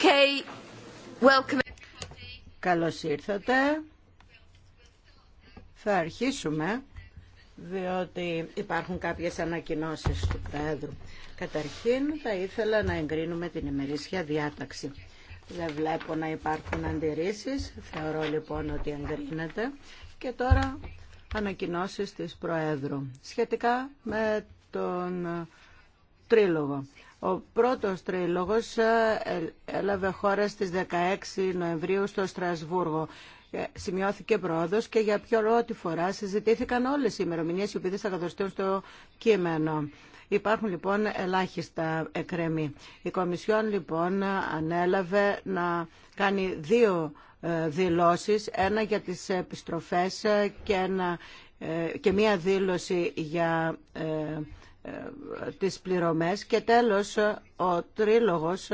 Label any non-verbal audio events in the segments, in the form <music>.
Okay. Welcome. Καλώς ήρθατε. Θα αρχίσουμε, διότι υπάρχουν κάποιες ανακοινώσεις του Πρόεδρου. Καταρχήν, θα ήθελα να εγκρίνουμε την ημερήσια διάταξη. Δεν βλέπω να υπάρχουν αντιρρήσεις. Θεωρώ λοιπόν ότι εγκρίνεται. Και τώρα ανακοινώσεις της Προέδρου σχετικά με τον Τρίλογο. Ο πρώτος τρίλογος ε, ε, έλαβε χώρα στις 16 Νοεμβρίου στο Στρασβούργο. Ε, σημειώθηκε πρόοδο και για πρώτη φορά συζητήθηκαν όλες οι ημερομηνίες οι οποίες θα καθοριστούν στο κείμενο. Υπάρχουν λοιπόν ελάχιστα εκρεμή. Η Κομισιόν λοιπόν ανέλαβε να κάνει δύο δηλώσεις, ένα για τις επιστροφές και, και μία δήλωση για τις πληρωμές και τέλος ο τρίλογος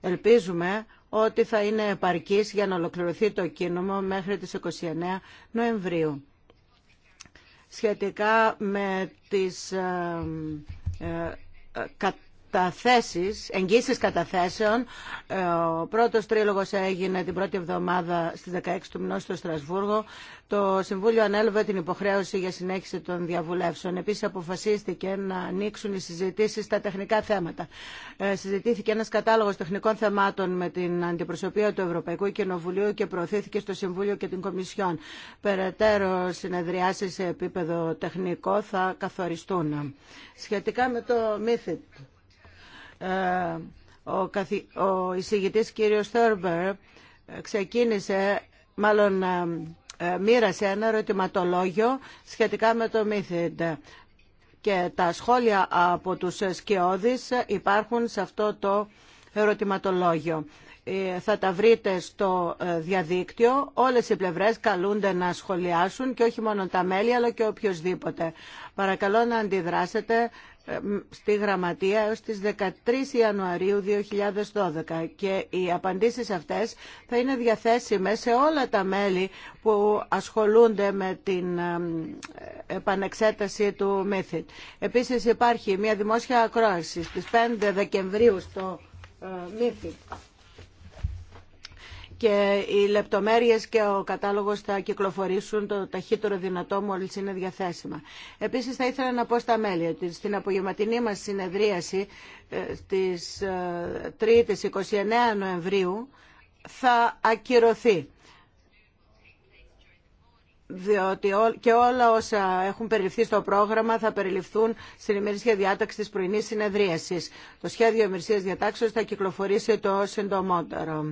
ελπίζουμε ότι θα είναι επαρκής για να ολοκληρωθεί το κίνημα μέχρι τις 29 Νοεμβρίου. Σχετικά με τις ε, ε, καταθέσεις, εγγύσεις καταθέσεων. Ε, ο πρώτος τρίλογος έγινε την πρώτη εβδομάδα στις 16 του μηνός στο Στρασβούργο. Το Συμβούλιο ανέλαβε την υποχρέωση για συνέχιση των διαβουλεύσεων. Επίσης αποφασίστηκε να ανοίξουν οι συζητήσεις στα τεχνικά θέματα. Ε, συζητήθηκε ένας κατάλογος τεχνικών θεμάτων με την αντιπροσωπεία του Ευρωπαϊκού Κοινοβουλίου και προωθήθηκε στο Συμβούλιο και την Κομισιόν. Περαιτέρω συνεδριάσεις σε επίπεδο τεχνικό θα καθοριστούν. Σχετικά με το Μύθιτ. Ε, ο, καθη, ο εισηγητής κύριος Θέρμπερ ε, ξεκίνησε, μάλλον ε, μοίρασε ένα ερωτηματολόγιο σχετικά με το Μύθιντ. Και τα σχόλια από τους σκιώδεις υπάρχουν σε αυτό το ερωτηματολόγιο. Θα τα βρείτε στο διαδίκτυο. Όλες οι πλευρές καλούνται να σχολιάσουν και όχι μόνο τα μέλη αλλά και οποιοδήποτε. Παρακαλώ να αντιδράσετε στη Γραμματεία έως τις 13 Ιανουαρίου 2012 και οι απαντήσεις αυτές θα είναι διαθέσιμες σε όλα τα μέλη που ασχολούνται με την επανεξέταση του ΜΥΘΙΤ. Επίσης υπάρχει μια δημόσια ακρόαση στις 5 Δεκεμβρίου στο ε, ΜΥΘΙΤ και οι λεπτομέρειες και ο κατάλογος θα κυκλοφορήσουν το ταχύτερο δυνατό μόλις είναι διαθέσιμα. Επίσης θα ήθελα να πω στα μέλη ότι στην απογευματινή μας συνεδρίαση της 3ης 29 Νοεμβρίου θα ακυρωθεί διότι και όλα όσα έχουν περιληφθεί στο πρόγραμμα θα περιληφθούν στην ημερήσια διάταξη της πρωινή συνεδρίασης. Το σχέδιο ημερησίας διατάξεως θα κυκλοφορήσει το συντομότερο.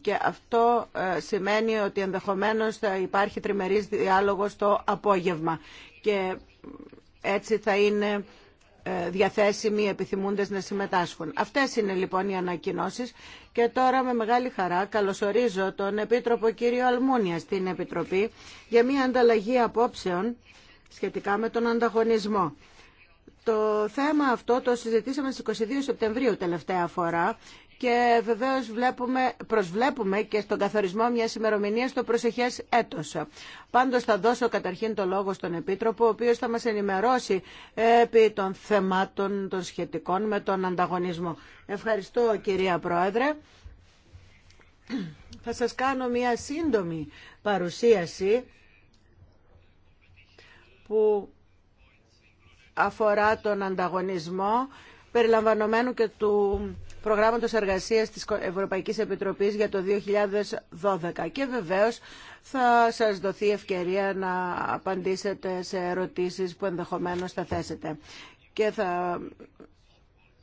Και αυτό ε, σημαίνει ότι ενδεχομένως θα υπάρχει τριμερής διάλογος το απόγευμα. Και έτσι θα είναι ε, διαθέσιμοι επιθυμούντες να συμμετάσχουν. Αυτές είναι λοιπόν οι ανακοινώσεις και τώρα με μεγάλη χαρά καλωσορίζω τον Επίτροπο κύριο Αλμούνια στην Επιτροπή για μια ανταλλαγή απόψεων σχετικά με τον ανταγωνισμό. Το θέμα αυτό το συζητήσαμε στις 22 Σεπτεμβρίου τελευταία φορά και βεβαίω προσβλέπουμε και στον καθορισμό μια ημερομηνία στο προσεχές έτος. Πάντως θα δώσω καταρχήν το λόγο στον Επίτροπο, ο οποίο θα μα ενημερώσει επί των θεμάτων των σχετικών με τον ανταγωνισμό. Ευχαριστώ κυρία Πρόεδρε. Θα σας κάνω μια σύντομη παρουσίαση που αφορά τον ανταγωνισμό περιλαμβανομένου και του προγράμματος εργασίας της Ευρωπαϊκής Επιτροπής για το 2012. Και βεβαίως θα σας δοθεί ευκαιρία να απαντήσετε σε ερωτήσεις που ενδεχομένως θα θέσετε. Και θα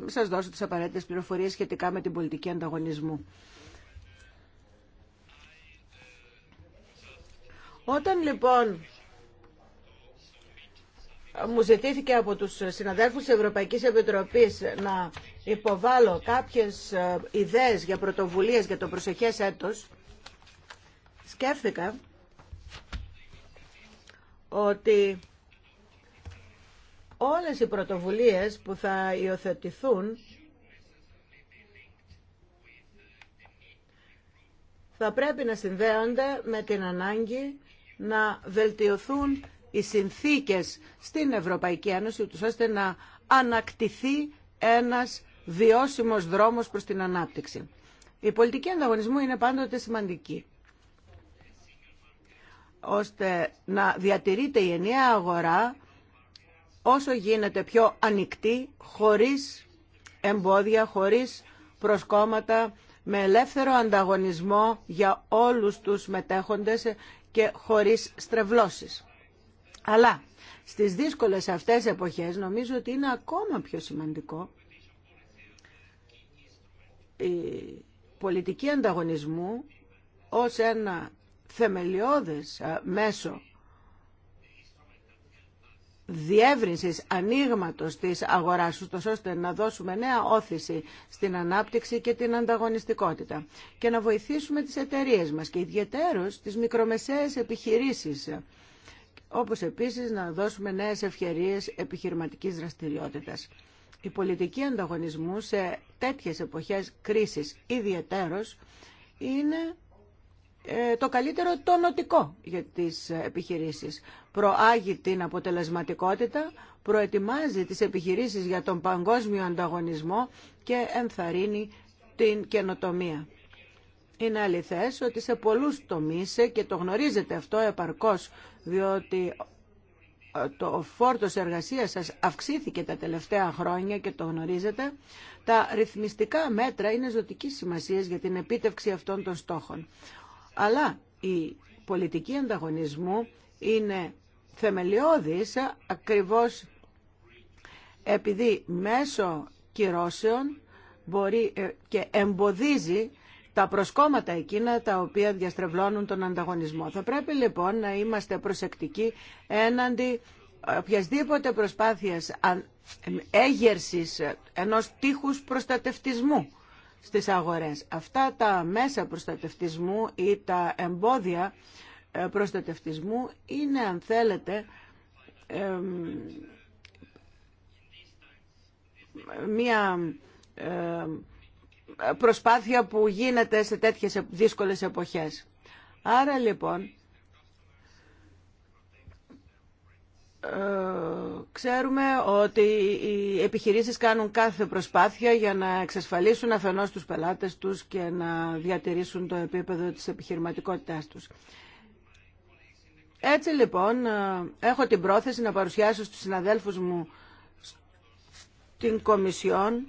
σας δώσω τις απαραίτητες πληροφορίες σχετικά με την πολιτική ανταγωνισμού. Όταν λοιπόν μου ζητήθηκε από τους συναδέλφους της Ευρωπαϊκής Επιτροπής να υποβάλω κάποιες ε, ιδέες για πρωτοβουλίες για το προσεχές έτος, σκέφτηκα ότι όλες οι πρωτοβουλίες που θα υιοθετηθούν θα πρέπει να συνδέονται με την ανάγκη να βελτιωθούν οι συνθήκες στην Ευρωπαϊκή Ένωση, ώστε να ανακτηθεί ένας βιώσιμος δρόμος προς την ανάπτυξη. Η πολιτική ανταγωνισμού είναι πάντοτε σημαντική ώστε να διατηρείται η ενιαία αγορά όσο γίνεται πιο ανοιχτή, χωρίς εμπόδια, χωρίς προσκόμματα, με ελεύθερο ανταγωνισμό για όλους τους μετέχοντες και χωρίς στρεβλώσεις. Αλλά στις δύσκολες αυτές εποχές νομίζω ότι είναι ακόμα πιο σημαντικό η πολιτική ανταγωνισμού ως ένα θεμελιώδες μέσο διεύρυνσης ανοίγματο της αγοράς ώστε να δώσουμε νέα όθηση στην ανάπτυξη και την ανταγωνιστικότητα και να βοηθήσουμε τις εταιρείες μας και ιδιαίτερως τις μικρομεσαίες επιχειρήσεις όπως επίσης να δώσουμε νέες ευκαιρίες επιχειρηματικής δραστηριότητας. Η πολιτική ανταγωνισμού σε τέτοιες εποχές κρίσης ιδιαιτέρως είναι ε, το καλύτερο τόνοτικο για τις επιχειρήσεις. Προάγει την αποτελεσματικότητα, προετοιμάζει τις επιχειρήσεις για τον παγκόσμιο ανταγωνισμό και ενθαρρύνει την καινοτομία. Είναι αληθές ότι σε πολλούς τομείς, ε, και το γνωρίζετε αυτό επαρκώς, διότι ε, το φόρτος εργασίας σας αυξήθηκε τα τελευταία χρόνια και το γνωρίζετε, τα ρυθμιστικά μέτρα είναι ζωτική σημασία για την επίτευξη αυτών των στόχων. Αλλά η πολιτική ανταγωνισμού είναι θεμελιώδης ε, ακριβώς επειδή μέσω κυρώσεων μπορεί και εμποδίζει τα προσκόμματα εκείνα τα οποία διαστρεβλώνουν τον ανταγωνισμό. Θα πρέπει λοιπόν να είμαστε προσεκτικοί έναντι οποιασδήποτε προσπάθειας έγερσης ενός τείχους προστατευτισμού στις αγορές. Αυτά τα μέσα προστατευτισμού ή τα εμπόδια ε, προστατευτισμού είναι αν θέλετε μία προσπάθεια που γίνεται σε τέτοιες δύσκολες εποχές. Άρα λοιπόν, ε, ξέρουμε ότι οι επιχειρήσεις κάνουν κάθε προσπάθεια για να εξασφαλίσουν αφενός τους πελάτες τους και να διατηρήσουν το επίπεδο της επιχειρηματικότητάς τους. Έτσι λοιπόν, ε, έχω την πρόθεση να παρουσιάσω στους συναδέλφους μου την Κομισιόν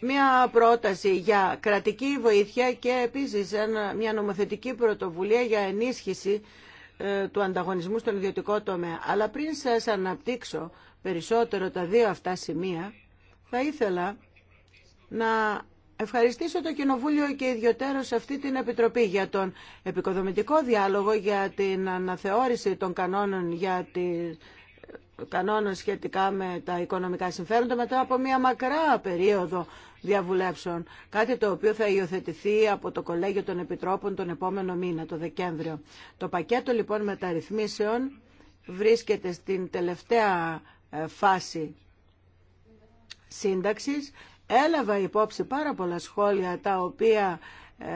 μια πρόταση για κρατική βοήθεια και επίσης μια νομοθετική πρωτοβουλία για ενίσχυση ε, του ανταγωνισμού στον ιδιωτικό τομέα. Αλλά πριν σας αναπτύξω περισσότερο τα δύο αυτά σημεία, θα ήθελα να ευχαριστήσω το Κοινοβούλιο και ιδιωτέρω αυτή την Επιτροπή για τον επικοδομητικό διάλογο για την αναθεώρηση των κανόνων για τις κανόνων σχετικά με τα οικονομικά συμφέροντα μετά από μια μακρά περίοδο διαβουλεύσεων, κάτι το οποίο θα υιοθετηθεί από το Κολέγιο των Επιτρόπων τον επόμενο μήνα, το Δεκέμβριο. Το πακέτο λοιπόν μεταρρυθμίσεων βρίσκεται στην τελευταία ε, φάση σύνταξης. Έλαβα υπόψη πάρα πολλά σχόλια τα οποία ε,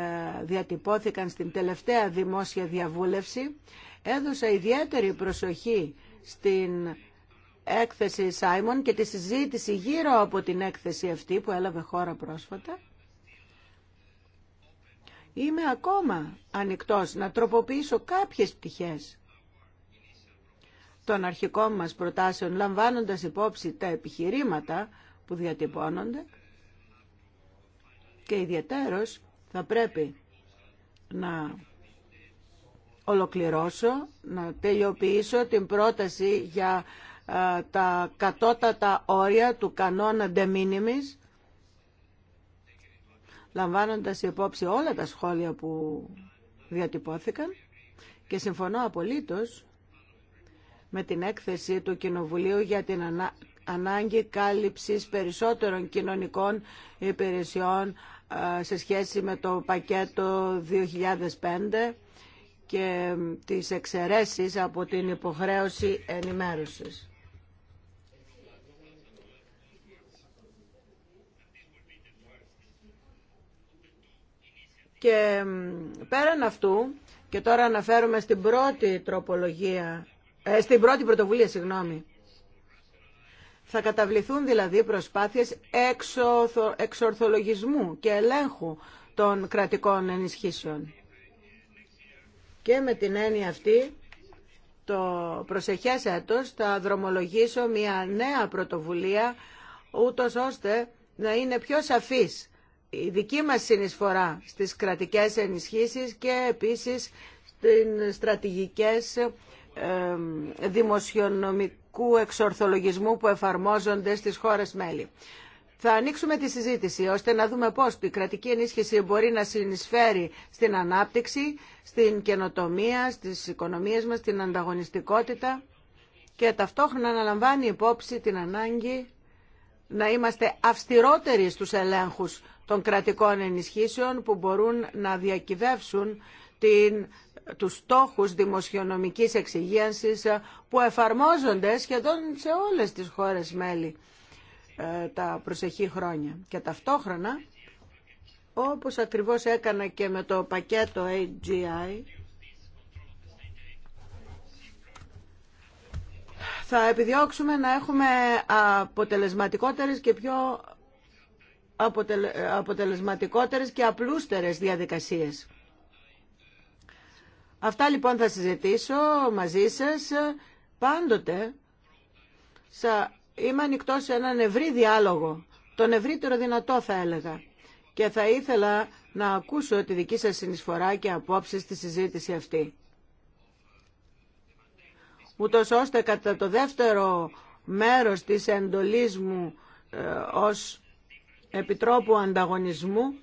διατυπώθηκαν στην τελευταία δημόσια διαβούλευση. Έδωσα ιδιαίτερη προσοχή στην έκθεση Σάιμον και τη συζήτηση γύρω από την έκθεση αυτή που έλαβε χώρα πρόσφατα, είμαι ακόμα ανοιχτός να τροποποιήσω κάποιες πτυχές των αρχικών μας προτάσεων, λαμβάνοντας υπόψη τα επιχειρήματα που διατυπώνονται και ιδιαίτερος θα πρέπει να ολοκληρώσω, να τελειοποιήσω την πρόταση για τα κατώτατα όρια του κανόνα de minimis, λαμβάνοντας υπόψη όλα τα σχόλια που διατυπώθηκαν και συμφωνώ απολύτως με την έκθεση του Κοινοβουλίου για την ανάγκη κάλυψης περισσότερων κοινωνικών υπηρεσιών ε, σε σχέση με το πακέτο 2005 και τις εξαιρέσεις από την υποχρέωση ενημέρωσης. Και πέραν αυτού, και τώρα αναφέρομαι στην πρώτη τροπολογία, ε, στην πρώτη πρωτοβουλία, συγγνώμη, θα καταβληθούν δηλαδή προσπάθειες εξορθολογισμού και ελέγχου των κρατικών ενισχύσεων. Και με την έννοια αυτή, το προσεχές έτος θα δρομολογήσω μια νέα πρωτοβουλία, ούτως ώστε να είναι πιο σαφής η δική μας συνεισφορά στις κρατικές ενισχύσεις και επίσης στις στρατηγικές ε, δημοσιονομικού εξορθολογισμού που εφαρμόζονται στις χώρες μέλη. Θα ανοίξουμε τη συζήτηση ώστε να δούμε πώς η κρατική ενίσχυση μπορεί να συνεισφέρει στην ανάπτυξη, στην καινοτομία, στις οικονομίες μας, στην ανταγωνιστικότητα και ταυτόχρονα να λαμβάνει υπόψη την ανάγκη να είμαστε αυστηρότεροι στους ελέγχους των κρατικών ενισχύσεων που μπορούν να διακυβεύσουν την, τους στόχους δημοσιονομικής εξυγίανσης που εφαρμόζονται σχεδόν σε όλες τις χώρες μέλη ε, τα προσεχή χρόνια. Και ταυτόχρονα, όπως ακριβώς έκανα και με το πακέτο AGI, θα επιδιώξουμε να έχουμε αποτελεσματικότερες και πιο αποτελεσματικότερες και απλούστερες διαδικασίες. Αυτά λοιπόν θα συζητήσω μαζί σας πάντοτε. Σα... Είμαι ανοιχτό σε έναν ευρύ διάλογο, τον ευρύτερο δυνατό θα έλεγα. Και θα ήθελα να ακούσω τη δική σας συνεισφορά και απόψεις στη συζήτηση αυτή. Ούτως ώστε κατά το δεύτερο μέρος της εντολής μου ε, ως Επιτρόπου Ανταγωνισμού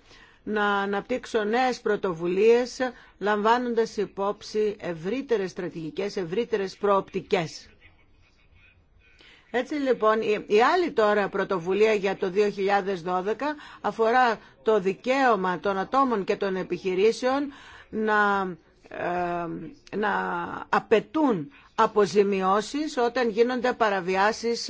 να αναπτύξω νέες πρωτοβουλίες λαμβάνοντας υπόψη ευρύτερες στρατηγικές, ευρύτερες προοπτικές. Έτσι λοιπόν η άλλη τώρα πρωτοβουλία για το 2012 αφορά το δικαίωμα των ατόμων και των επιχειρήσεων να, ε, να απαιτούν αποζημιώσεις όταν γίνονται παραβιάσεις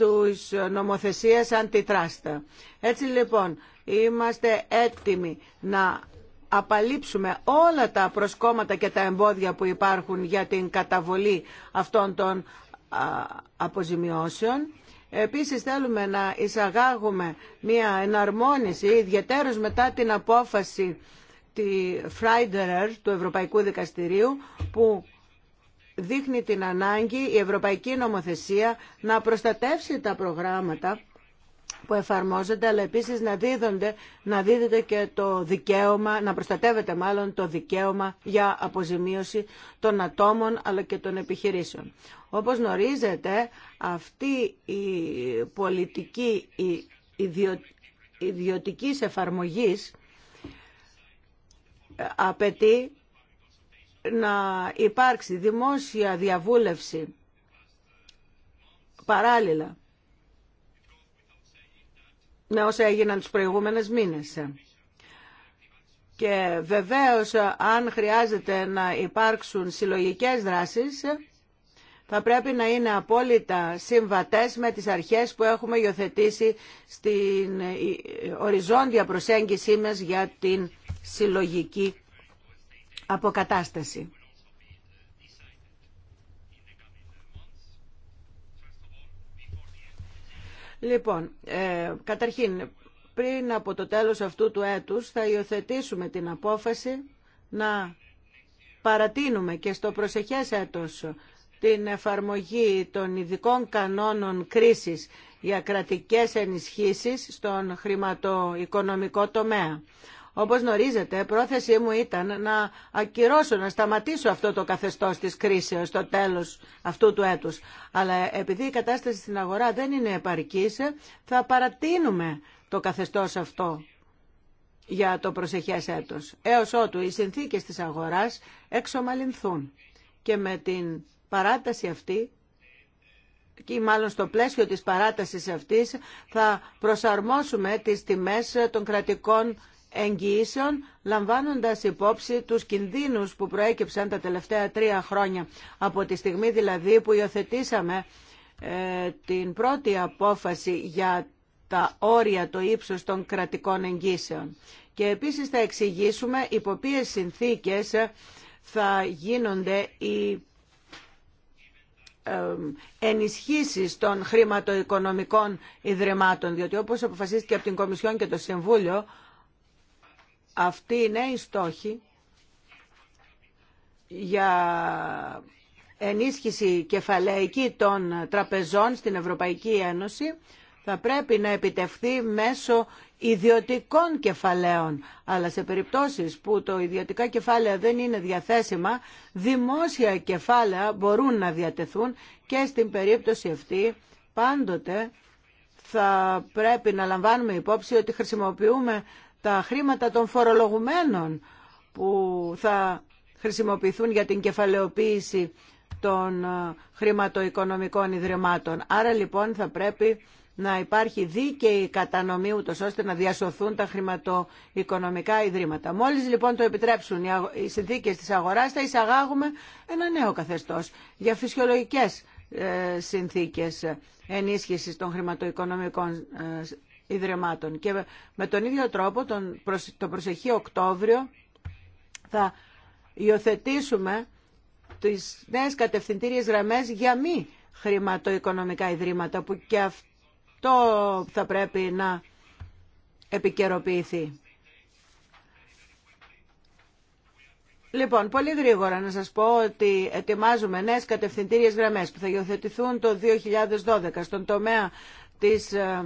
της νομοθεσίας αντιτράστα. Έτσι λοιπόν, είμαστε έτοιμοι να απαλείψουμε όλα τα προσκόμματα και τα εμπόδια που υπάρχουν για την καταβολή αυτών των αποζημιώσεων. Επίσης θέλουμε να εισαγάγουμε μια εναρμόνιση, ιδιαίτερως μετά την απόφαση τη Φράιντερερ του Ευρωπαϊκού Δικαστηρίου, που δείχνει την ανάγκη η Ευρωπαϊκή Νομοθεσία να προστατεύσει τα προγράμματα που εφαρμόζονται, αλλά επίσης να δίδονται, να δίδεται και το δικαίωμα, να προστατεύεται μάλλον το δικαίωμα για αποζημίωση των ατόμων αλλά και των επιχειρήσεων. Όπως γνωρίζετε, αυτή η πολιτική η ιδιω, εφαρμογής ε, απαιτεί να υπάρξει δημόσια διαβούλευση παράλληλα με όσα έγιναν τους προηγούμενες μήνες. Και βεβαίως αν χρειάζεται να υπάρξουν συλλογικές δράσεις θα πρέπει να είναι απόλυτα συμβατές με τις αρχές που έχουμε υιοθετήσει στην οριζόντια προσέγγιση μας για την συλλογική αποκατάσταση. Λοιπόν, ε, καταρχήν, πριν από το τέλος αυτού του έτους θα υιοθετήσουμε την απόφαση να παρατείνουμε και στο προσεχές έτος την εφαρμογή των ειδικών κανόνων κρίσης για κρατικές ενισχύσεις στον χρηματοοικονομικό τομέα. Όπως γνωρίζετε, πρόθεσή μου ήταν να ακυρώσω, να σταματήσω αυτό το καθεστώς της κρίσης στο τέλος αυτού του έτους. Αλλά επειδή η κατάσταση στην αγορά δεν είναι επαρκής, θα παρατείνουμε το καθεστώς αυτό για το προσεχές έτος, έως ότου οι συνθήκες της αγοράς εξομαλυνθούν. Και με την παράταση αυτή και μάλλον στο πλαίσιο της παράτασης αυτής θα προσαρμόσουμε τις τιμές των κρατικών εγγυήσεων λαμβάνοντας υπόψη τους κινδύνους που προέκυψαν τα τελευταία τρία χρόνια από τη στιγμή δηλαδή που υιοθετήσαμε ε, την πρώτη απόφαση για τα όρια, το ύψος των κρατικών εγγύσεων. Και επίσης θα εξηγήσουμε υπό ποιες συνθήκες θα γίνονται οι ενισχύσεις των χρηματοοικονομικών ιδρυμάτων, διότι όπως αποφασίστηκε από την Κομισιόν και το Συμβούλιο, αυτή είναι η στόχη για ενίσχυση κεφαλαϊκή των τραπεζών στην Ευρωπαϊκή Ένωση θα πρέπει να επιτευχθεί μέσω ιδιωτικών κεφαλαίων. Αλλά σε περιπτώσεις που το ιδιωτικά κεφάλαια δεν είναι διαθέσιμα, δημόσια κεφάλαια μπορούν να διατεθούν και στην περίπτωση αυτή πάντοτε θα πρέπει να λαμβάνουμε υπόψη ότι χρησιμοποιούμε τα χρήματα των φορολογουμένων που θα χρησιμοποιηθούν για την κεφαλαιοποίηση των ε, χρηματοοικονομικών ιδρυμάτων. Άρα λοιπόν θα πρέπει να υπάρχει δίκαιη κατανομή ούτως ώστε να διασωθούν τα χρηματοοικονομικά ιδρύματα. Μόλις λοιπόν το επιτρέψουν οι συνθήκες της αγοράς θα εισαγάγουμε ένα νέο καθεστώς για φυσιολογικές ε, συνθήκες ενίσχυσης των χρηματοοικονομικών ε, Ιδρυμάτων. Και με τον ίδιο τρόπο, τον, το προσεχή Οκτώβριο, θα υιοθετήσουμε τις νέες κατευθυντήριες γραμμές για μη χρηματοοικονομικά ιδρύματα, που και αυτό θα πρέπει να επικαιροποιηθεί. Λοιπόν, πολύ γρήγορα να σας πω ότι ετοιμάζουμε νέες κατευθυντήριες γραμμές που θα υιοθετηθούν το 2012 στον τομέα της ε,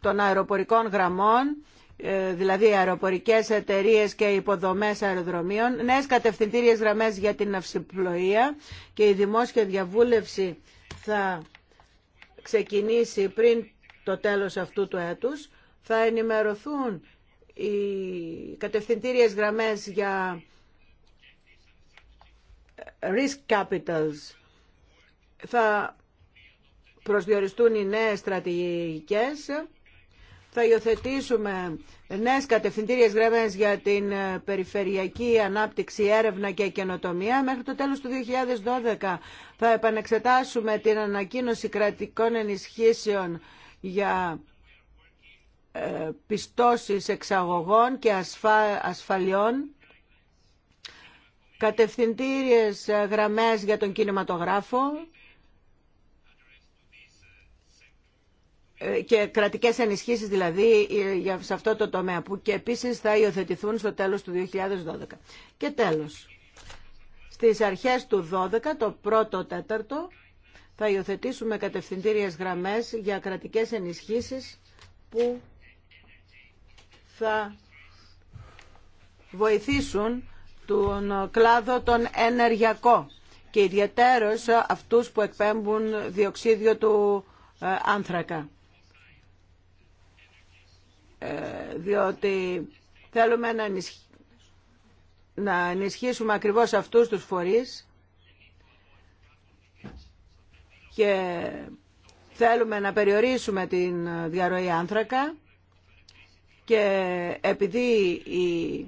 των αεροπορικών γραμμών, ε, δηλαδή αεροπορικές εταιρείες και υποδομές αεροδρομίων, νέες κατευθυντήριες γραμμές για την αυσιπλοεία και η δημόσια διαβούλευση θα ξεκινήσει πριν το τέλος αυτού του έτους. Θα ενημερωθούν οι κατευθυντήριες γραμμές για risk capitals. Θα προσδιοριστούν οι νέες στρατηγικές. Θα υιοθετήσουμε νέες κατευθυντήριες γραμμές για την ε, περιφερειακή ανάπτυξη, έρευνα και καινοτομία. Μέχρι το τέλος του 2012 θα επανεξετάσουμε την ανακοίνωση κρατικών ενισχύσεων για ε, πιστώσεις εξαγωγών και ασφαλιών κατευθυντήριες ε, γραμμές για τον κινηματογράφο και κρατικές ενισχύσεις δηλαδή ε, σε αυτό το τομέα που και επίσης θα υιοθετηθούν στο τέλος του 2012. Και τέλος, στις αρχές του 2012, το πρώτο τέταρτο, θα υιοθετήσουμε κατευθυντήριες γραμμές για κρατικές ενισχύσεις που θα βοηθήσουν τον κλάδο τον ενεργειακό και ιδιαίτερος αυτούς που εκπέμπουν διοξίδιο του ε, άνθρακα. Ε, διότι θέλουμε να, να ενισχύσουμε ακριβώς αυτούς τους φορείς και θέλουμε να περιορίσουμε την διαρροή άνθρακα και επειδή η,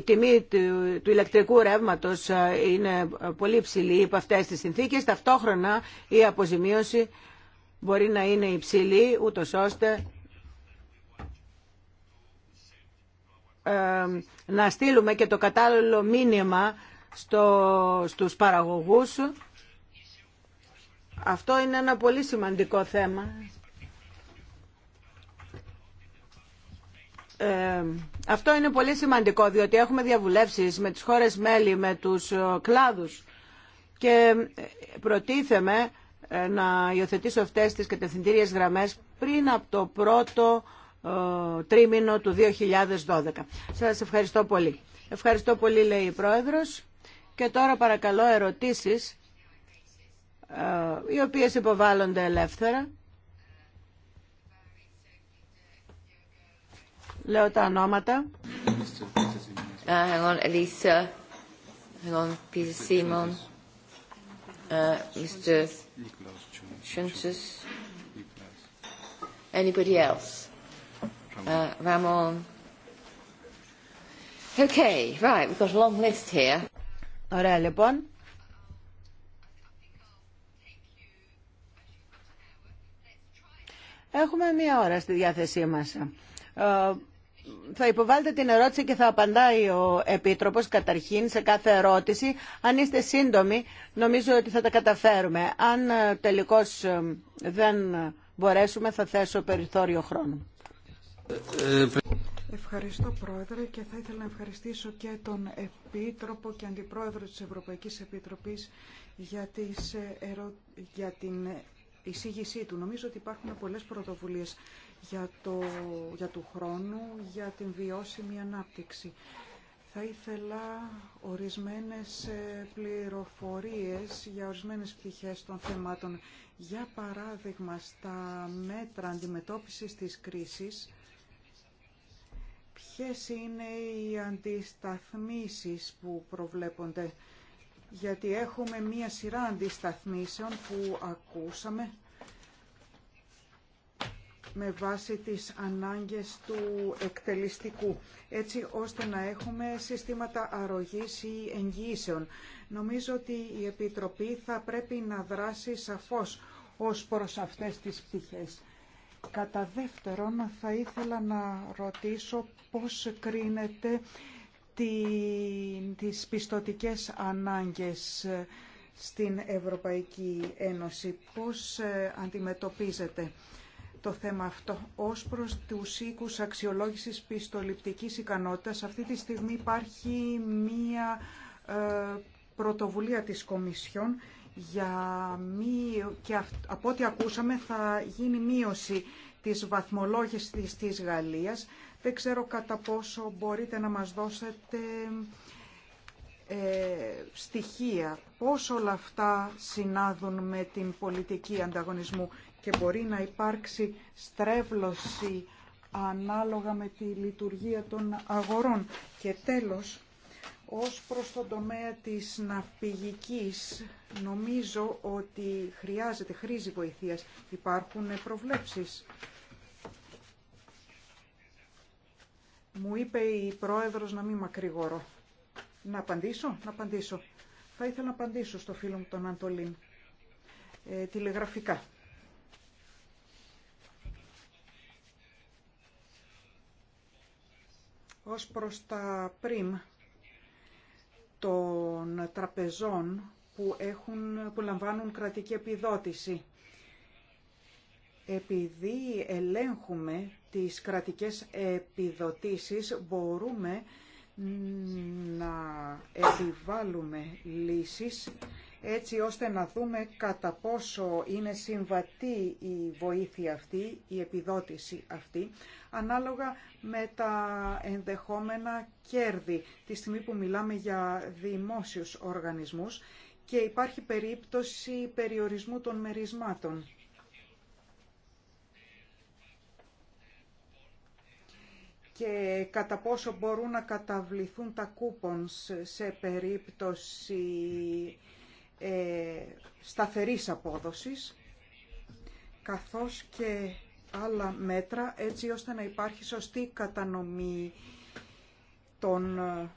τιμή του, του ηλεκτρικού ρεύματος ε, είναι πολύ ψηλή υπό αυτές τις συνθήκες, ταυτόχρονα η αποζημίωση μπορεί να είναι υψηλή, ούτως ώστε να στείλουμε και το κατάλληλο μήνυμα στο, στους παραγωγούς. Αυτό είναι ένα πολύ σημαντικό θέμα. αυτό είναι πολύ σημαντικό διότι έχουμε διαβουλεύσεις με τις χώρες μέλη, με τους ε, κλάδους και προτίθεμε να υιοθετήσω αυτές τις κατευθυντήριες γραμμές πριν από το πρώτο τρίμηνο του 2012. Σας ευχαριστώ πολύ. Ευχαριστώ πολύ λέει η Πρόεδρος και τώρα παρακαλώ ερωτήσεις ε, οι οποίες υποβάλλονται ελεύθερα. Λέω τα ονόματα. Anybody else? Ωραία, λοιπόν. Έχουμε μία ώρα στη διάθεσή μας. Ε, θα υποβάλλετε την ερώτηση και θα απαντάει ο Επίτροπος καταρχήν σε κάθε ερώτηση. Αν είστε σύντομοι, νομίζω ότι θα τα καταφέρουμε. Αν ε, τελικώς ε, δεν μπορέσουμε, θα θέσω περιθώριο χρόνου. Ευχαριστώ Πρόεδρε και θα ήθελα να ευχαριστήσω και τον Επίτροπο και Αντιπρόεδρο της Ευρωπαϊκής Επιτροπής για, τις ε, για την εισήγησή του. Νομίζω ότι υπάρχουν πολλές πρωτοβουλίες για, το... για του χρόνου, για την βιώσιμη ανάπτυξη. Θα ήθελα ορισμένες ε, πληροφορίες για ορισμένες πτυχές των θεμάτων. Για παράδειγμα, στα μέτρα αντιμετώπισης της κρίσης, ποιες είναι οι αντισταθμίσεις που προβλέπονται. Γιατί έχουμε μία σειρά αντισταθμίσεων που ακούσαμε με βάση τις ανάγκες του εκτελεστικού, έτσι ώστε να έχουμε συστήματα αρρωγής ή εγγύησεων. Νομίζω ότι η εγγυσεων νομιζω οτι η επιτροπη θα πρέπει να δράσει σαφώς ως προς αυτές τις πτυχές. Κατά δεύτερον, θα ήθελα να ρωτήσω πώς κρίνεται τις πιστοτικές ανάγκες στην Ευρωπαϊκή Ένωση. Πώς ε, αντιμετωπίζεται το θέμα αυτό ως προς τους οίκους αξιολόγησης πιστοληπτικής ικανότητας. Αυτή τη στιγμή υπάρχει μία ε, πρωτοβουλία της Κομισιόν για μη... και από ό,τι ακούσαμε θα γίνει μείωση της βαθμολόγησης της Γαλλίας. Δεν ξέρω κατά πόσο μπορείτε να μας δώσετε ε, στοιχεία. Πώς όλα αυτά συνάδουν με την πολιτική ανταγωνισμού και μπορεί να υπάρξει στρέβλωση ανάλογα με τη λειτουργία των αγορών. Και τέλος, ως προς τον τομέα της ναυπηγικής, νομίζω ότι χρειάζεται, χρήση βοηθείας. Υπάρχουν προβλέψεις. Μου είπε η πρόεδρος να μην μακρηγορώ. Να απαντήσω, να απαντήσω. Θα ήθελα να απαντήσω στο φίλο μου τον Αντολίν. Ε, τηλεγραφικά. Ως προς τα πριμ, των τραπεζών που, έχουν, που λαμβάνουν κρατική επιδότηση. Επειδή ελέγχουμε τις κρατικές επιδοτήσεις, μπορούμε να επιβάλλουμε λύσεις έτσι ώστε να δούμε κατά πόσο είναι συμβατή η βοήθεια αυτή, η επιδότηση αυτή, ανάλογα με τα ενδεχόμενα κέρδη, τη στιγμή που μιλάμε για δημόσιους οργανισμούς και υπάρχει περίπτωση περιορισμού των μερισμάτων. και κατά πόσο μπορούν να καταβληθούν τα κούπονς σε περίπτωση ε, σταθερής απόδοσης, καθώς και άλλα μέτρα έτσι ώστε να υπάρχει σωστή κατανομή των ε,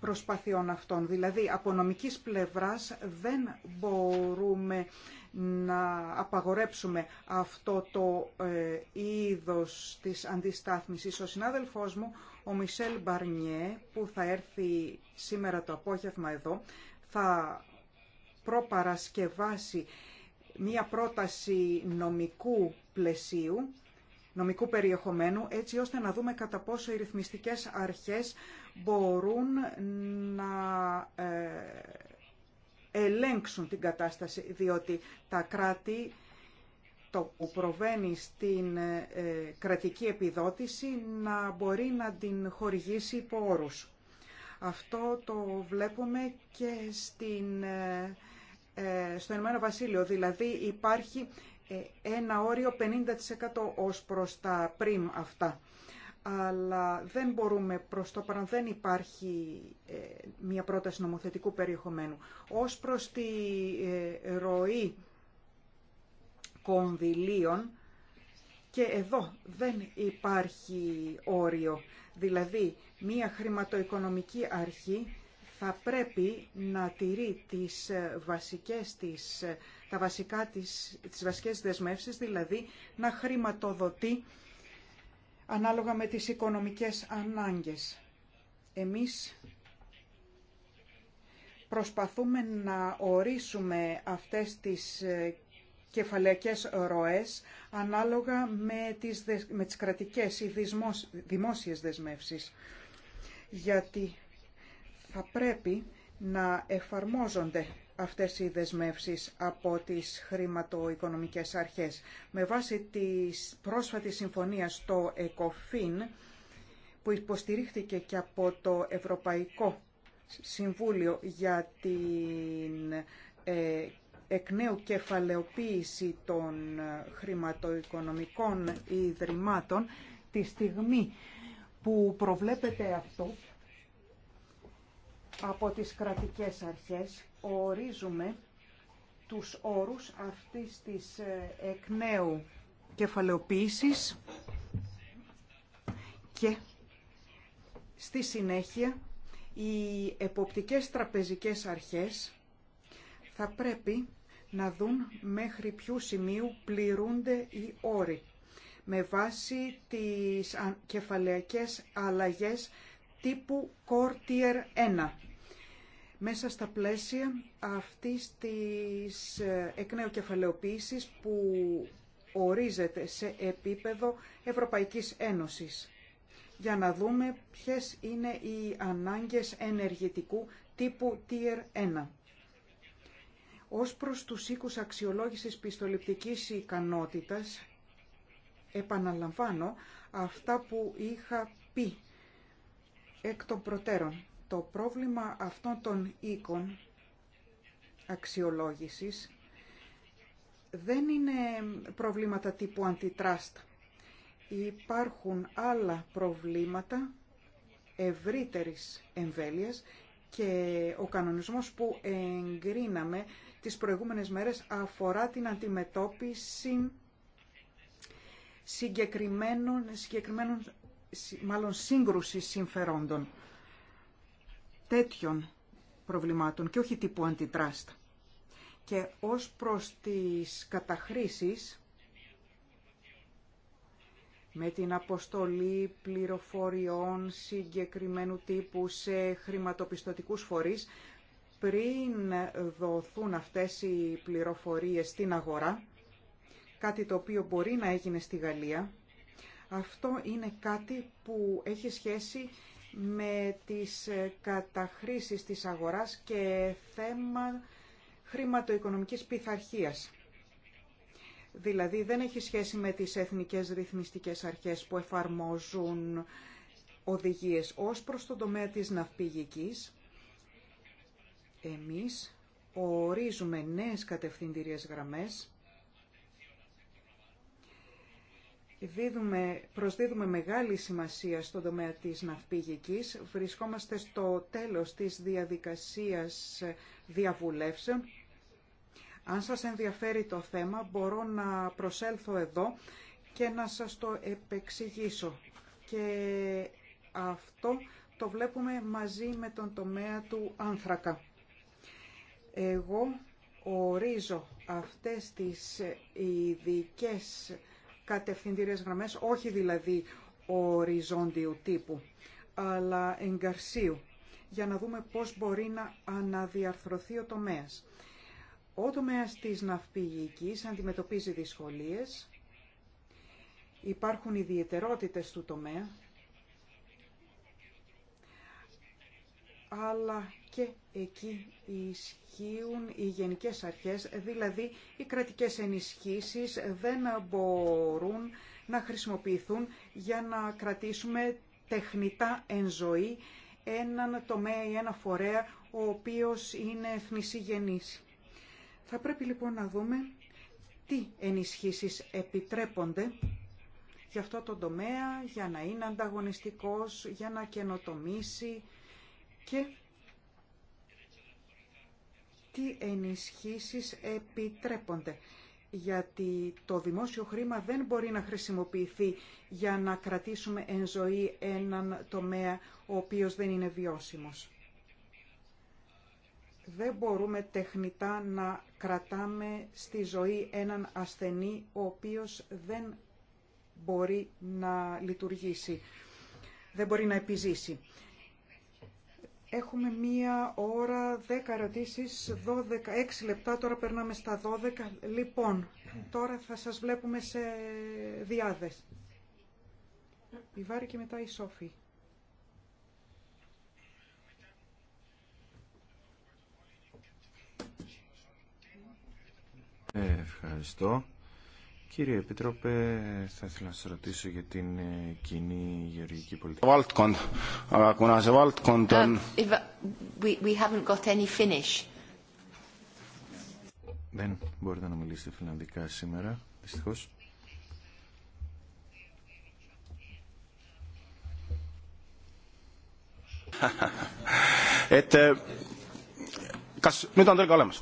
προσπαθειών αυτών. Δηλαδή, από νομικής πλευράς δεν μπορούμε να απαγορέψουμε αυτό το ε, είδος της αντιστάθμισης. Ο συνάδελφός μου, ο Μισελ Μπαρνιέ, που θα έρθει σήμερα το απόγευμα εδώ, θα προπαρασκευάσει μία πρόταση νομικού πλαισίου, νομικού περιεχομένου, έτσι ώστε να δούμε κατά πόσο οι ρυθμιστικές αρχές μπορούν να ε, ελέγξουν την κατάσταση, διότι τα κράτη το που προβαίνει στην ε, κρατική επιδότηση να μπορεί να την χορηγήσει υπό όρους. Αυτό το βλέπουμε και στην ε, ε, στο Ηνωμένο Βασίλειο. Δηλαδή υπάρχει ε, ένα όριο 50% ως προς τα πριμ αυτά. Αλλά δεν μπορούμε προς το παρόν, δεν υπάρχει ε, μια πρόταση νομοθετικού περιεχομένου. Ως προς τη ροή κονδυλίων, και εδώ δεν υπάρχει όριο. Δηλαδή, μία χρηματοοικονομική αρχή θα πρέπει να τηρεί τις ε, βασικές τις, ε, τα βασικά τις, τις βασικές δεσμεύσεις, δηλαδή να χρηματοδοτεί ανάλογα με τις οικονομικές ανάγκες. Εμείς προσπαθούμε να ορίσουμε αυτές τις ε, κεφαλαιακές ροές ανάλογα με τις, με τις κρατικές ή δημόσιες δεσμεύσεις. Γιατί θα πρέπει να εφαρμόζονται αυτές οι δεσμεύσεις από τις χρηματοοικονομικές αρχές. Με βάση της πρόσφατης συμφωνία στο ΕΚΟΦΗΝ, που υποστηρίχθηκε και από το Ευρωπαϊκό Συμβούλιο για την ε, εκ νέου κεφαλαιοποίηση των χρηματοοικονομικών ιδρυμάτων, τη στιγμή που προβλέπεται αυτό από τις κρατικές αρχές ορίζουμε τους όρους αυτής της ε, εκ νέου κεφαλαιοποίησης και στη συνέχεια οι εποπτικές τραπεζικές αρχές θα πρέπει να δουν μέχρι ποιού σημείου πληρούνται οι όροι με βάση τις κεφαλαιακές αλλαγές τύπου Cortier 1 μέσα στα πλαίσια αυτής της ε, εκ νέου κεφαλαιοποίησης που ορίζεται σε επίπεδο Ευρωπαϊκής Ένωσης για να δούμε ποιες είναι οι ανάγκες ενεργητικού τύπου Tier 1. Ως προς τους οίκους αξιολόγησης πιστοληπτικής ικανότητας, επαναλαμβάνω αυτά που είχα πει εκ των προτέρων. Το πρόβλημα αυτών των οίκων αξιολόγησης δεν είναι προβλήματα τύπου αντιτράστα. Υπάρχουν άλλα προβλήματα ευρύτερης εμβέλειας και ο κανονισμός που εγκρίναμε τις προηγούμενες μέρες αφορά την αντιμετώπιση συγκεκριμένων, συγκεκριμένων μάλλον σύγκρουση συμφερόντων τέτοιων προβλημάτων και όχι τύπου αντιτράστα. Και ως προς τις καταχρήσεις, με την αποστολή πληροφοριών συγκεκριμένου τύπου σε χρηματοπιστωτικούς φορείς, πριν δοθούν αυτές οι πληροφορίες στην αγορά, κάτι το οποίο μπορεί να έγινε στη Γαλλία, αυτό είναι κάτι που έχει σχέση με τις ε, καταχρήσεις της αγοράς και θέμα χρηματοοικονομικής πειθαρχία. Δηλαδή δεν έχει σχέση με τις εθνικές ρυθμιστικές αρχές που εφαρμόζουν οδηγίες ως προς τον τομέα της ναυπηγικής. Εμείς ορίζουμε νέες κατευθυντήριες γραμμές δίδουμε, προσδίδουμε μεγάλη σημασία στον τομέα της ναυπηγικής. Βρισκόμαστε στο τέλος της διαδικασίας διαβουλεύσεων. Αν σας ενδιαφέρει το θέμα, μπορώ να προσέλθω εδώ και να σας το επεξηγήσω. Και αυτό το βλέπουμε μαζί με τον τομέα του άνθρακα. Εγώ ορίζω αυτές τις ειδικέ κατευθυντήριες γραμμές, όχι δηλαδή οριζόντιου τύπου, αλλά εγκαρσίου, για να δούμε πώς μπορεί να αναδιαρθρωθεί ο τομέας. Ο τομέας της ναυπηγικής αντιμετωπίζει δυσκολίες, υπάρχουν ιδιαιτερότητες του τομέα αλλά και εκεί ισχύουν οι γενικές αρχές, δηλαδή οι κρατικές ενισχύσεις δεν μπορούν να χρησιμοποιηθούν για να κρατήσουμε τεχνητά εν ζωή έναν τομέα ή ένα φορέα ο οποίος είναι εθνησίγενης. Θα πρέπει λοιπόν να δούμε τι ενισχύσεις επιτρέπονται για αυτό το τομέα, για να είναι ανταγωνιστικός, για να καινοτομήσει, και τι ενισχύσεις επιτρέπονται. Γιατί το δημόσιο χρήμα δεν μπορεί να χρησιμοποιηθεί για να κρατήσουμε εν ζωή έναν τομέα ο οποίος δεν είναι βιώσιμος. Δεν μπορούμε τεχνητά να κρατάμε στη ζωή έναν ασθενή ο οποίος δεν μπορεί να λειτουργήσει, δεν μπορεί να επιζήσει. Έχουμε μία ώρα, δέκα ερωτήσεις, δώδεκα έξι λεπτά, τώρα περνάμε στα δώδεκα. Λοιπόν, τώρα θα σας βλέπουμε σε διάδες. Η Βάρη και μετά η Σόφη. Ε, ευχαριστώ. Κύριε Επιτρόπε, θα ήθελα να σα ρωτήσω για την ε, κοινή γεωργική πολιτική. Δεν μπορείτε να μιλήσετε φιλανδικά σήμερα, δυστυχώ. <laughs> Ετε. Κασ. Μην το tõlge λέμε.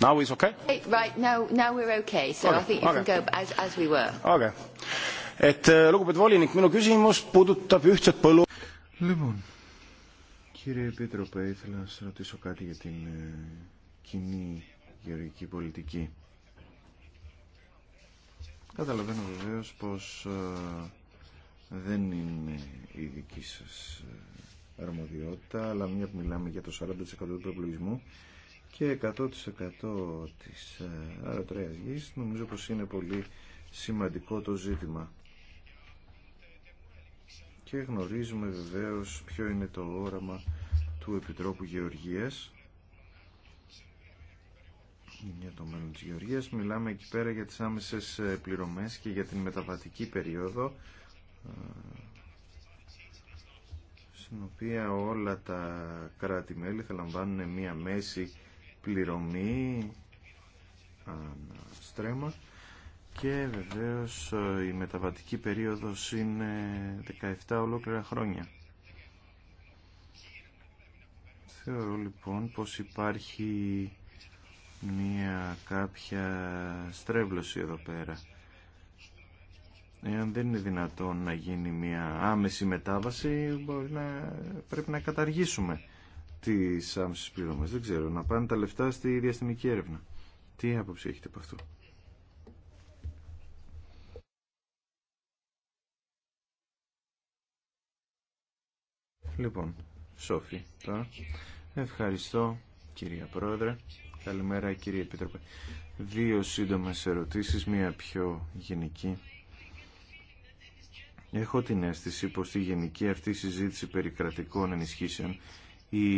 Λοιπόν, κύριε Επίτροπε, ήθελα να σας ρωτήσω κάτι για την ε, κοινή γεωργική πολιτική. Καταλαβαίνω βεβαίω πως ε, δεν είναι η δική σας ε, αρμοδιότητα, αλλά μια που μιλάμε για το 40% του προπολογισμού, και 100% της ε, αεροτρέας γης νομίζω πως είναι πολύ σημαντικό το ζήτημα και γνωρίζουμε βεβαίως ποιο είναι το όραμα του Επιτρόπου Γεωργίας για το μέλλον της Γεωργίας μιλάμε εκεί πέρα για τις άμεσες ε, πληρωμές και για την μεταβατική περίοδο ε, στην οποία όλα τα κράτη-μέλη θα λαμβάνουν μια μέση πληρωμή στρέμμα και βεβαίως ε, η μεταβατική περίοδος είναι 17 ολόκληρα χρόνια. Θεωρώ λοιπόν πως υπάρχει μία κάποια στρέβλωση εδώ πέρα. Εάν δεν είναι δυνατόν να γίνει μία άμεση μετάβαση, να, πρέπει να καταργήσουμε τι άμεσε πληρωμές. Δεν ξέρω. Να πάνε τα λεφτά στη διαστημική έρευνα. Τι άποψη έχετε από αυτό. Λοιπόν, Σόφη, τώρα. Ευχαριστώ, κυρία Πρόεδρε. Καλημέρα, κύριε Επίτροπε. Δύο σύντομες ερωτήσεις, μία πιο γενική. Έχω την αίσθηση πως η γενική αυτή συζήτηση περί κρατικών ενισχύσεων η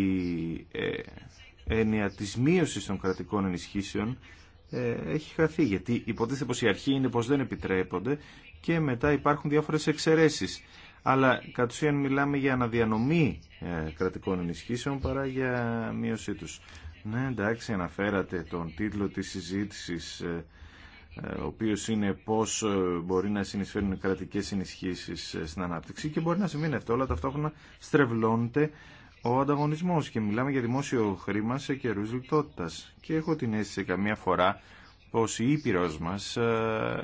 ε, έννοια της μείωσης των κρατικών ενισχύσεων ε, έχει χαθεί γιατί υποτίθεται πως η αρχή είναι πως δεν επιτρέπονται και μετά υπάρχουν διάφορες εξαιρέσεις αλλά κατ' ουσίαν μιλάμε για αναδιανομή ε, κρατικών ενισχύσεων παρά για μείωσή τους. Ναι εντάξει αναφέρατε τον τίτλο της συζήτησης ο οποίο είναι πώ μπορεί να συνεισφέρουν οι κρατικές ενισχύσεις στην ανάπτυξη και μπορεί να συμβαίνει αυτό, αλλά ταυτόχρονα στρεβλώνεται ο ανταγωνισμό και μιλάμε για δημόσιο χρήμα σε καιρού λιτότητα. Και έχω την αίσθηση καμία φορά πως η ήπειρο μα ε,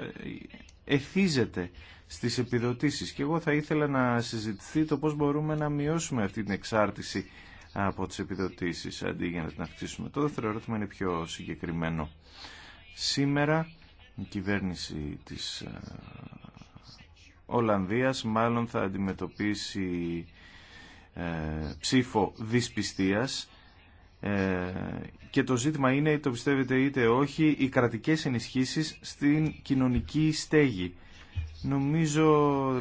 εθίζεται στις επιδοτήσεις και εγώ θα ήθελα να συζητηθεί το πώς μπορούμε να μειώσουμε αυτή την εξάρτηση από τις επιδοτήσεις αντί για να την αυξήσουμε. Το δεύτερο ερώτημα είναι πιο συγκεκριμένο. Σήμερα η κυβέρνηση της ε, Ολλανδίας μάλλον θα αντιμετωπίσει ε, ψήφο δυσπιστίας ε, και το ζήτημα είναι, το πιστεύετε είτε όχι, οι κρατικές ενισχύσεις στην κοινωνική στέγη. Νομίζω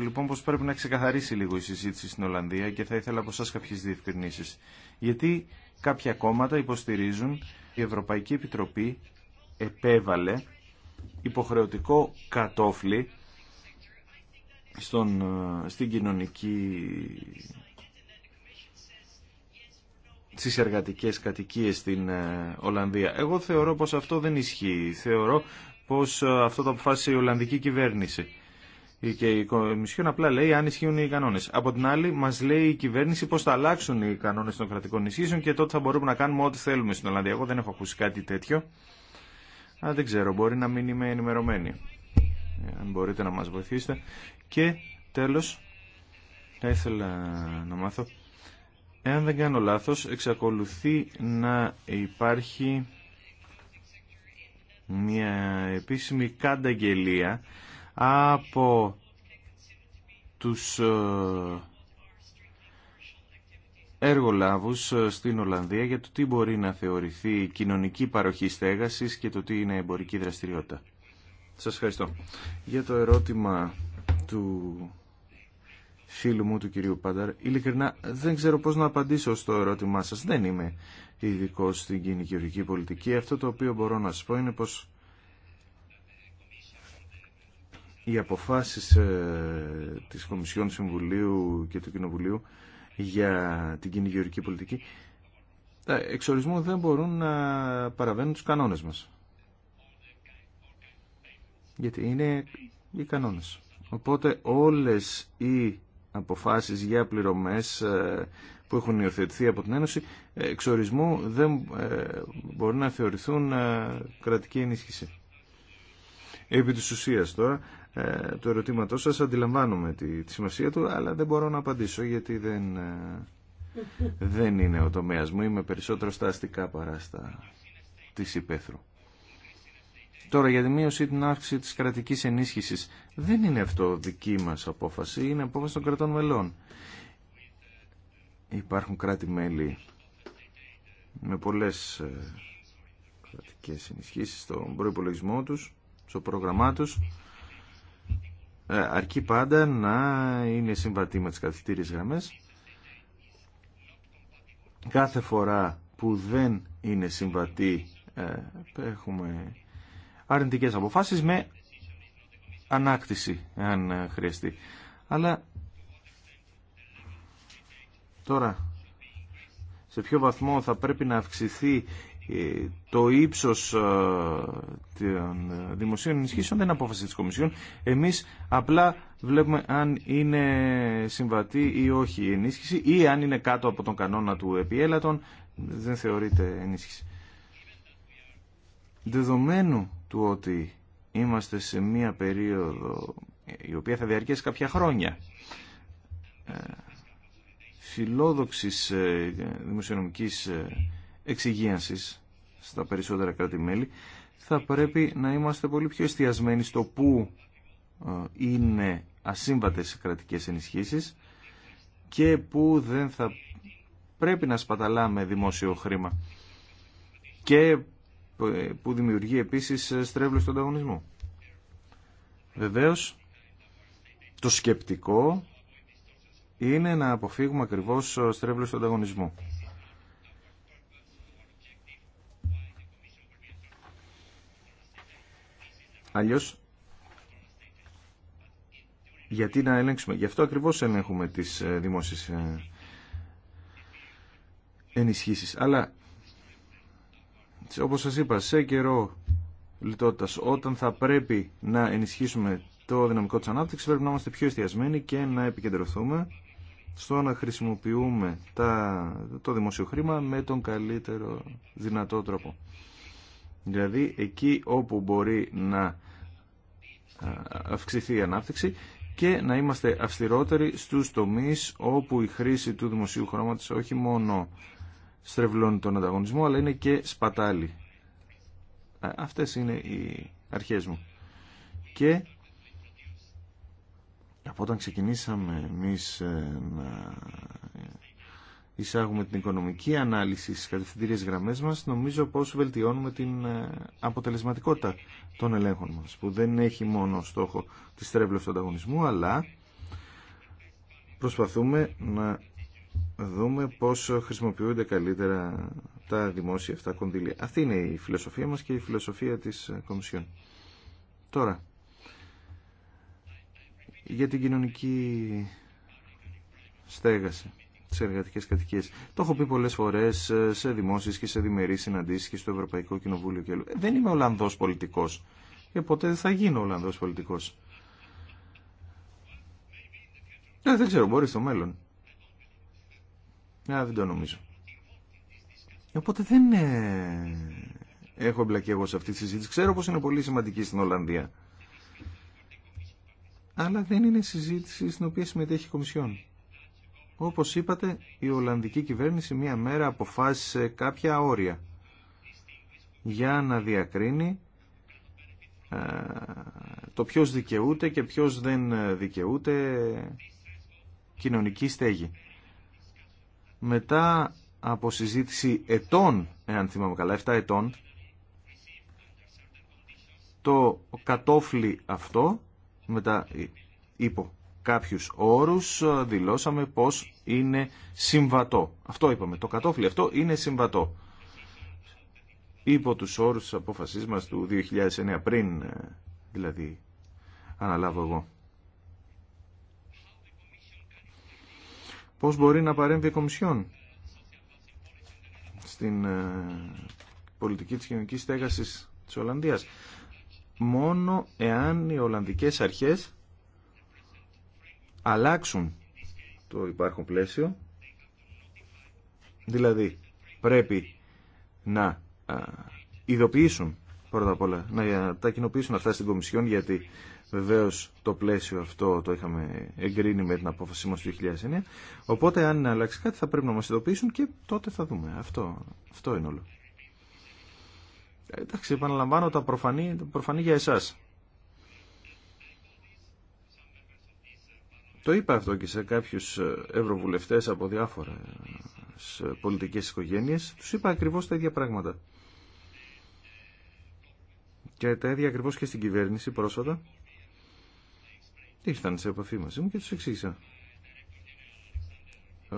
λοιπόν πως πρέπει να ξεκαθαρίσει λίγο η συζήτηση στην Ολλανδία και θα ήθελα από σας κάποιες διευκρινήσεις. Γιατί κάποια κόμματα υποστηρίζουν η Ευρωπαϊκή Επιτροπή επέβαλε υποχρεωτικό κατόφλι στον, ε, στην κοινωνική στις εργατικέ κατοικίε στην ε, Ολλανδία. Εγώ θεωρώ πώ αυτό δεν ισχύει. Θεωρώ πώ ε, αυτό το αποφάσισε η Ολλανδική κυβέρνηση. Και η Κομισιόν απλά λέει αν ισχύουν οι κανόνε. Από την άλλη, μα λέει η κυβέρνηση πώ θα αλλάξουν οι κανόνε των κρατικών ισχύσεων και τότε θα μπορούμε να κάνουμε ό,τι θέλουμε στην Ολλανδία. Εγώ δεν έχω ακούσει κάτι τέτοιο. Α, δεν ξέρω, μπορεί να μην είμαι ενημερωμένη. Ε, αν μπορείτε να μα βοηθήσετε. Και τέλο, θα ήθελα να μάθω Εάν δεν κάνω λάθος, εξακολουθεί να υπάρχει μια επίσημη κανταγγελία από τους εργολάβους ε, στην Ολλανδία για το τι μπορεί να θεωρηθεί κοινωνική παροχή στέγασης και το τι είναι εμπορική δραστηριότητα. Σας ευχαριστώ. Για το ερώτημα του φίλου μου του κυρίου Πάνταρ. Ειλικρινά δεν ξέρω πώς να απαντήσω στο ερώτημά σας. Δεν είμαι ειδικό στην κοινωνική πολιτική. Αυτό το οποίο μπορώ να σας πω είναι πως οι αποφάσεις ε, της Κομισιόν Συμβουλίου και του Κοινοβουλίου για την κοινωνική πολιτική εξορισμού δεν μπορούν να παραβαίνουν τους κανόνες μας. Γιατί είναι οι κανόνες. Οπότε όλες οι αποφάσεις για πληρωμές ε, που έχουν υιοθετηθεί από την Ένωση εξορισμού δεν ε, μπορούν να θεωρηθούν ε, κρατική ενίσχυση. Επί της ουσίας τώρα, το ερωτήματό σας αντιλαμβάνομαι τη, τη σημασία του, αλλά δεν μπορώ να απαντήσω γιατί δεν, δεν είναι ο τομέας μου. Είμαι περισσότερο στα αστικά παρά στα της υπαίθρου. Τώρα για τη μείωση ή την αύξηση της κρατικής ενίσχυσης. Δεν είναι αυτό δική μας απόφαση, είναι απόφαση των κρατών μελών. Υπάρχουν κράτη-μέλη με πολλές ε, κρατικές ενισχύσεις στον προϋπολογισμό τους, στο πρόγραμμά τους, ε, αρκεί πάντα να είναι συμβατή με τις καθητήριες γραμμές. Κάθε φορά που δεν είναι συμβατή ε, έχουμε αρνητικές αποφάσεις με ανάκτηση, αν ε, χρειαστεί. Αλλά τώρα, σε ποιο βαθμό θα πρέπει να αυξηθεί ε, το ύψος ε, των δημοσίων ενισχύσεων δεν είναι απόφαση της Κομισιόν. Εμείς απλά βλέπουμε αν είναι συμβατή ή όχι η ενίσχυση ή αν είναι κάτω από τον κανόνα του επιέλατον δεν θεωρείται ενίσχυση. Δεδομένου του ότι είμαστε σε μία περίοδο η οποία θα διαρκέσει κάποια χρόνια ε, φιλόδοξης ε, δημοσιονομικής ε, εξυγίανσης στα περισσότερα κράτη-μέλη θα πρέπει να είμαστε πολύ πιο εστιασμένοι στο πού είναι ασύμβατες κρατικές ενισχύσεις και πού δεν θα πρέπει να σπαταλάμε δημόσιο χρήμα και που δημιουργεί επίσης ε, στρέβλωση στον ανταγωνισμό. Βεβαίως, το σκεπτικό είναι να αποφύγουμε ακριβώς ε, στρέβλωση στον ανταγωνισμό. Αλλιώς, γιατί να ελέγξουμε. Γι' αυτό ακριβώς ελέγχουμε τις ε, δημόσιες ενισχύσεις. Αλλά όπως σας είπα, σε καιρό λιτότητας, όταν θα πρέπει να ενισχύσουμε το δυναμικό της ανάπτυξης, πρέπει να είμαστε πιο εστιασμένοι και να επικεντρωθούμε στο να χρησιμοποιούμε τα, το δημόσιο χρήμα με τον καλύτερο δυνατό τρόπο. Δηλαδή, εκεί όπου μπορεί να αυξηθεί η ανάπτυξη και να είμαστε αυστηρότεροι στους τομείς όπου η χρήση του δημοσίου χρώματος όχι μόνο στρεβλώνει τον ανταγωνισμό, αλλά είναι και σπατάλη. Αυτές είναι οι αρχές μου. Και από όταν ξεκινήσαμε εμείς ε, να εισάγουμε την οικονομική ανάλυση στις κατευθυντήριες γραμμές μας, νομίζω πως βελτιώνουμε την ε, αποτελεσματικότητα των ελέγχων μας, που δεν έχει μόνο στόχο τη στρέβλωση του ανταγωνισμού, αλλά προσπαθούμε να δούμε πώς χρησιμοποιούνται καλύτερα τα δημόσια αυτά κονδύλια. Αυτή είναι η φιλοσοφία μας και η φιλοσοφία της Κομισιόν. Τώρα, για την κοινωνική στέγαση τις εργατικές κατοικίες. Το έχω πει πολλές φορές σε δημόσιες και σε διμερείς συναντήσεις και στο Ευρωπαϊκό Κοινοβούλιο και Δεν είμαι Ολλανδός πολιτικός και ποτέ δεν θα γίνω Ολλανδός πολιτικός. Ε, δεν ξέρω, μπορεί στο μέλλον. Α, δεν το νομίζω. Οπότε δεν ε, έχω εμπλακεί εγώ σε αυτή τη συζήτηση. Ξέρω πως είναι πολύ σημαντική στην Ολλανδία. Αλλά δεν είναι συζήτηση στην οποία συμμετέχει η Κομισιόν. Όπως είπατε, η Ολλανδική κυβέρνηση μία μέρα αποφάσισε κάποια όρια για να διακρίνει ε, το ποιος δικαιούται και ποιος δεν δικαιούται κοινωνική στέγη μετά από συζήτηση ετών, εάν θυμάμαι καλά, 7 ετών, το κατόφλι αυτό, μετά υπό κάποιους όρους, δηλώσαμε πως είναι συμβατό. Αυτό είπαμε, το κατόφλι αυτό είναι συμβατό. Υπό τους όρους της απόφασής μας του 2009, πριν ε, δηλαδή αναλάβω εγώ πώς μπορεί να παρέμβει η Κομισιόν στην ε, πολιτική της κοινωνικής στέγασης της Ολλανδίας. Μόνο εάν οι Ολλανδικές αρχές αλλάξουν το υπάρχον πλαίσιο, δηλαδή πρέπει να ε, ειδοποιήσουν πρώτα απ' όλα, να τα κοινοποιήσουν αυτά στην Κομισιόν γιατί Βεβαίως το πλαίσιο αυτό το είχαμε εγκρίνει με την απόφασή μα του 2009. Οπότε αν αλλάξει κάτι θα πρέπει να μας ειδοποιήσουν και τότε θα δούμε. Αυτό, αυτό είναι όλο. Ε, εντάξει, επαναλαμβάνω τα προφανή, τα προφανή για εσάς. Το είπα αυτό και σε κάποιου ε, ευρωβουλευτέ από διάφορε πολιτικές οικογένειες. Τους είπα ακριβώ τα ίδια πράγματα. Και τα ίδια ακριβώ και στην κυβέρνηση πρόσφατα ήρθαν σε επαφή μαζί μου και τους εξήγησα. Ο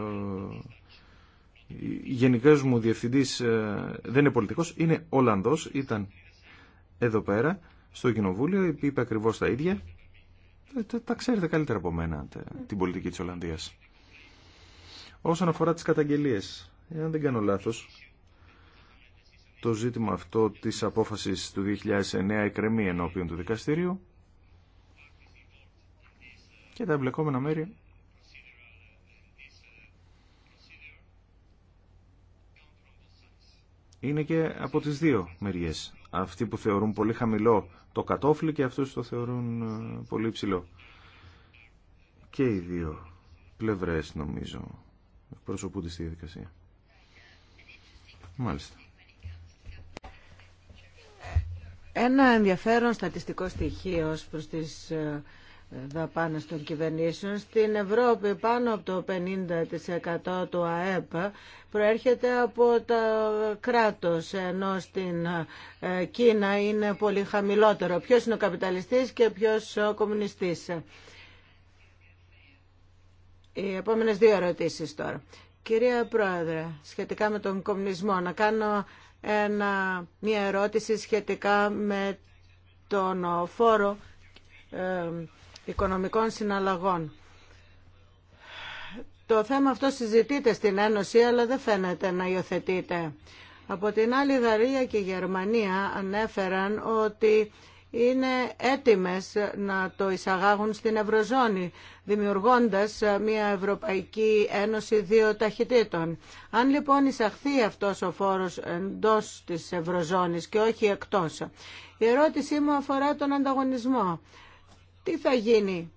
Γενικά μου διευθυντής ε, δεν είναι πολιτικός, είναι Ολλανδός, ήταν εδώ πέρα στο κοινοβούλιο, είπε ακριβώς τα ίδια. Ε, τα, τα ξέρετε καλύτερα από μένα την πολιτική της Ολλανδίας. Όσον αφορά τις καταγγελίες, εάν δεν κάνω λάθος, το ζήτημα αυτό της απόφασης του 2009 εκρεμεί ενώπιον του δικαστηρίου και τα εμπλεκόμενα μέρη είναι και από τις δύο μεριές. Αυτοί που θεωρούν πολύ χαμηλό το κατόφλι και αυτούς το θεωρούν ε, πολύ ψηλό. Και οι δύο πλευρές νομίζω προσωπούνται στη διαδικασία. Μάλιστα. Ένα ενδιαφέρον στατιστικό στοιχείο προς τις ε, δαπάνες των κυβερνήσεων. Στην Ευρώπη πάνω από το 50% του ΑΕΠ προέρχεται από το κράτος, ενώ στην ε, Κίνα είναι πολύ χαμηλότερο. Ποιος είναι ο καπιταλιστής και ποιος ο κομμουνιστής. Οι επόμενες δύο ερωτήσεις τώρα. Κυρία Πρόεδρε, σχετικά με τον κομμουνισμό, να κάνω μια ερώτηση σχετικά με τον φόρο ε, οικονομικών συναλλαγών. Το θέμα αυτό συζητείται στην Ένωση, αλλά δεν φαίνεται να υιοθετείται. Από την άλλη, Δαρία και η Γερμανία ανέφεραν ότι είναι έτοιμες να το εισαγάγουν στην Ευρωζώνη, δημιουργώντας μια Ευρωπαϊκή Ένωση δύο ταχυτήτων. Αν λοιπόν εισαχθεί αυτός ο φόρος εντός της Ευρωζώνης και όχι εκτός, η ερώτησή μου αφορά τον ανταγωνισμό τι θα γίνει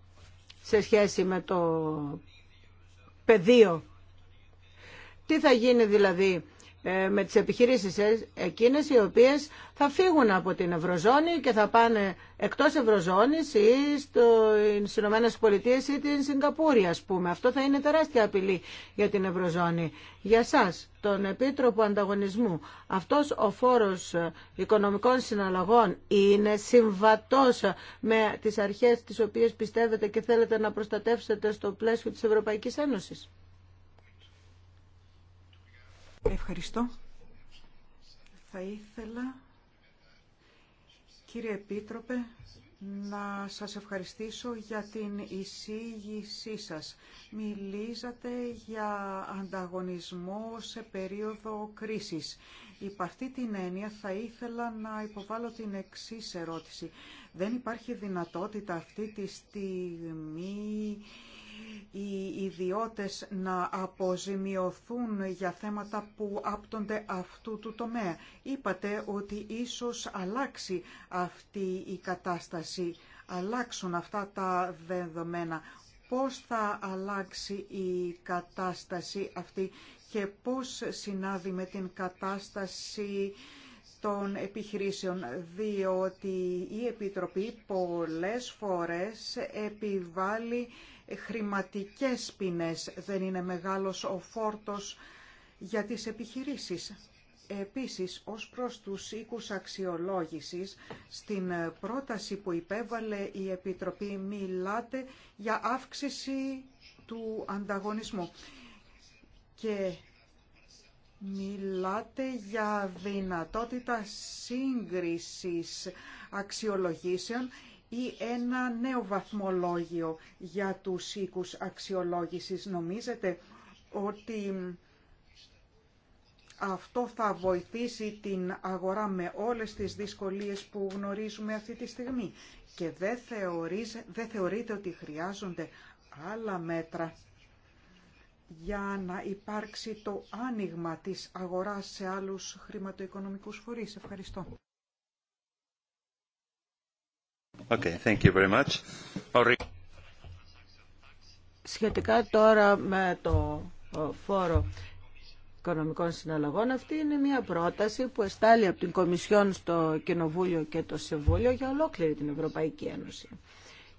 σε σχέση με το πεδίο. Τι θα γίνει δηλαδή ε, με τις επιχειρήσεις ε, εκείνες οι οποίες θα φύγουν από την Ευρωζώνη και θα πάνε εκτός Ευρωζώνης ή στις Ηνωμένες Πολιτείες ή την Συγκαπούρη ας πούμε. Αυτό θα είναι τεράστια απειλή για την Ευρωζώνη. Για σας, τον Επίτροπο Ανταγωνισμού, αυτός ο φόρος ε, οικονομικών συναλλαγών είναι συμβατός με τις αρχές τις οποίες πιστεύετε και θέλετε να προστατεύσετε στο πλαίσιο της Ευρωπαϊκής Ένωσης. Ευχαριστώ. Θα ήθελα, κύριε Επίτροπε, να σας ευχαριστήσω για την εισήγησή σας. Μιλήσατε για ανταγωνισμό σε περίοδο κρίσης. Υπ' αυτή την έννοια θα ήθελα να υποβάλω την εξή ερώτηση. Δεν υπάρχει δυνατότητα αυτή τη στιγμή οι ιδιώτες να αποζημιωθούν για θέματα που άπτονται αυτού του τομέα. Είπατε ότι ίσως αλλάξει αυτή η κατάσταση, αλλάξουν αυτά τα δεδομένα. Πώς θα αλλάξει η κατάσταση αυτή και πώς συνάδει με την κατάσταση των επιχειρήσεων, διότι η Επιτροπή πολλές φορές επιβάλλει χρηματικές ποινές δεν είναι μεγάλος ο φόρτος για τις επιχειρήσεις. Επίσης, ως προς τους οίκους αξιολόγησης, στην πρόταση που υπέβαλε η Επιτροπή μιλάτε για αύξηση του ανταγωνισμού και μιλάτε για δυνατότητα σύγκρισης αξιολογήσεων ή ένα νέο βαθμολόγιο για τους οίκους αξιολόγησης. Νομίζετε ότι αυτό θα βοηθήσει την αγορά με όλες τις δυσκολίες που γνωρίζουμε αυτή τη στιγμή και δεν, θεωρείτε ότι χρειάζονται άλλα μέτρα για να υπάρξει το άνοιγμα της αγοράς σε άλλους χρηματοοικονομικούς φορείς. Ευχαριστώ. Σχετικά τώρα με το φόρο οικονομικών συναλλαγών, αυτή είναι μια πρόταση που εστάλει από την Κομισιόν στο Κοινοβούλιο και το Συμβούλιο για ολόκληρη την Ευρωπαϊκή Ένωση.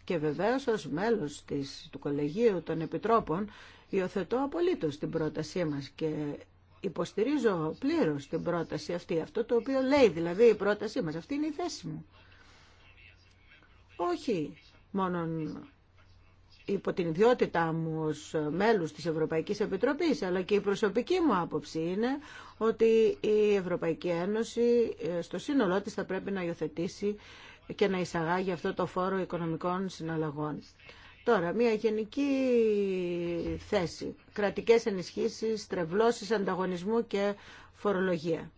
Και βεβαίως ως μέλος του Κολεγίου των Επιτρόπων υιοθετώ απολύτως την πρότασή μας και υποστηρίζω πλήρως την πρόταση αυτή, αυτό το οποίο λέει δηλαδή η πρότασή μας. Αυτή είναι η θέση μου όχι μόνο υπό την ιδιότητά μου ως μέλους της Ευρωπαϊκής Επιτροπής, αλλά και η προσωπική μου άποψη είναι ότι η Ευρωπαϊκή Ένωση ε, στο σύνολό της θα πρέπει να υιοθετήσει και να εισαγάγει αυτό το φόρο οικονομικών συναλλαγών. Τώρα, μια γενική θέση. Κρατικές ενισχύσεις, τρευλώσεις ανταγωνισμού και φορολογία.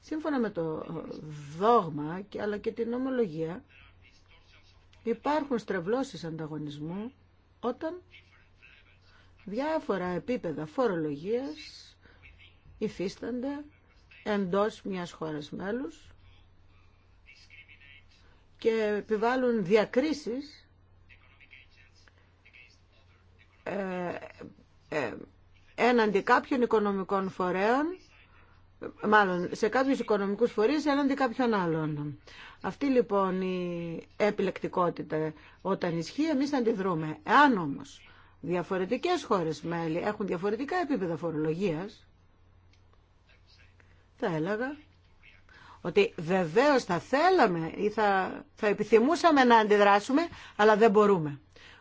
Σύμφωνα με το δόγμα, αλλά και την ομολογία, υπάρχουν στρεβλώσεις ανταγωνισμού όταν διάφορα επίπεδα φορολογίας υφίστανται εντός μιας χώρας μέλους και επιβάλλουν διακρίσεις ε, ε, ε, έναντι κάποιων οικονομικών φορέων μάλλον σε κάποιους οικονομικούς φορείς έναντι κάποιων άλλων. Αυτή λοιπόν η επιλεκτικότητα όταν ισχύει εμείς αντιδρούμε. Εάν όμως διαφορετικές χώρες μέλη έχουν διαφορετικά επίπεδα φορολογίας, θα έλεγα ότι βεβαίως θα θέλαμε ή θα, θα επιθυμούσαμε να αντιδράσουμε, αλλά δεν μπορούμε.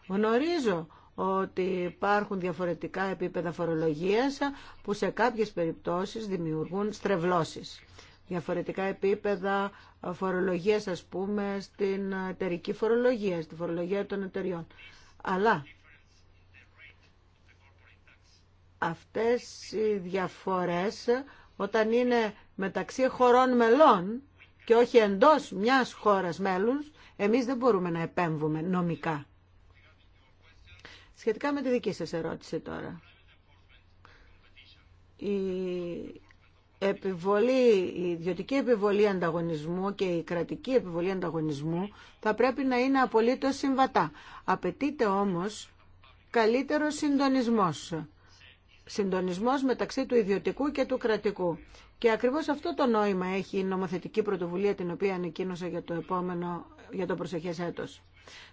Γνωρίζω ότι υπάρχουν διαφορετικά επίπεδα φορολογίας που σε κάποιες περιπτώσεις δημιουργούν στρεβλώσεις. Διαφορετικά επίπεδα φορολογίας, ας πούμε, στην εταιρική φορολογία, στη φορολογία των εταιριών. Αλλά αυτές οι διαφορές όταν είναι μεταξύ χωρών μελών και όχι εντός μιας χώρας μέλους, εμείς δεν μπορούμε να επέμβουμε νομικά. Σχετικά με τη δική σας ερώτηση τώρα. Η επιβολή, η ιδιωτική επιβολή ανταγωνισμού και η κρατική επιβολή ανταγωνισμού θα πρέπει να είναι απολύτως συμβατά. Απαιτείται όμως καλύτερο συντονισμός. Συντονισμός μεταξύ του ιδιωτικού και του κρατικού. Και ακριβώς αυτό το νόημα έχει η νομοθετική πρωτοβουλία την οποία ανακοίνωσα για το επόμενο, για το προσεχές έτος.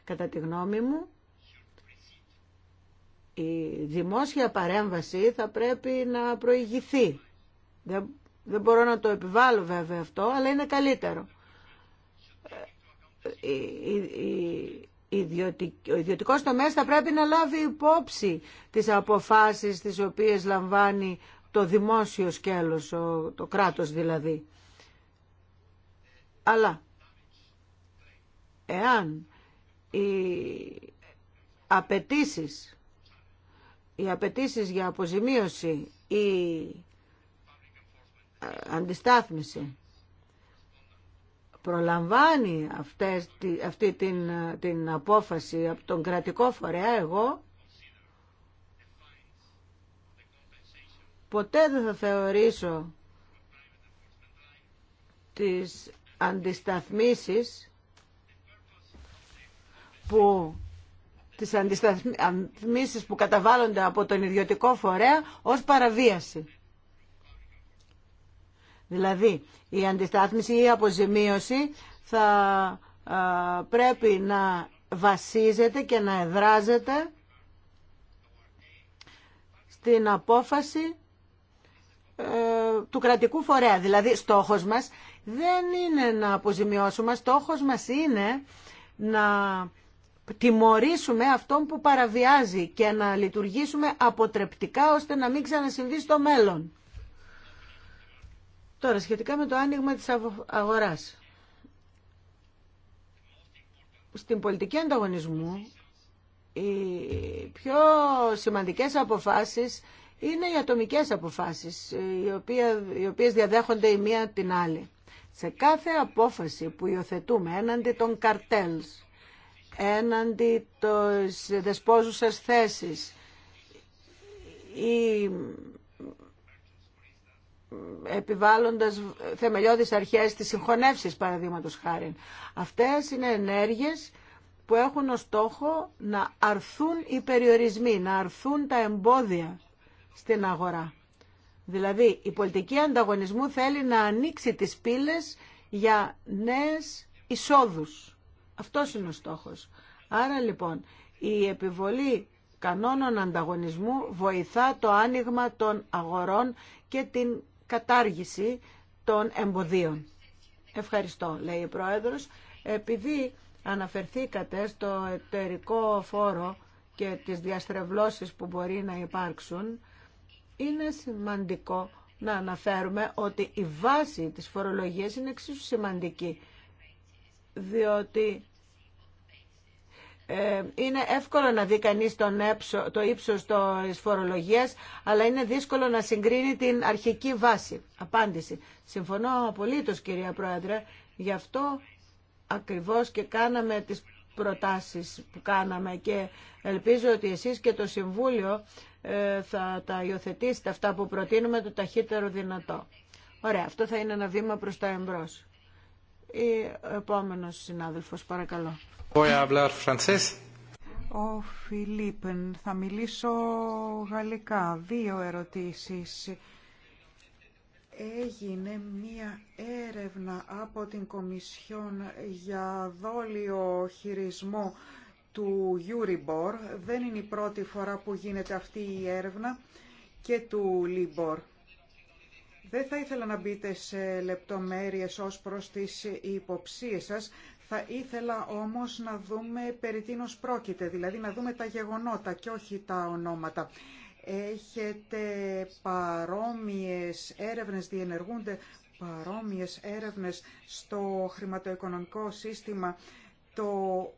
Κατά τη γνώμη μου, η δημόσια παρέμβαση θα πρέπει να προηγηθεί. Δεν, δεν μπορώ να το επιβάλλω βέβαια αυτό, αλλά είναι καλύτερο. Ε, ο ιδιωτικός τομέας θα πρέπει να λάβει υπόψη τις αποφάσεις τις οποίες λαμβάνει το δημόσιο σκέλος, το κράτος δηλαδή. Αλλά εάν οι απαιτήσει οι απαιτήσει για αποζημίωση ή ε, αντιστάθμιση προλαμβάνει αυτές, αυτή την, ε, την απόφαση από τον κρατικό φορέα, εγώ ποτέ δεν θα θεωρήσω τις αντισταθμίσεις που τις αντισταθμίσεις που καταβάλλονται από τον ιδιωτικό φορέα ως παραβίαση. Δηλαδή, η αντιστάθμιση ή η αποζημίωση θα πρέπει να βασίζεται και να εδράζεται στην απόφαση ε, του κρατικού φορέα. Δηλαδή, στόχος μας δεν είναι να αποζημιώσουμε, στόχος μας είναι να τιμωρήσουμε αυτόν που παραβιάζει και να λειτουργήσουμε αποτρεπτικά ώστε να μην ξανασυμβεί στο μέλλον. Τώρα, σχετικά με το άνοιγμα της αγοράς. Στην πολιτική ανταγωνισμού, οι πιο σημαντικές αποφάσεις είναι οι ατομικές αποφάσεις, οι, οποία, οι οποίες διαδέχονται η μία την άλλη. Σε κάθε απόφαση που υιοθετούμε έναντι των καρτέλς, έναντι της δεσπόζουσες θέσεις, Η επιβάλλοντας θεμελιώδεις αρχές της συγχωνεύσης παραδείγματος χάρη. Αυτές είναι ενέργειες που έχουν ως στόχο να αρθούν οι περιορισμοί, να αρθούν τα εμπόδια στην αγορά. Δηλαδή η πολιτική ανταγωνισμού θέλει να ανοίξει τις πύλες για νέες εισόδους αυτός είναι ο στόχος. Άρα λοιπόν η επιβολή κανόνων ανταγωνισμού βοηθά το άνοιγμα των αγορών και την κατάργηση των εμποδίων. Ευχαριστώ, λέει η Πρόεδρος. Επειδή αναφερθήκατε στο εταιρικό φόρο και τις διαστρεβλώσεις που μπορεί να υπάρξουν, είναι σημαντικό να αναφέρουμε ότι η βάση της φορολογίας είναι εξίσου σημαντική, διότι ε, είναι εύκολο να δει κανεί το ύψο τη φορολογία, αλλά είναι δύσκολο να συγκρίνει την αρχική βάση. Απάντηση. Συμφωνώ απολύτω, κυρία Πρόεδρε. Γι' αυτό ακριβώς και κάναμε τις προτάσεις που κάναμε και ελπίζω ότι εσείς και το Συμβούλιο ε, θα τα υιοθετήσετε αυτά που προτείνουμε το ταχύτερο δυνατό. Ωραία, αυτό θα είναι ένα βήμα προς τα εμπρός. Ο επόμενος συνάδελφος, παρακαλώ. Ο θα μιλήσω γαλλικά. Δύο ερωτήσεις. Έγινε μία έρευνα από την Κομισιόν για δόλιο χειρισμό του Euribor. Δεν είναι η πρώτη φορά που γίνεται αυτή η έρευνα και του Libor. Δεν θα ήθελα να μπείτε σε λεπτομέρειες ως προς τις υποψίες σας, θα ήθελα όμως να δούμε περί τίνος πρόκειται, δηλαδή να δούμε τα γεγονότα και όχι τα ονόματα. Έχετε παρόμοιες έρευνες, διενεργούνται παρόμοιες έρευνες στο χρηματοοικονομικό σύστημα το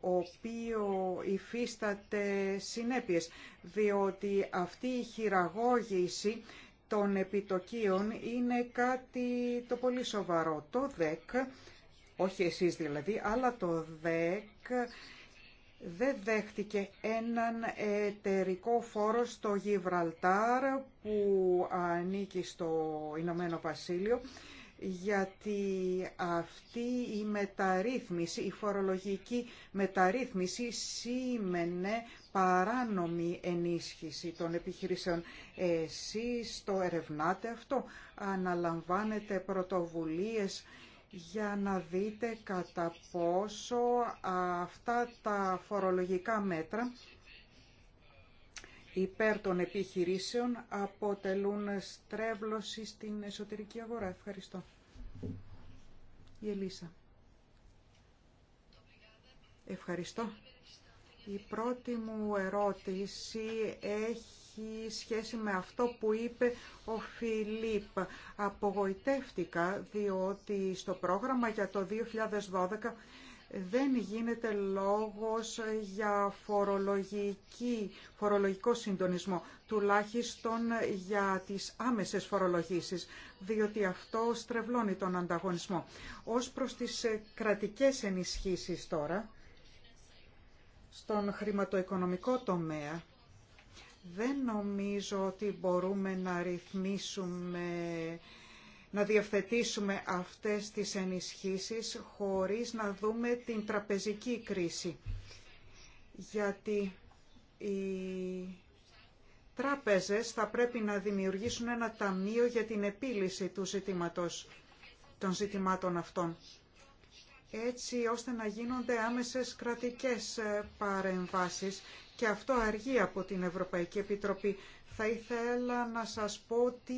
οποίο υφίσταται συνέπειες, διότι αυτή η χειραγώγηση των επιτοκίων είναι κάτι το πολύ σοβαρό. Το ΔΕΚ όχι εσείς δηλαδή, αλλά το ΔΕΚ δεν δέχτηκε έναν εταιρικό φόρο στο Γιβραλτάρ που ανήκει στο Ηνωμένο Βασίλειο γιατί αυτή η μεταρρύθμιση, η φορολογική μεταρρύθμιση σήμαινε παράνομη ενίσχυση των επιχειρήσεων. Εσείς το ερευνάτε αυτό, αναλαμβάνετε πρωτοβουλίες για να δείτε κατά πόσο αυτά τα φορολογικά μέτρα υπέρ των επιχειρήσεων αποτελούν στρέβλωση στην εσωτερική αγορά. Ευχαριστώ. Η Ελίσσα. Ευχαριστώ. Η πρώτη μου ερώτηση έχει έχει σχέση με αυτό που είπε ο Φιλίπ. Απογοητεύτηκα διότι στο πρόγραμμα για το 2012 δεν γίνεται λόγος για φορολογική, φορολογικό συντονισμό, τουλάχιστον για τις άμεσες φορολογήσεις, διότι αυτό στρεβλώνει τον ανταγωνισμό. Ως προς τις κρατικές ενισχύσεις τώρα, στον χρηματοοικονομικό τομέα, δεν νομίζω ότι μπορούμε να ρυθμίσουμε, να διευθετήσουμε αυτές τις ενισχύσεις χωρίς να δούμε την τραπεζική κρίση. Γιατί οι τράπεζες θα πρέπει να δημιουργήσουν ένα ταμείο για την επίλυση του ζητήματος, των ζητημάτων αυτών έτσι ώστε να γίνονται άμεσες κρατικές ε, παρεμβάσεις και αυτό αργεί από την Ευρωπαϊκή Επιτροπή. Θα ήθελα να σας πω τι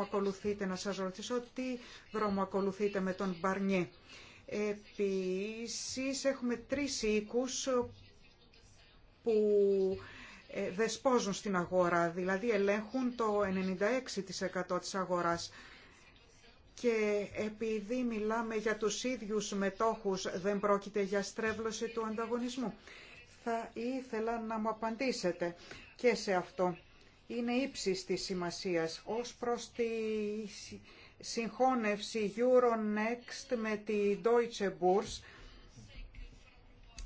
ακολουθείτε, να σας ρωτήσω τι ακολουθείτε με τον Μπαρνιέ. Επίσης έχουμε τρεις οίκους που ε, δεσπόζουν στην αγορά, δηλαδή ελέγχουν το 96% της αγοράς και επειδή μιλάμε για τους ίδιους μετόχους δεν πρόκειται για στρέβλωση του ανταγωνισμού. Θα ήθελα να μου απαντήσετε και σε αυτό. Είναι ύψης της σημασίας ως προς τη συγχώνευση Euronext με τη Deutsche Börse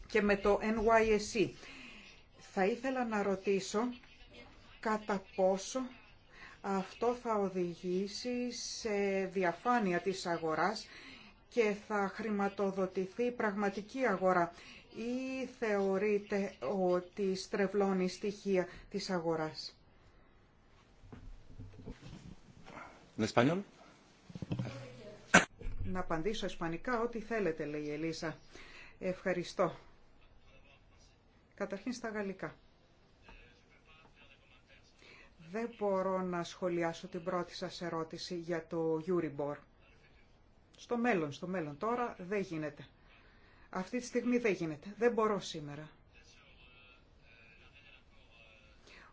και με το NYSE. Θα ήθελα να ρωτήσω κατά πόσο αυτό θα οδηγήσει σε διαφάνεια της αγοράς και θα χρηματοδοτηθεί πραγματική αγορά ή θεωρείτε ότι στρεβλώνει στοιχεία της αγοράς. Να απαντήσω ισπανικά ό,τι θέλετε, λέει η Ελίζα. Ευχαριστώ. Καταρχήν στα γαλλικά δεν μπορώ να σχολιάσω την πρώτη σας ερώτηση για το Euribor. Στο μέλλον, στο μέλλον τώρα δεν γίνεται. Αυτή τη στιγμή δεν γίνεται. Δεν μπορώ σήμερα.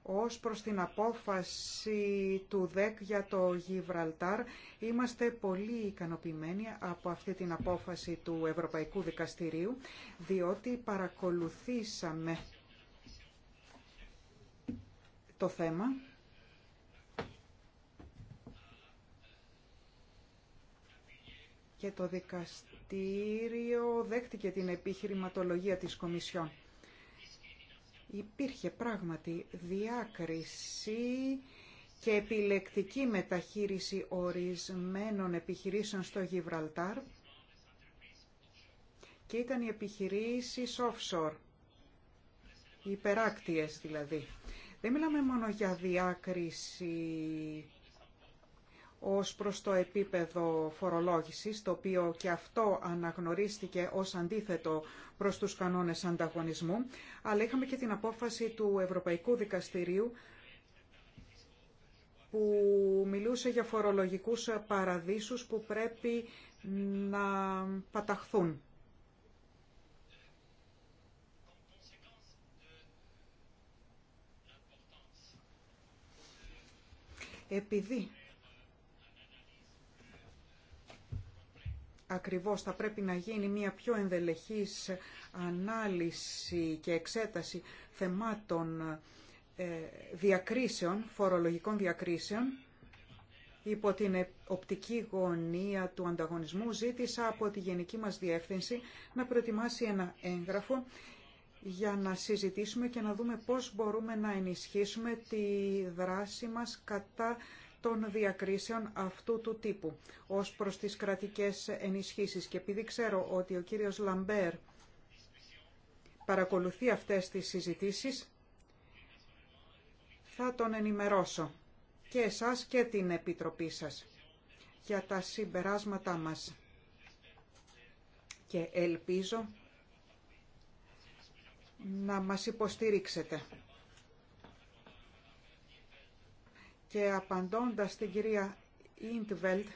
Ως προς την απόφαση του ΔΕΚ για το Γιβραλτάρ, είμαστε πολύ ικανοποιημένοι από αυτή την απόφαση του Ευρωπαϊκού Δικαστηρίου, διότι παρακολουθήσαμε το θέμα και το δικαστήριο δέχτηκε την επιχειρηματολογία της Κομισιόν. Υπήρχε πράγματι διάκριση και επιλεκτική μεταχείριση ορισμένων επιχειρήσεων στο Γιβραλτάρ και ήταν οι επιχειρήσεις offshore, υπεράκτιες δηλαδή. Δεν μιλάμε μόνο για διάκριση ως προς το επίπεδο φορολόγησης, το οποίο και αυτό αναγνωρίστηκε ως αντίθετο προς τους κανόνες ανταγωνισμού, αλλά είχαμε και την απόφαση του Ευρωπαϊκού Δικαστηρίου που μιλούσε για φορολογικούς παραδείσους που πρέπει να παταχθούν. Επειδή ακριβώς θα πρέπει να γίνει μια πιο ενδελεχής ανάλυση και εξέταση θεμάτων ε, διακρίσεων, φορολογικών διακρίσεων, υπό την ε, οπτική γωνία του ανταγωνισμού ζήτησα από τη Γενική μας Διεύθυνση να προετοιμάσει ένα έγγραφο για να συζητήσουμε και να δούμε πώς μπορούμε να ενισχύσουμε τη δράση μας κατά των διακρίσεων αυτού του τύπου ως προς τις κρατικές ενισχύσεις. Και επειδή ξέρω ότι ο κύριος Λαμπέρ παρακολουθεί αυτές τις συζητήσεις, θα τον ενημερώσω και εσάς και την Επιτροπή σας για τα συμπεράσματά μας. Και ελπίζω να μας υποστηρίξετε. Και απαντώντας στην κυρία Ιντβελτ,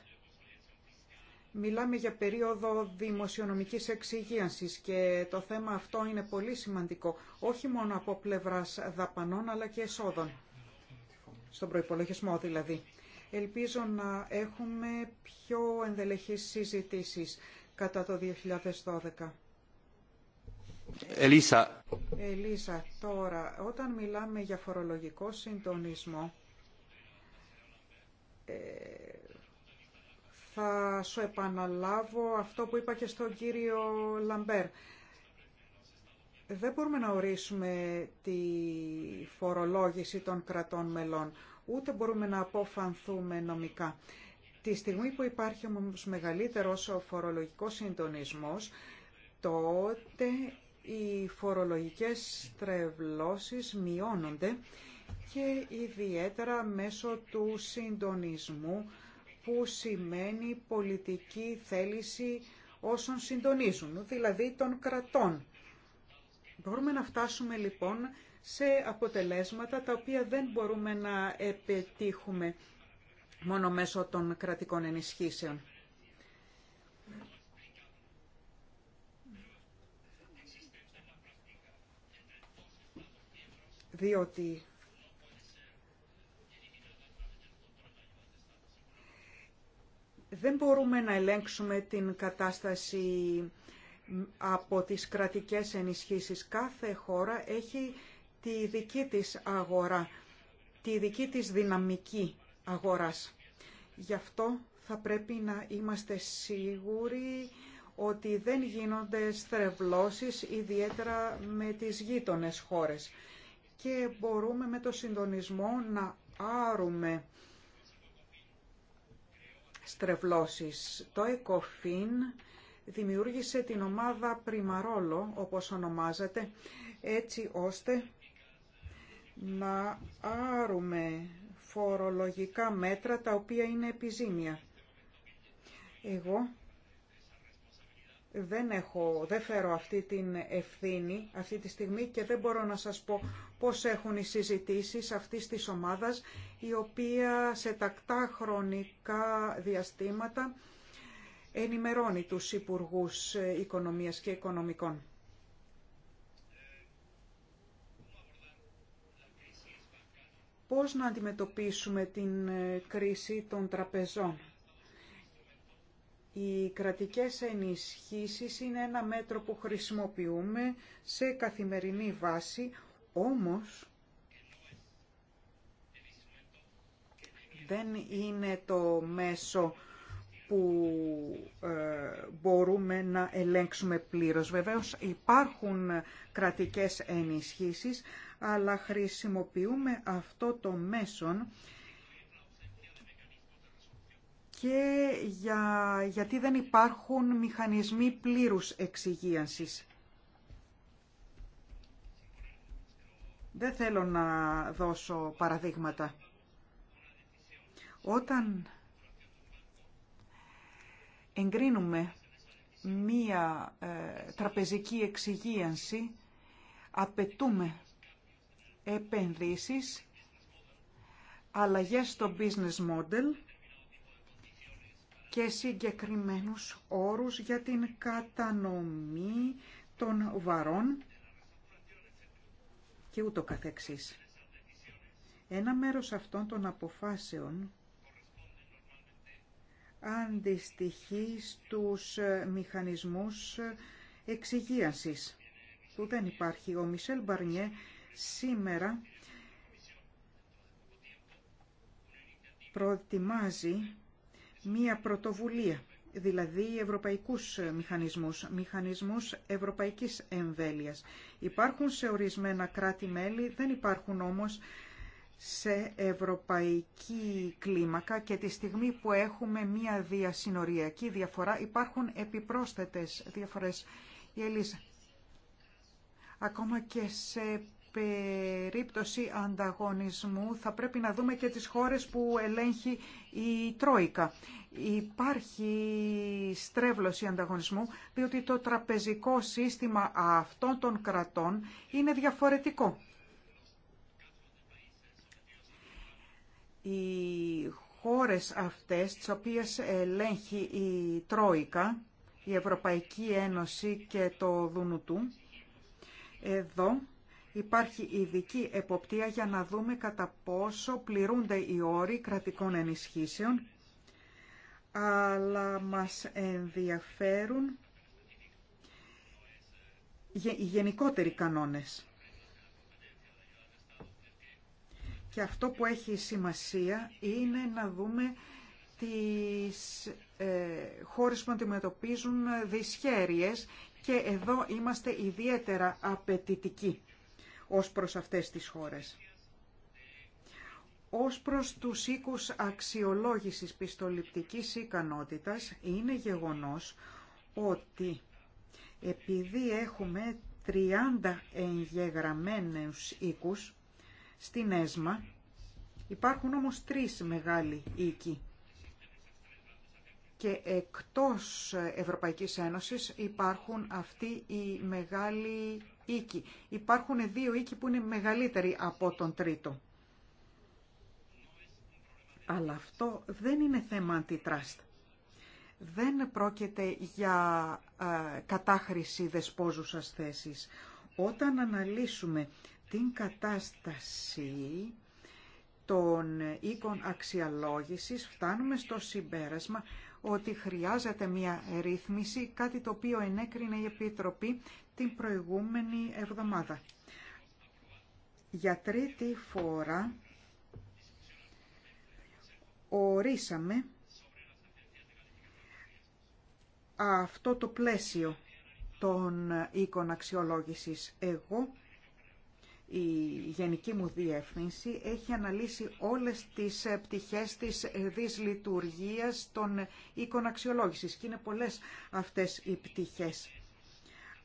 μιλάμε για περίοδο δημοσιονομικής εξυγίανσης και το θέμα αυτό είναι πολύ σημαντικό, όχι μόνο από πλευράς δαπανών αλλά και εσόδων, στον προϋπολογισμό δηλαδή. Ελπίζω να έχουμε πιο ενδελεχείς συζητήσεις κατά το 2012. Ελίσα. Ελίσα, τώρα, όταν μιλάμε για φορολογικό συντονισμό, ε, θα σου επαναλάβω αυτό που είπα και στον κύριο Λαμπέρ. Δεν μπορούμε να ορίσουμε τη φορολόγηση των κρατών μελών, ούτε μπορούμε να αποφανθούμε νομικά. Τη στιγμή που υπάρχει όμως μεγαλύτερος ο φορολογικός συντονισμός, τότε οι φορολογικές τρευλώσεις μειώνονται και ιδιαίτερα μέσω του συντονισμού που σημαίνει πολιτική θέληση όσων συντονίζουν, δηλαδή των κρατών. Μπορούμε να φτάσουμε λοιπόν σε αποτελέσματα τα οποία δεν μπορούμε να επιτύχουμε μόνο μέσω των κρατικών ενισχύσεων. Διότι δεν μπορούμε να ελέγξουμε την κατάσταση από τις κρατικές ενισχύσεις. Κάθε χώρα έχει τη δική της αγορά, τη δική της δυναμική αγοράς. Γι' αυτό θα πρέπει να είμαστε σίγουροι ότι δεν γίνονται στρεβλώσεις ιδιαίτερα με τις γείτονες χώρες και μπορούμε με το συντονισμό να άρουμε στρεβλώσεις. Το ΕΚΟΦΗΝ δημιούργησε την ομάδα Πριμαρόλο, όπως ονομάζεται, έτσι ώστε να άρουμε φορολογικά μέτρα τα οποία είναι επιζήμια. Εγώ δεν, έχω, δεν φέρω αυτή την ευθύνη αυτή τη στιγμή και δεν μπορώ να σας πω πώς έχουν οι συζητήσεις αυτής της ομάδας η οποία σε τακτά χρονικά διαστήματα ενημερώνει τους Υπουργούς Οικονομίας και Οικονομικών. Πώς να αντιμετωπίσουμε την κρίση των τραπεζών. Οι κρατικές ενισχύσεις είναι ένα μέτρο που χρησιμοποιούμε σε καθημερινή βάση, όμως δεν είναι το μέσο που ε, μπορούμε να ελέγξουμε πλήρως. Βεβαίως υπάρχουν κρατικές ενισχύσεις, αλλά χρησιμοποιούμε αυτό το μέσον και για, γιατί δεν υπάρχουν μηχανισμοί πλήρους εξυγίανσης. Δεν θέλω να δώσω παραδείγματα. Όταν εγκρίνουμε μία ε, τραπεζική εξυγίανση, απαιτούμε επενδύσεις, αλλαγές στο business model και συγκεκριμένους όρους για την κατανομή των βαρών και ούτω καθεξής. Ένα μέρος αυτών των αποφάσεων αντιστοιχεί στους μηχανισμούς εξυγίασης που δεν υπάρχει. Ο Μισελ Μπαρνιέ σήμερα προετοιμάζει μία πρωτοβουλία, δηλαδή ευρωπαϊκούς μηχανισμούς, μηχανισμούς ευρωπαϊκής εμβέλειας. Υπάρχουν σε ορισμένα κράτη-μέλη, δεν υπάρχουν όμως σε ευρωπαϊκή κλίμακα και τη στιγμή που έχουμε μία διασυνοριακή διαφορά υπάρχουν επιπρόσθετες διαφορές. Η Ελίζα, ακόμα και σε περίπτωση ανταγωνισμού θα πρέπει να δούμε και τις χώρες που ελέγχει η Τρόικα. Υπάρχει στρέβλωση ανταγωνισμού διότι το τραπεζικό σύστημα αυτών των κρατών είναι διαφορετικό. Οι χώρες αυτές, τις οποίες ελέγχει η Τρόικα, η Ευρωπαϊκή Ένωση και το Δουνουτού, εδώ υπάρχει ειδική εποπτεία για να δούμε κατά πόσο πληρούνται οι όροι κρατικών ενισχύσεων, αλλά μας ενδιαφέρουν οι γενικότεροι κανόνες. Και αυτό που έχει σημασία είναι να δούμε τις ε, χώρες που αντιμετωπίζουν δυσχέρειες και εδώ είμαστε ιδιαίτερα απαιτητικοί ως προς αυτές τις χώρες. Ως προς τους οίκους αξιολόγησης πιστοληπτικής ικανότητας είναι γεγονός ότι επειδή έχουμε 30 εγγεγραμμένους οίκους στην ΕΣΜΑ, υπάρχουν όμως τρεις μεγάλοι οίκοι και εκτός Ευρωπαϊκής Ένωσης υπάρχουν αυτοί οι μεγάλοι Υπάρχουν δύο οίκοι που είναι μεγαλύτεροι από τον τρίτο. Αλλά αυτό δεν είναι θέμα αντιτράστα. Δεν πρόκειται για ε, κατάχρηση δεσπόζουσας θέσης. Όταν αναλύσουμε την κατάσταση των οίκων αξιολόγησης φτάνουμε στο συμπέρασμα ότι χρειάζεται μια ρύθμιση, κάτι το οποίο ενέκρινε η Επιτροπή την προηγούμενη εβδομάδα. Για τρίτη φορά ορίσαμε αυτό το πλαίσιο των οίκων Εγώ, η γενική μου διεύθυνση, έχει αναλύσει όλες τις ε, πτυχές της ε, δυσλειτουργίας των οίκων αξιολόγησης και είναι πολλές αυτές οι πτυχές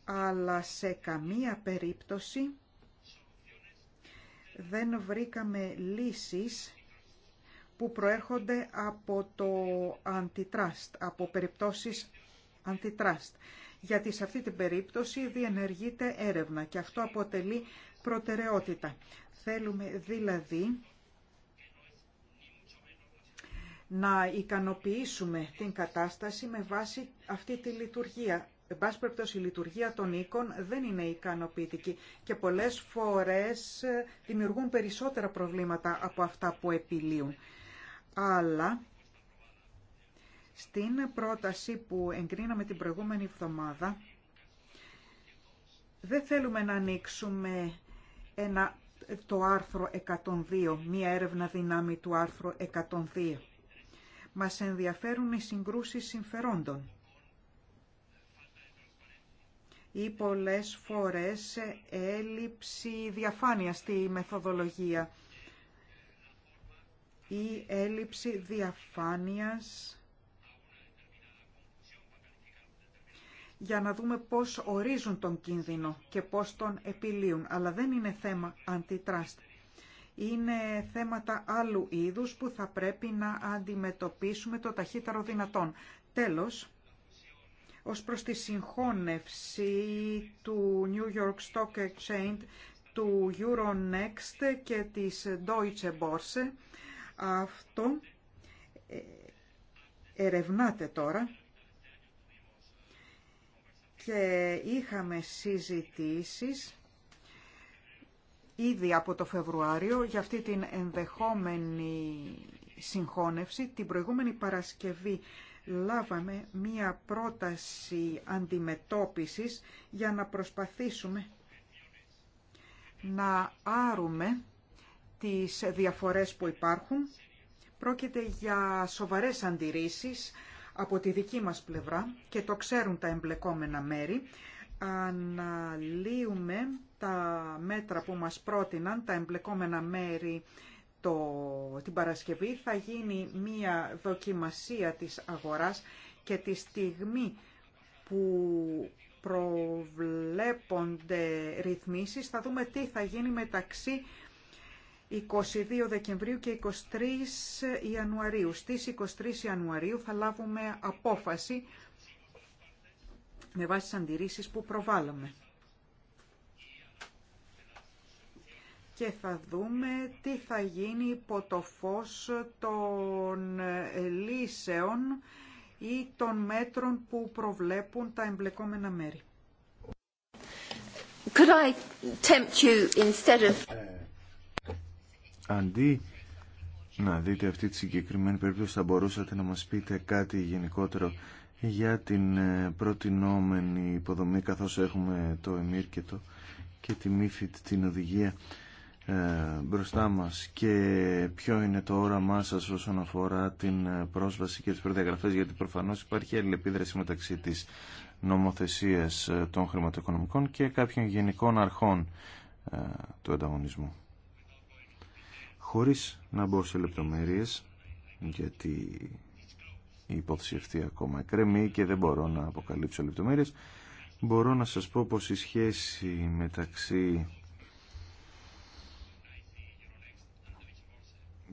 αλλά σε καμία περίπτωση δεν βρήκαμε λύσεις που προέρχονται από το αντιτράστ, από περιπτώσεις αντιτράστ. Γιατί σε αυτή την περίπτωση διενεργείται έρευνα και αυτό αποτελεί προτεραιότητα. Θέλουμε δηλαδή να ικανοποιήσουμε την κατάσταση με βάση αυτή τη λειτουργία Εν πάση περιπτώσει, η λειτουργία των οίκων δεν είναι ικανοποιητική και πολλές φορές ε, δημιουργούν περισσότερα προβλήματα από αυτά που επιλύουν. Αλλά στην πρόταση που εγκρίναμε την προηγούμενη εβδομάδα, δεν θέλουμε να ανοίξουμε ένα, το άρθρο 102, μία έρευνα δυνάμει του άρθρου 102. Μας ενδιαφέρουν οι συγκρούσεις συμφερόντων ή πολλές φορές έλλειψη διαφάνειας στη μεθοδολογία ή έλλειψη διαφάνειας για να δούμε πώς ορίζουν τον κίνδυνο και πώς τον επιλύουν. Αλλά δεν είναι θέμα αντιτράστη. Είναι θέματα άλλου είδους που θα πρέπει να αντιμετωπίσουμε το ταχύτερο δυνατόν. Τέλος, ως προς τη συγχώνευση του New York Stock Exchange, του Euronext και της Deutsche Börse. Αυτό ε, ερευνάται τώρα και είχαμε συζητήσεις ήδη από το Φεβρουάριο για αυτή την ενδεχόμενη συγχώνευση. Την προηγούμενη Παρασκευή λάβαμε μία πρόταση αντιμετώπισης για να προσπαθήσουμε να άρουμε τις διαφορές που υπάρχουν. Πρόκειται για σοβαρές αντιρρήσεις από τη δική μας πλευρά και το ξέρουν τα εμπλεκόμενα μέρη. Αναλύουμε τα μέτρα που μας πρότειναν τα εμπλεκόμενα μέρη το, την Παρασκευή θα γίνει μία δοκιμασία της αγοράς και τη στιγμή που προβλέπονται ρυθμίσεις θα δούμε τι θα γίνει μεταξύ 22 Δεκεμβρίου και 23 Ιανουαρίου. Στις 23 Ιανουαρίου θα λάβουμε απόφαση με βάση τις αντιρρήσεις που προβάλλουμε. και θα δούμε τι θα γίνει υπό το φως των λύσεων ή των μέτρων που προβλέπουν τα εμπλεκόμενα μέρη. Could I tempt you instead of... Ε, αντί να δείτε αυτή τη συγκεκριμένη περίπτωση θα μπορούσατε να μας πείτε κάτι γενικότερο για την ε, προτινόμενη υποδομή καθώς έχουμε το εμίρκετο και, τη μύφη την οδηγία ε, μπροστά μας και ποιο είναι το όραμά σας όσον αφορά την ε, πρόσβαση και τις προδιαγραφές γιατί προφανώς υπάρχει αλληλεπίδραση μεταξύ της νομοθεσίας ε, των χρηματοοικονομικών και κάποιων γενικών αρχών του ανταγωνισμού. Χωρίς να μπω σε λεπτομέρειες γιατί η υπόθεση αυτή ακόμα εκκρεμεί και δεν μπορώ να αποκαλύψω λεπτομέρειες μπορώ να σας πω πως η σχέση μεταξύ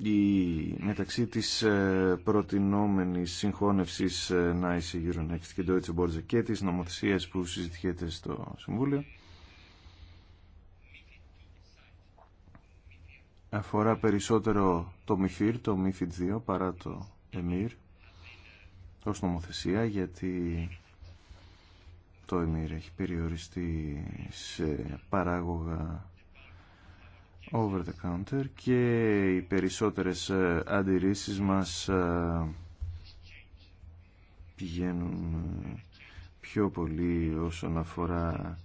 η, μεταξύ της ε, προτινόμενης συγχώνευσης Nice ε, Euronext και Deutsche Börse και της νομοθεσίας που συζητιέται στο Συμβούλιο αφορά περισσότερο το MIFIR, το MIFID 2 παρά το EMIR ως νομοθεσία γιατί το EMIR έχει περιοριστεί σε παράγωγα over the counter και οι περισσότερες ε, αντιρρήσεις μας ε, πηγαίνουν ε, πιο πολύ όσον αφορά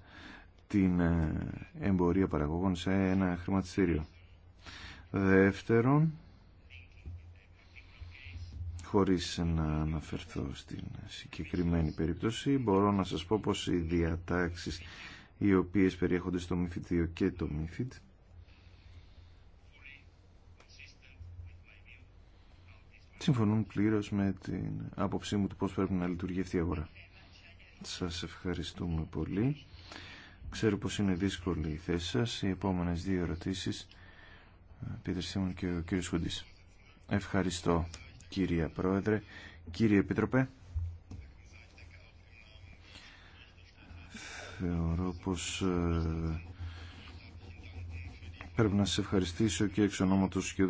την εμπορία παραγωγών σε ένα χρηματιστήριο. Δεύτερον, χωρίς να αναφερθώ στην συγκεκριμένη περίπτωση, μπορώ να σας πω πως οι διατάξεις οι οποίες περιέχονται στο μυθιτίο και το Μύφιτ. συμφωνούν πλήρω με την άποψή μου του πώς πρέπει να λειτουργεί αυτή η αγορά. Σας ευχαριστούμε πολύ. Ξέρω πως είναι δύσκολη η θέση σας. Οι επόμενες δύο ερωτήσεις, ε, και ο κύριος Χουντής. Ευχαριστώ κύριε Πρόεδρε. Κύριε Επίτροπε, θεωρώ πως ε, πρέπει να σας ευχαριστήσω και εξ ονόματος και ο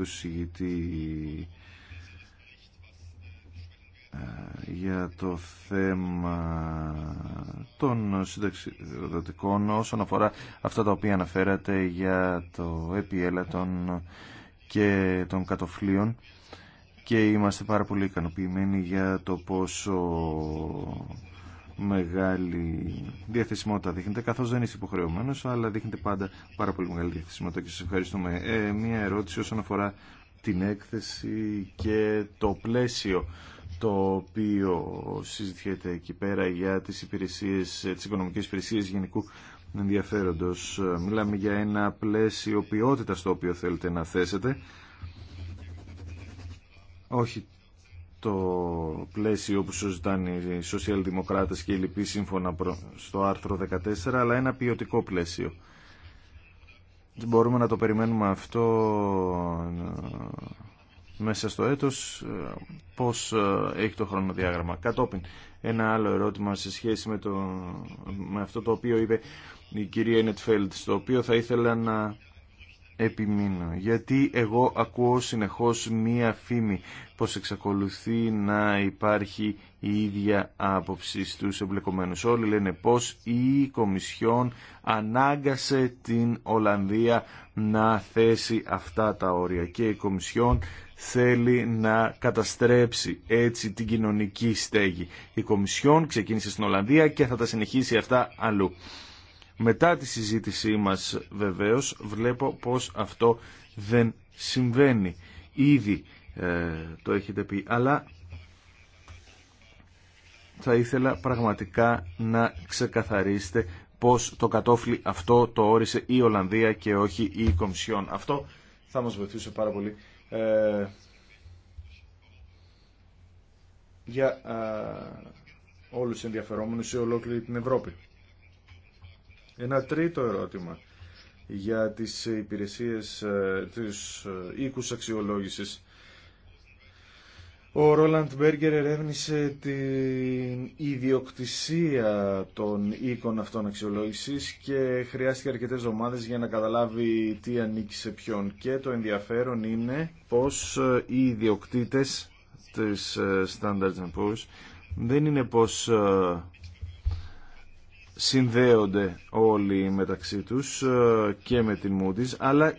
για το θέμα των συνταξιδοτικών όσον αφορά αυτά τα οποία αναφέρατε για το επιέλα και των κατοφλίων και είμαστε πάρα πολύ ικανοποιημένοι για το πόσο μεγάλη διαθεσιμότητα δείχνεται καθώς δεν είσαι υποχρεωμένος, αλλά δείχνεται πάντα πάρα πολύ μεγάλη διαθεσιμότητα και σας ευχαριστούμε. Ε, μία ερώτηση όσον αφορά την έκθεση και το πλαίσιο το οποίο συζητιέται εκεί πέρα για τις, υπηρεσίες, τις οικονομικές υπηρεσίες γενικού ενδιαφέροντος. Μιλάμε για ένα πλαίσιο ποιότητα το οποίο θέλετε να θέσετε. Όχι το πλαίσιο που σου ζητάνε οι σοσιαλδημοκράτες και οι λοιποί σύμφωνα στο άρθρο 14, αλλά ένα ποιοτικό πλαίσιο. Μπορούμε να το περιμένουμε αυτό μέσα στο έτος ε, πώς ε, έχει το χρονοδιάγραμμα. Κατόπιν ένα άλλο ερώτημα σε σχέση με, το, με αυτό το οποίο είπε η κυρία Ενετφέλτ, στο οποίο θα ήθελα να επιμείνω. Γιατί εγώ ακούω συνεχώς μία φήμη πως εξακολουθεί να υπάρχει η ίδια άποψη στους εμπλεκομένους. Όλοι λένε πως η Κομισιόν ανάγκασε την Ολλανδία να θέσει αυτά τα όρια και η Κομισιόν θέλει να καταστρέψει έτσι την κοινωνική στέγη. Η Κομισιόν ξεκίνησε στην Ολλανδία και θα τα συνεχίσει αυτά αλλού. Μετά τη συζήτησή μας βεβαίως βλέπω πως αυτό δεν συμβαίνει. Ήδη ε, το έχετε πει, αλλά θα ήθελα πραγματικά να ξεκαθαρίσετε πως το κατόφλι αυτό το όρισε η Ολλανδία και όχι η Κομισιόν. Αυτό θα μας βοηθούσε πάρα πολύ ε, για όλους τους ενδιαφερόμενους σε ολόκληρη την Ευρώπη. Ένα τρίτο ερώτημα για τις υπηρεσίες, ε, της οίκους αξιολόγησης ο Ρόλαντ Μπέργκερ ερεύνησε την ιδιοκτησία των οίκων αυτών αξιολόγησης και χρειάστηκε αρκετές ομάδες για να καταλάβει τι ανήκει σε ποιον. Και το ενδιαφέρον είναι πως οι ιδιοκτήτες της ε, Standard Poor's δεν είναι πως ε, συνδέονται όλοι μεταξύ τους ε, και με την Moody's, αλλά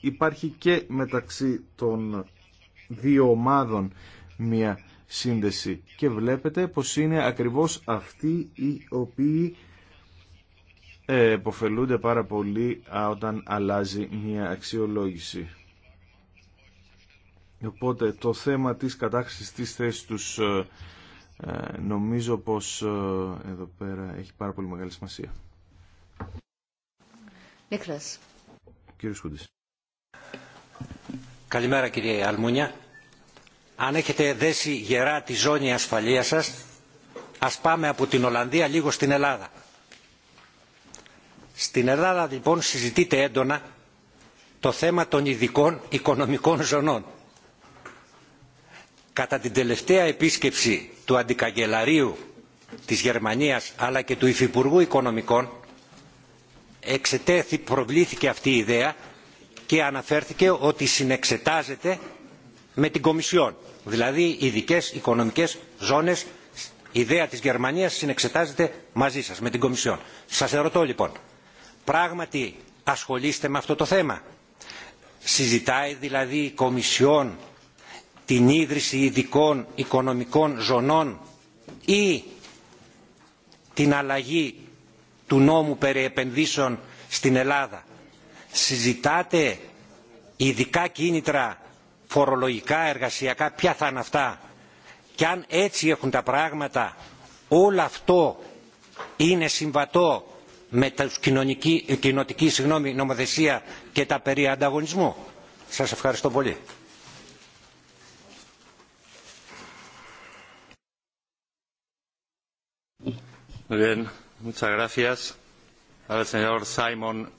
υπάρχει και μεταξύ των δύο ομάδων μια σύνδεση και βλέπετε πως είναι ακριβώς αυτοί οι οποίοι υποφελούνται ε, πάρα πολύ όταν αλλάζει μια αξιολόγηση. Οπότε το θέμα της κατάξυσης της θέσης τους ε, ε, νομίζω πως εδώ πέρα έχει πάρα πολύ μεγάλη σημασία. Νίκλας. Κύριος Καλημέρα κύριε Αλμούνια αν έχετε δέσει γερά τη ζώνη ασφαλείας σας, ας πάμε από την Ολλανδία λίγο στην Ελλάδα. Στην Ελλάδα λοιπόν συζητείται έντονα το θέμα των ειδικών οικονομικών ζωνών. Κατά την τελευταία επίσκεψη του Αντικαγκελαρίου της Γερμανίας αλλά και του Υφυπουργού Οικονομικών εξετέθη, προβλήθηκε αυτή η ιδέα και αναφέρθηκε ότι συνεξετάζεται με την Κομισιόν. Δηλαδή ειδικέ οικονομικές ζώνες, η ιδέα της Γερμανίας συνεξετάζεται μαζί σας, με την Κομισιόν. Σας ερωτώ λοιπόν, πράγματι ασχολείστε με αυτό το θέμα. Συζητάει δηλαδή η Κομισιόν την ίδρυση ειδικών οικονομικών ζωνών ή την αλλαγή του νόμου περί επενδύσεων στην Ελλάδα. Συζητάτε ειδικά κίνητρα φορολογικά, εργασιακά, ποια θα είναι αυτά. Και αν έτσι έχουν τα πράγματα, όλο αυτό είναι συμβατό με τα κοινωτική συγγνώμη, νομοθεσία και τα περί ανταγωνισμού. Σας ευχαριστώ πολύ.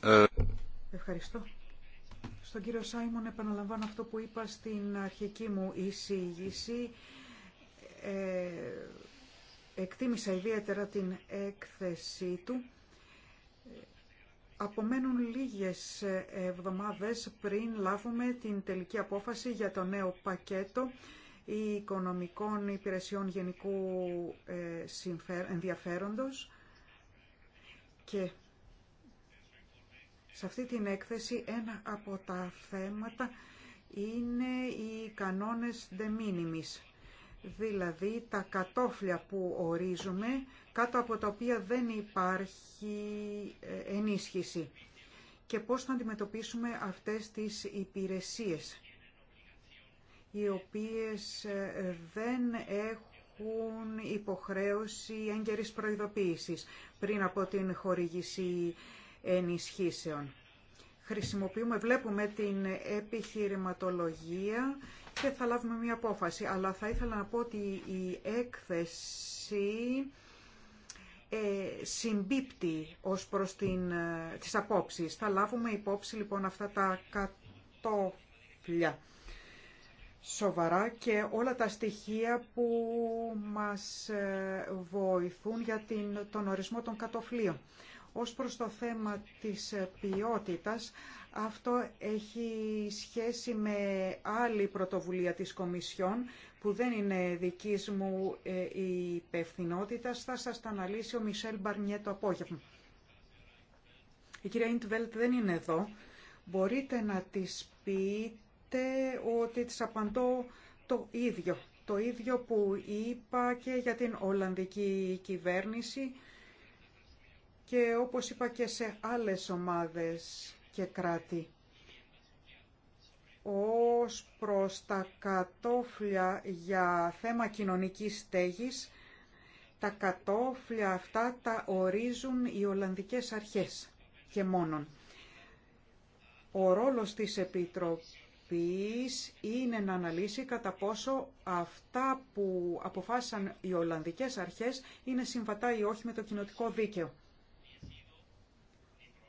Eh. Ευχαριστώ. Στον κύριο Σάιμον επαναλαμβάνω αυτό που είπα στην αρχική μου εισήγηση. Ε, εκτίμησα ιδιαίτερα την έκθεσή του. Απομένουν λίγες εβδομάδες πριν λάβουμε την τελική απόφαση για το νέο πακέτο οικονομικών υπηρεσιών γενικού ε, ενδιαφέροντος και σε αυτή την έκθεση ένα από τα θέματα είναι οι κανόνες de δηλαδή τα κατόφλια που ορίζουμε κάτω από τα οποία δεν υπάρχει ε, ενίσχυση και πώς θα αντιμετωπίσουμε αυτές τις υπηρεσίες οι οποίες ε, δεν έχουν υποχρέωση έγκαιρης προειδοποίησης πριν από την χορήγηση ενισχύσεων. Χρησιμοποιούμε, βλέπουμε την επιχειρηματολογία και θα λάβουμε μια απόφαση. Αλλά θα ήθελα να πω ότι η έκθεση ε, συμπίπτει ως προς την, ε, τις απόψεις. Θα λάβουμε υπόψη λοιπόν αυτά τα κατόφλια σοβαρά και όλα τα στοιχεία που μας ε, βοηθούν για την, τον ορισμό των κατοφλίων. Ως προς το θέμα της ποιότητας, αυτό έχει σχέση με άλλη πρωτοβουλία της Κομισιόν που δεν είναι δικής μου ε, η υπευθυνότητα. Θα σας τα αναλύσει ο Μισελ Μπαρνιέ το απόγευμα. Η κυρία Ιντβέλτ δεν είναι εδώ. Μπορείτε να της πείτε ότι της απαντώ το ίδιο. Το ίδιο που είπα και για την Ολλανδική κυβέρνηση και όπως είπα και σε άλλες ομάδες και κράτη. Ως προς τα κατόφλια για θέμα κοινωνικής στέγης, τα κατόφλια αυτά τα ορίζουν οι Ολλανδικές αρχές και μόνον. Ο ρόλος της Επιτροπής είναι να αναλύσει κατά πόσο αυτά που αποφάσισαν οι Ολλανδικές αρχές είναι συμβατά ή όχι με το κοινοτικό δίκαιο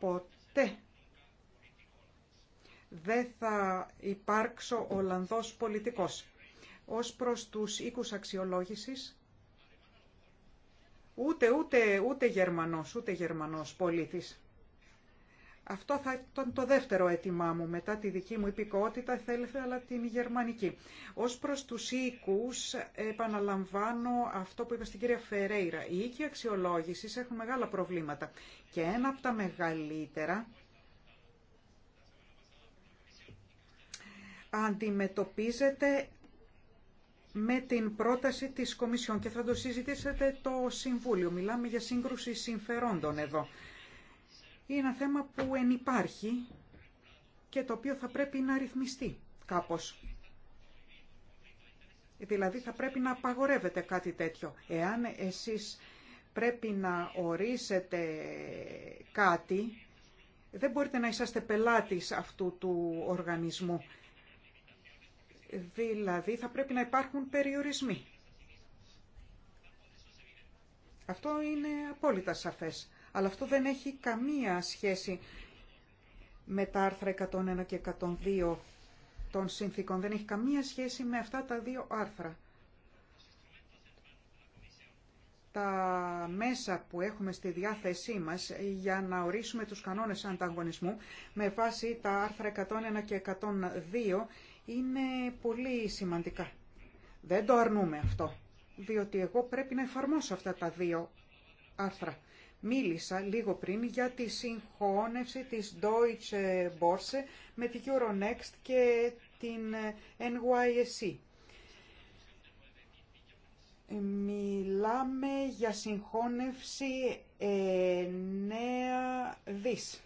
ποτέ δεν θα υπάρξω Ολλανδός πολιτικός. Ως προς τους οίκους αξιολόγησης, ούτε, ούτε, ούτε Γερμανός, ούτε Γερμανός πολίτης. Αυτό θα ήταν το δεύτερο αίτημά μου. Μετά τη δική μου υπηκότητα θέλετε, αλλά την γερμανική. Ως προς τους οίκους, επαναλαμβάνω αυτό που είπα στην κυρία Φερέιρα. Οι οίκοι αξιολόγησης έχουν μεγάλα προβλήματα. Και ένα από τα μεγαλύτερα αντιμετωπίζεται με την πρόταση της Κομισιόν και θα το συζητήσετε το Συμβούλιο. Μιλάμε για σύγκρουση συμφερόντων εδώ είναι ένα θέμα που ενυπάρχει και το οποίο θα πρέπει να ρυθμιστεί κάπως. Δηλαδή θα πρέπει να απαγορεύεται κάτι τέτοιο. Εάν εσείς πρέπει να ορίσετε κάτι, δεν μπορείτε να είσαστε πελάτης αυτού του οργανισμού. Δηλαδή θα πρέπει να υπάρχουν περιορισμοί. Αυτό είναι απόλυτα σαφές. Αλλά αυτό δεν έχει καμία σχέση με τα άρθρα 101 και 102 των συνθήκων. Δεν έχει καμία σχέση με αυτά τα δύο άρθρα. Τα μέσα που έχουμε στη διάθεσή μας για να ορίσουμε τους κανόνες ανταγωνισμού με βάση τα άρθρα 101 και 102 είναι πολύ σημαντικά. Δεν το αρνούμε αυτό, διότι εγώ πρέπει να εφαρμόσω αυτά τα δύο άρθρα μίλησα λίγο πριν για τη συγχώνευση της Deutsche Börse με τη Euronext και την ε, NYSE. Μιλάμε για συγχώνευση 9 δις.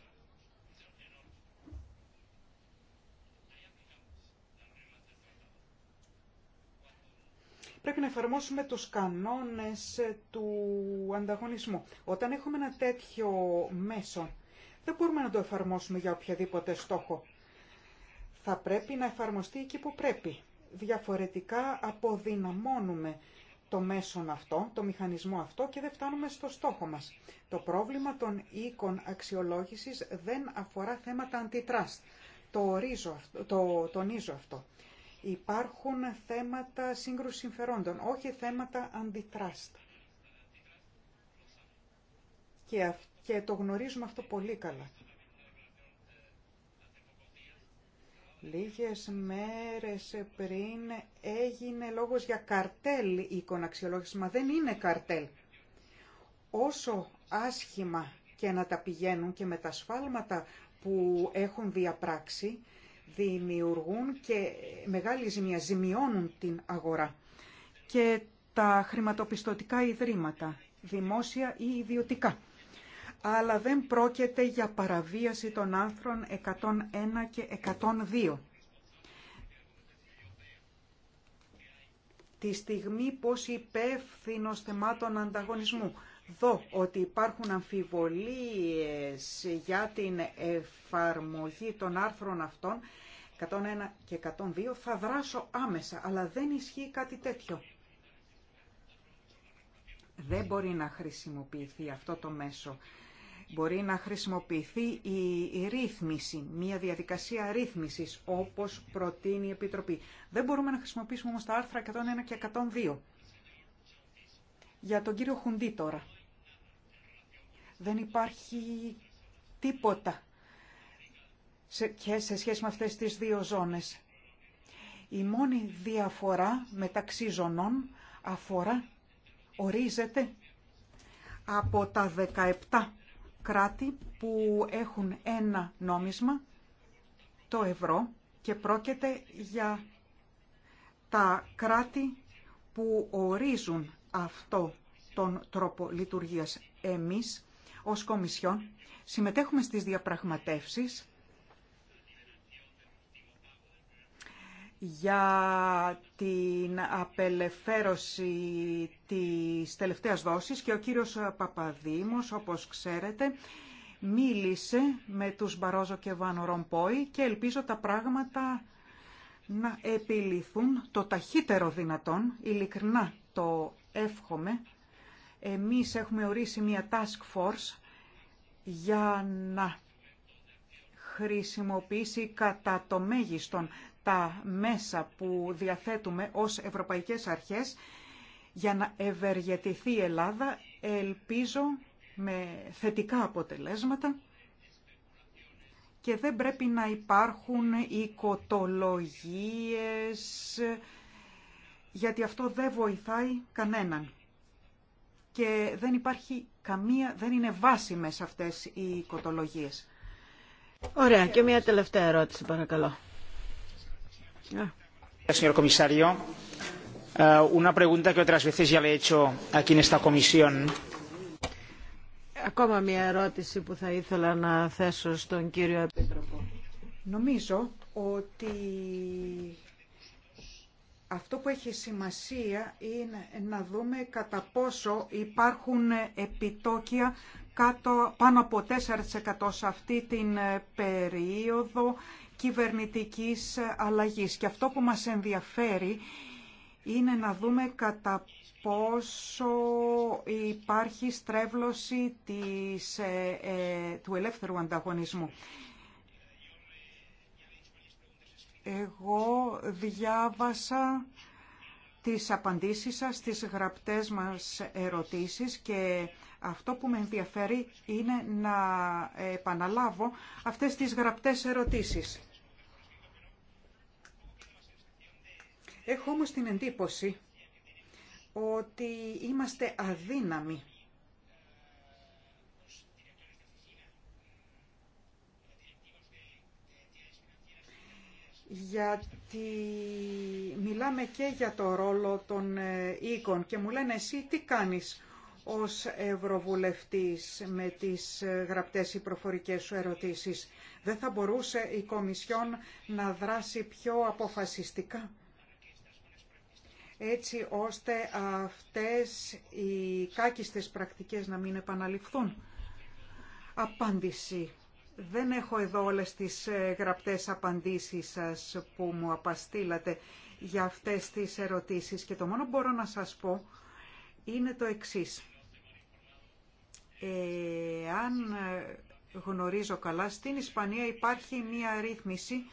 πρέπει να εφαρμόσουμε τους κανόνες ε, του ανταγωνισμού. Όταν έχουμε ένα τέτοιο μέσο, δεν μπορούμε να το εφαρμόσουμε για οποιαδήποτε στόχο. Θα πρέπει να εφαρμοστεί εκεί που πρέπει. Διαφορετικά αποδυναμώνουμε το μέσον αυτό, το μηχανισμό αυτό και δεν φτάνουμε στο στόχο μας. Το πρόβλημα των οίκων αξιολόγησης δεν αφορά θέματα αντιτράστ. Το, το τονίζω αυτό. Υπάρχουν θέματα σύγκρουση συμφερόντων, όχι θέματα αντιτράστ. Και, και το γνωρίζουμε αυτό πολύ καλά. Λίγες μέρες πριν έγινε λόγος για καρτέλ η εικοναξιολόγηση, μα δεν είναι καρτέλ. Όσο άσχημα και να τα πηγαίνουν και με τα σφάλματα που έχουν διαπράξει, δημιουργούν και μεγάλη ζημία, ζημιώνουν την αγορά. Και τα χρηματοπιστωτικά ιδρύματα, δημόσια ή ιδιωτικά. Αλλά δεν πρόκειται για παραβίαση των άνθρων 101 και 102. Τη στιγμή πως υπεύθυνο θεμάτων ανταγωνισμού δω ότι υπάρχουν αμφιβολίες για την εφαρμογή των άρθρων αυτών, 101 και 102, θα δράσω άμεσα, αλλά δεν ισχύει κάτι τέτοιο. Δεν μπορεί να χρησιμοποιηθεί αυτό το μέσο. Μπορεί να χρησιμοποιηθεί η ρύθμιση, μια διαδικασία ρύθμισης, όπως προτείνει η Επιτροπή. Δεν μπορούμε να χρησιμοποιήσουμε όμως τα άρθρα 101 και 102. Για τον κύριο Χουντή τώρα. Δεν υπάρχει τίποτα σε σχέση με αυτές τις δύο ζώνες. Η μόνη διαφορά μεταξύ ζωνών αφορά, ορίζεται από τα 17 κράτη που έχουν ένα νόμισμα, το ευρώ, και πρόκειται για τα κράτη που ορίζουν αυτό τον τρόπο λειτουργίας. Εμείς ως Κομισιόν συμμετέχουμε στις διαπραγματεύσεις για την απελευθέρωση της τελευταίας δόσης και ο κύριος Παπαδήμος, όπως ξέρετε, μίλησε με τους Μπαρόζο και Βαν Ρομπόη και ελπίζω τα πράγματα να επιληθούν το ταχύτερο δυνατόν, ειλικρινά το εύχομαι, εμείς έχουμε ορίσει μια task force για να χρησιμοποιήσει κατά το μέγιστον τα μέσα που διαθέτουμε ως Ευρωπαϊκές Αρχές για να ευεργετηθεί η Ελλάδα, ελπίζω με θετικά αποτελέσματα και δεν πρέπει να υπάρχουν οικοτολογίες, γιατί αυτό δεν βοηθάει κανέναν και δεν υπάρχει καμία, δεν είναι βάσιμες αυτές οι κοτολογίες. Ωραία. Και μια τελευταία ερώτηση, παρακαλώ. Ακόμα μια ερώτηση που θα ήθελα να θέσω στον κύριο Επίτροπο. Νομίζω ότι αυτό που έχει σημασία είναι να δούμε κατά πόσο υπάρχουν επιτόκια κάτω, πάνω από 4% σε αυτή την ε, περίοδο κυβερνητικής αλλαγής. Και αυτό που μας ενδιαφέρει είναι να δούμε κατά πόσο υπάρχει στρέβλωση της, ε, ε, του ελεύθερου ανταγωνισμού. Εγώ διάβασα τις απαντήσεις σας στις γραπτές μας ερωτήσεις και αυτό που με ενδιαφέρει είναι να επαναλάβω αυτές τις γραπτές ερωτήσεις. Έχω όμως την εντύπωση ότι είμαστε αδύναμοι γιατί μιλάμε και για το ρόλο των ε, οίκων και μου λένε εσύ τι κάνεις ως Ευρωβουλευτής με τις ε, γραπτές ή προφορικές σου ερωτήσεις. Δεν θα μπορούσε η Κομισιόν να δράσει πιο αποφασιστικά έτσι ώστε αυτές οι κάκιστες πρακτικές να μην επαναληφθούν. Απάντηση. Δεν έχω εδώ όλες τις ε, γραπτές απαντήσεις σας που μου απαστήλατε για αυτές τις ερωτήσεις και το μόνο που μπορώ να σας πω είναι το εξής. Ε, αν γνωρίζω καλά, στην Ισπανία υπάρχει μία ρύθμιση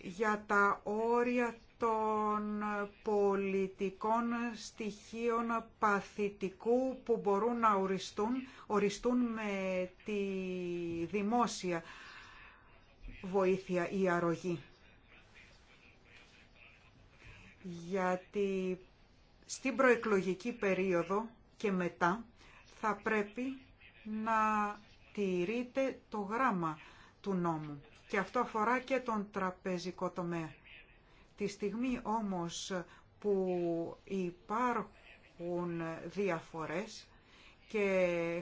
για τα όρια των πολιτικών στοιχείων παθητικού που μπορούν να οριστούν, οριστούν με τη δημόσια βοήθεια ή αρρωγή. Γιατί στην προεκλογική περίοδο και μετά θα πρέπει να τηρείται το γράμμα του νόμου. Και αυτό αφορά και τον τραπεζικό τομέα. Τη στιγμή όμως που υπάρχουν διαφορές και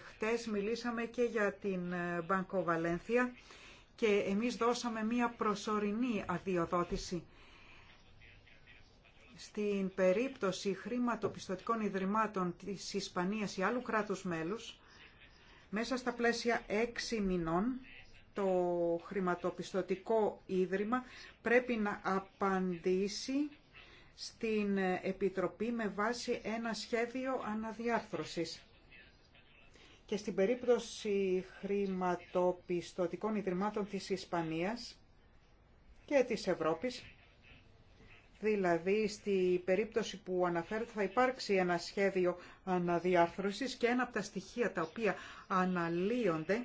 χτες μιλήσαμε και για την Banco και εμείς δώσαμε μία προσωρινή αδειοδότηση. Στην περίπτωση χρηματοπιστωτικών ιδρυμάτων της Ισπανίας ή άλλου κράτους μέλους, μέσα στα πλαίσια έξι μηνών, το χρηματοπιστωτικό ίδρυμα πρέπει να απαντήσει στην Επιτροπή με βάση ένα σχέδιο αναδιάρθρωσης. Και στην περίπτωση χρηματοπιστωτικών ιδρυμάτων της Ισπανίας και της Ευρώπης, δηλαδή στη περίπτωση που αναφέρεται θα υπάρξει ένα σχέδιο αναδιάρθρωσης και ένα από τα στοιχεία τα οποία αναλύονται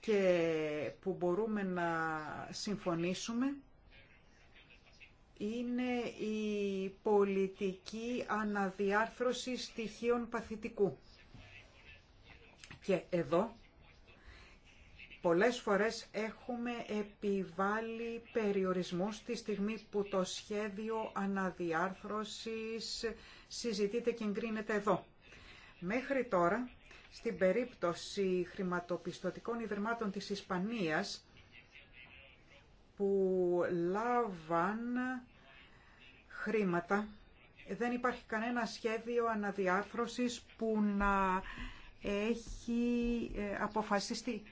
και που μπορούμε να συμφωνήσουμε είναι η πολιτική αναδιάρθρωση στοιχείων παθητικού. Και εδώ πολλές φορές έχουμε επιβάλει περιορισμούς τη στιγμή που το σχέδιο αναδιάρθρωσης συζητείται και εγκρίνεται εδώ. Μέχρι τώρα στην περίπτωση χρηματοπιστωτικών ιδρυμάτων της Ισπανίας που λάβαν χρήματα. Δεν υπάρχει κανένα σχέδιο αναδιάρθρωσης που να έχει ε, αποφασιστεί.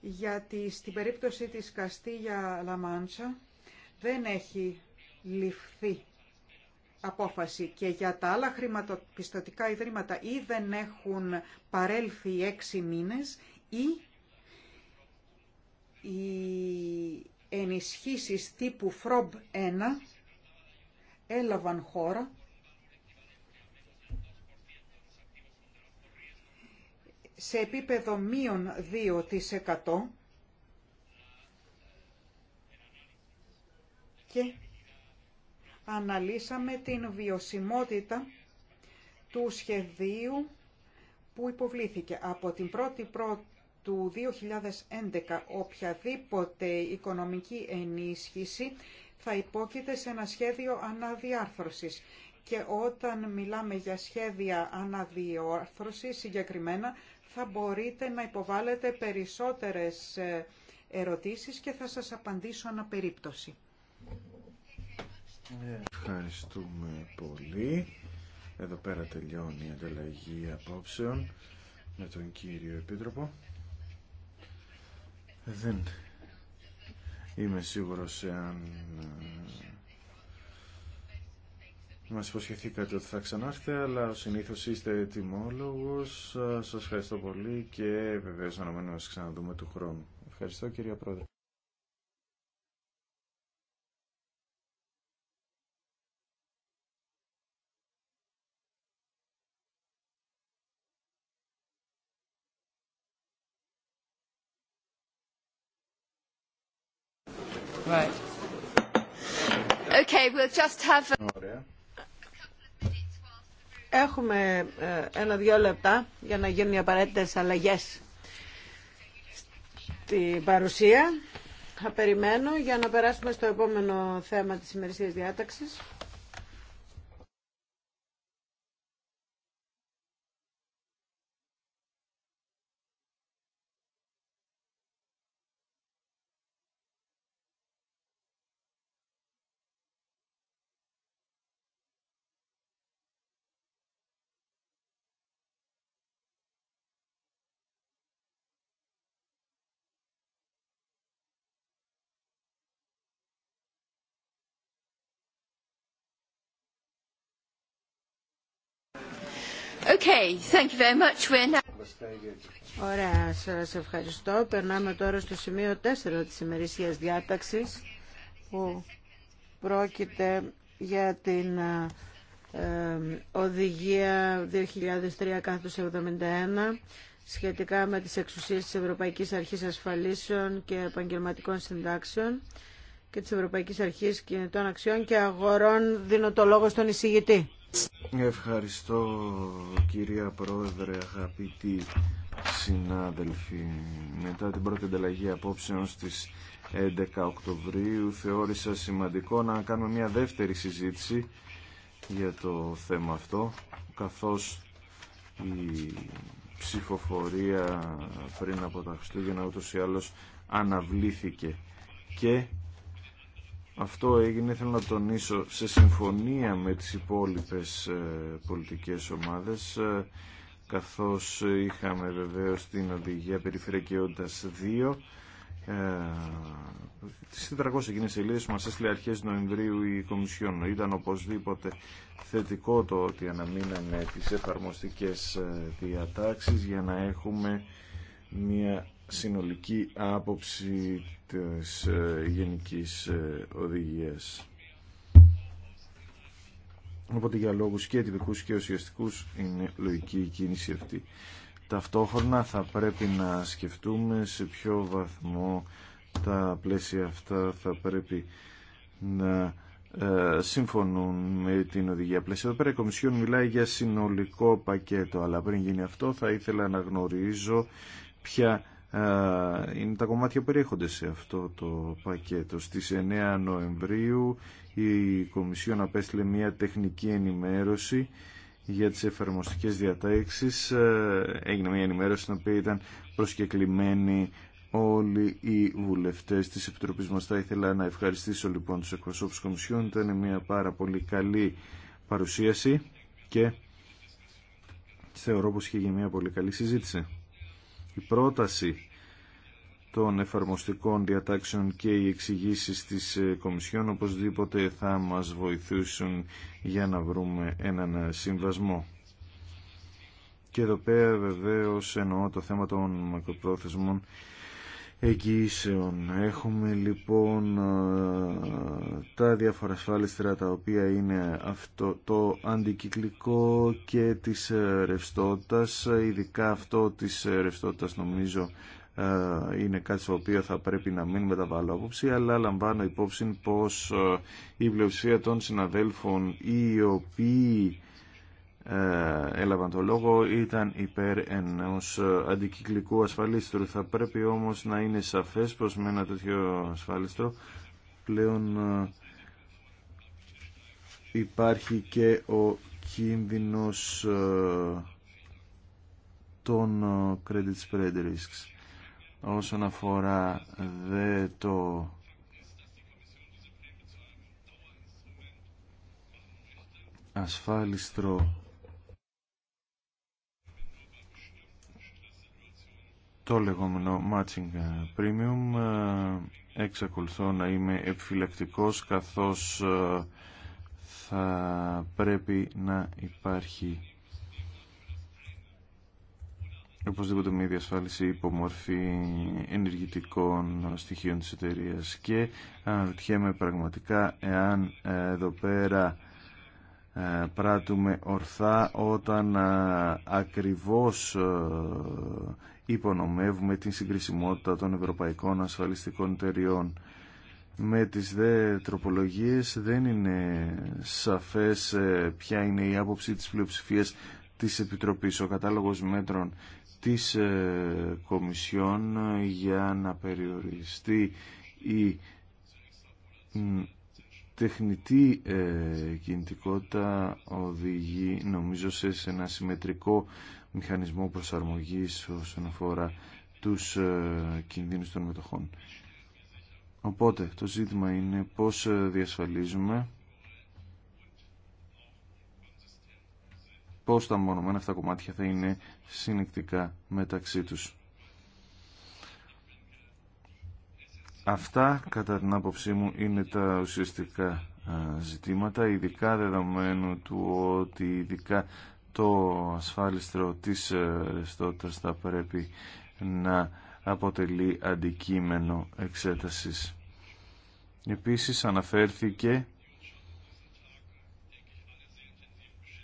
Γιατί στην περίπτωση της Καστίγια Λαμάντσα δεν έχει ληφθεί απόφαση και για τα άλλα χρηματοπιστωτικά ιδρύματα ή δεν έχουν παρέλθει έξι μήνες ή οι ενισχύσεις τύπου FROB 1 έλαβαν χώρα σε επίπεδο μείον 2% και αναλύσαμε την βιωσιμότητα του σχεδίου που υποβλήθηκε. Από την 1η του 2011 οποιαδήποτε οικονομική ενίσχυση θα υπόκειται σε ένα σχέδιο αναδιάρθρωσης. Και όταν μιλάμε για σχέδια αναδιάρθρωσης συγκεκριμένα, θα μπορείτε να υποβάλλετε περισσότερες ε, ερωτήσεις και θα σας απαντήσω αναπερίπτωση. Ναι. Ευχαριστούμε πολύ. Εδώ πέρα τελειώνει η ανταλλαγή απόψεων με τον κύριο Επίτροπο. Δεν είμαι σίγουρος εάν ε, μας υποσχεθήκατε ότι θα ξανάρθετε, αλλά συνήθως είστε ετοιμόλογος. Σας ευχαριστώ πολύ και βεβαίως αναμένω να σας ξαναδούμε του χρόνου. Ευχαριστώ κυρία Πρόεδρε. εχουμε Έχουμε ε, ένα-δυο λεπτά για να γίνουν οι απαραίτητες αλλαγές στην παρουσία. Θα περιμένω για να περάσουμε στο επόμενο θέμα της ημερησίας διάταξης. Ωραία, σας ευχαριστώ. Περνάμε τώρα στο σημείο 4 της ημερησίας διάταξης που πρόκειται για την ε, οδηγία 2003-71 σχετικά με τις εξουσίες της Ευρωπαϊκής Αρχής Ασφαλίσεων και Επαγγελματικών Συντάξεων και της Ευρωπαϊκής Αρχής Κινητών Αξιών και Αγορών δίνω το λόγο στον εισηγητή. Ευχαριστώ κυρία Πρόεδρε, αγαπητοί συνάδελφοι. Μετά την πρώτη ανταλλαγή απόψεων στις 11 Οκτωβρίου θεώρησα σημαντικό να κάνουμε μια δεύτερη συζήτηση για το θέμα αυτό, καθώς η ψηφοφορία πριν από τα Χριστούγεννα ούτως ή άλλως αναβλήθηκε και αυτό έγινε, θέλω να τονίσω, σε συμφωνία με τις υπόλοιπες ε, πολιτικές ομάδες, ε, καθώς είχαμε βεβαίως την οδηγία περιφερειακότητας 2, ε, 400 εκείνες σελίδες που μας έστειλε αρχές Νοεμβρίου η Κομισιόν. Ήταν οπωσδήποτε θετικό το ότι αναμείναμε τις εφαρμοστικές ε, διατάξεις για να έχουμε μια συνολική άποψη της ε, Γενικής ε, Οδηγίας. Οπότε για λόγους και τυπικούς και ουσιαστικούς είναι λογική η κίνηση αυτή. Ταυτόχρονα θα πρέπει να σκεφτούμε σε ποιο βαθμό τα πλαίσια αυτά θα πρέπει να ε, συμφωνούν με την οδηγία πλαίσια. Εδώ πέρα η Κομισιόν μιλάει για συνολικό πακέτο, αλλά πριν γίνει αυτό θα ήθελα να γνωρίζω ποια είναι τα κομμάτια που περιέχονται σε αυτό το πακέτο. Στις 9 Νοεμβρίου η Κομισιόν απέστειλε μια τεχνική ενημέρωση για τις εφαρμοστικές διατάξεις. Έγινε μια ενημέρωση στην οποία ήταν προσκεκλημένοι όλοι οι βουλευτές της Επιτροπής μας. Θα ήθελα να ευχαριστήσω λοιπόν τους εκπροσώπους της Κομισιόν. Ήταν μια πάρα πολύ καλή παρουσίαση και θεωρώ πως είχε μια πολύ καλή συζήτηση. Η πρόταση των εφαρμοστικών διατάξεων και οι εξηγήσει της ε, Κομισιόν οπωσδήποτε θα μας βοηθούσουν για να βρούμε έναν ε, συμβασμό. Και εδώ πέρα βεβαίως εννοώ το θέμα των μακροπρόθεσμων εγγυήσεων. Έχουμε λοιπόν τα διάφορα ασφάλιστρα τα οποία είναι αυτό το αντικυκλικό και της ρευστότητα, ειδικά αυτό της ρευστότητα νομίζω είναι κάτι στο οποίο θα πρέπει να μην μεταβάλω απόψη, αλλά λαμβάνω υπόψη πως η πλειοψηφία των συναδέλφων οι οποίοι ε, έλαβαν το λόγο ήταν υπέρ ενός αντικυκλικού ασφαλίστρου. Θα πρέπει όμως να είναι σαφές πως με ένα τέτοιο ασφαλίστρο πλέον ε, υπάρχει και ο κίνδυνος ε, των credit spread risks. Όσον αφορά δε το ασφάλιστρο το λεγόμενο matching ε, premium ε, εξακολουθώ να είμαι επιφυλακτικός καθώς ε, θα πρέπει να υπάρχει οπωσδήποτε μια διασφάλιση υπομορφή ενεργητικών στοιχείων της εταιρεία και αναρωτιέμαι πραγματικά εάν εδώ πέρα πράττουμε ορθά όταν ακριβώς υπονομεύουμε την συγκρισιμότητα των ευρωπαϊκών ασφαλιστικών εταιριών. Με τις δε τροπολογίες δεν είναι σαφές ε, ποια είναι η άποψη της πλειοψηφίας της Επιτροπής. Ο κατάλογος μέτρων της ε, Κομισιόν ε, για να περιοριστεί η τεχνητή ε, κινητικότητα οδηγεί νομίζω σε ένα συμμετρικό μηχανισμό προσαρμογής όσον αφορά τους ε, κινδύνους των μετοχών. Οπότε το ζήτημα είναι πώς ε, διασφαλίζουμε πώς τα μονομένα αυτά κομμάτια θα είναι συνεκτικά μεταξύ τους. Αυτά, κατά την άποψή μου, είναι τα ουσιαστικά ζητήματα, ειδικά δεδομένου του ότι ειδικά το ασφάλιστρο της ε, ρευστότητας θα πρέπει να αποτελεί αντικείμενο εξέτασης. Επίσης αναφέρθηκε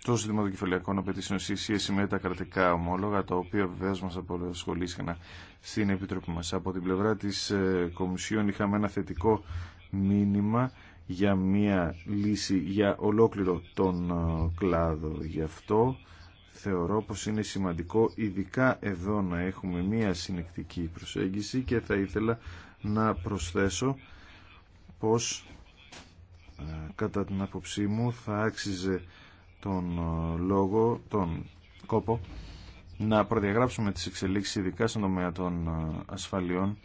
το ζήτημα των κεφαλαιακών απαιτήσεων σε με τα κρατικά ομόλογα, τα οποία βεβαίω μα απασχολήσαν στην Επιτροπή μα. Από την πλευρά τη ε, Κομισιόν είχαμε ένα θετικό μήνυμα για μια λύση για ολόκληρο τον ε, κλάδο. Γι' αυτό θεωρώ πως είναι σημαντικό ειδικά εδώ να έχουμε μια συνεκτική προσέγγιση και θα ήθελα να προσθέσω πως ε, κατά την άποψή μου θα άξιζε τον ε, λόγο, τον κόπο να προδιαγράψουμε τις εξελίξεις ειδικά στον τομέα των ε, ασφαλιών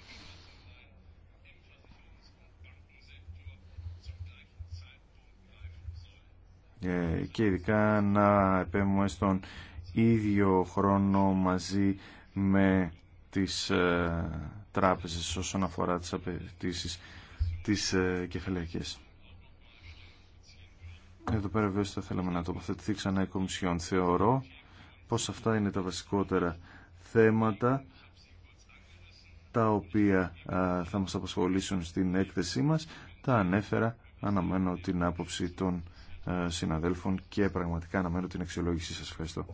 ε, και ειδικά να επέμβουμε στον ίδιο χρόνο μαζί με τις τράπεζες όσον αφορά τις απαιτήσει της κεφαλαϊκές. Εδώ πέρα βέβαια θα θέλαμε να τοποθετηθεί ξανά η Κομισιόν. Θεωρώ πως αυτά είναι τα βασικότερα θέματα τα οποία θα μας απασχολήσουν στην έκθεσή μας. Τα ανέφερα, αναμένω την άποψη των συναδέλφων και πραγματικά αναμένω την αξιολόγησή σας. Ευχαριστώ.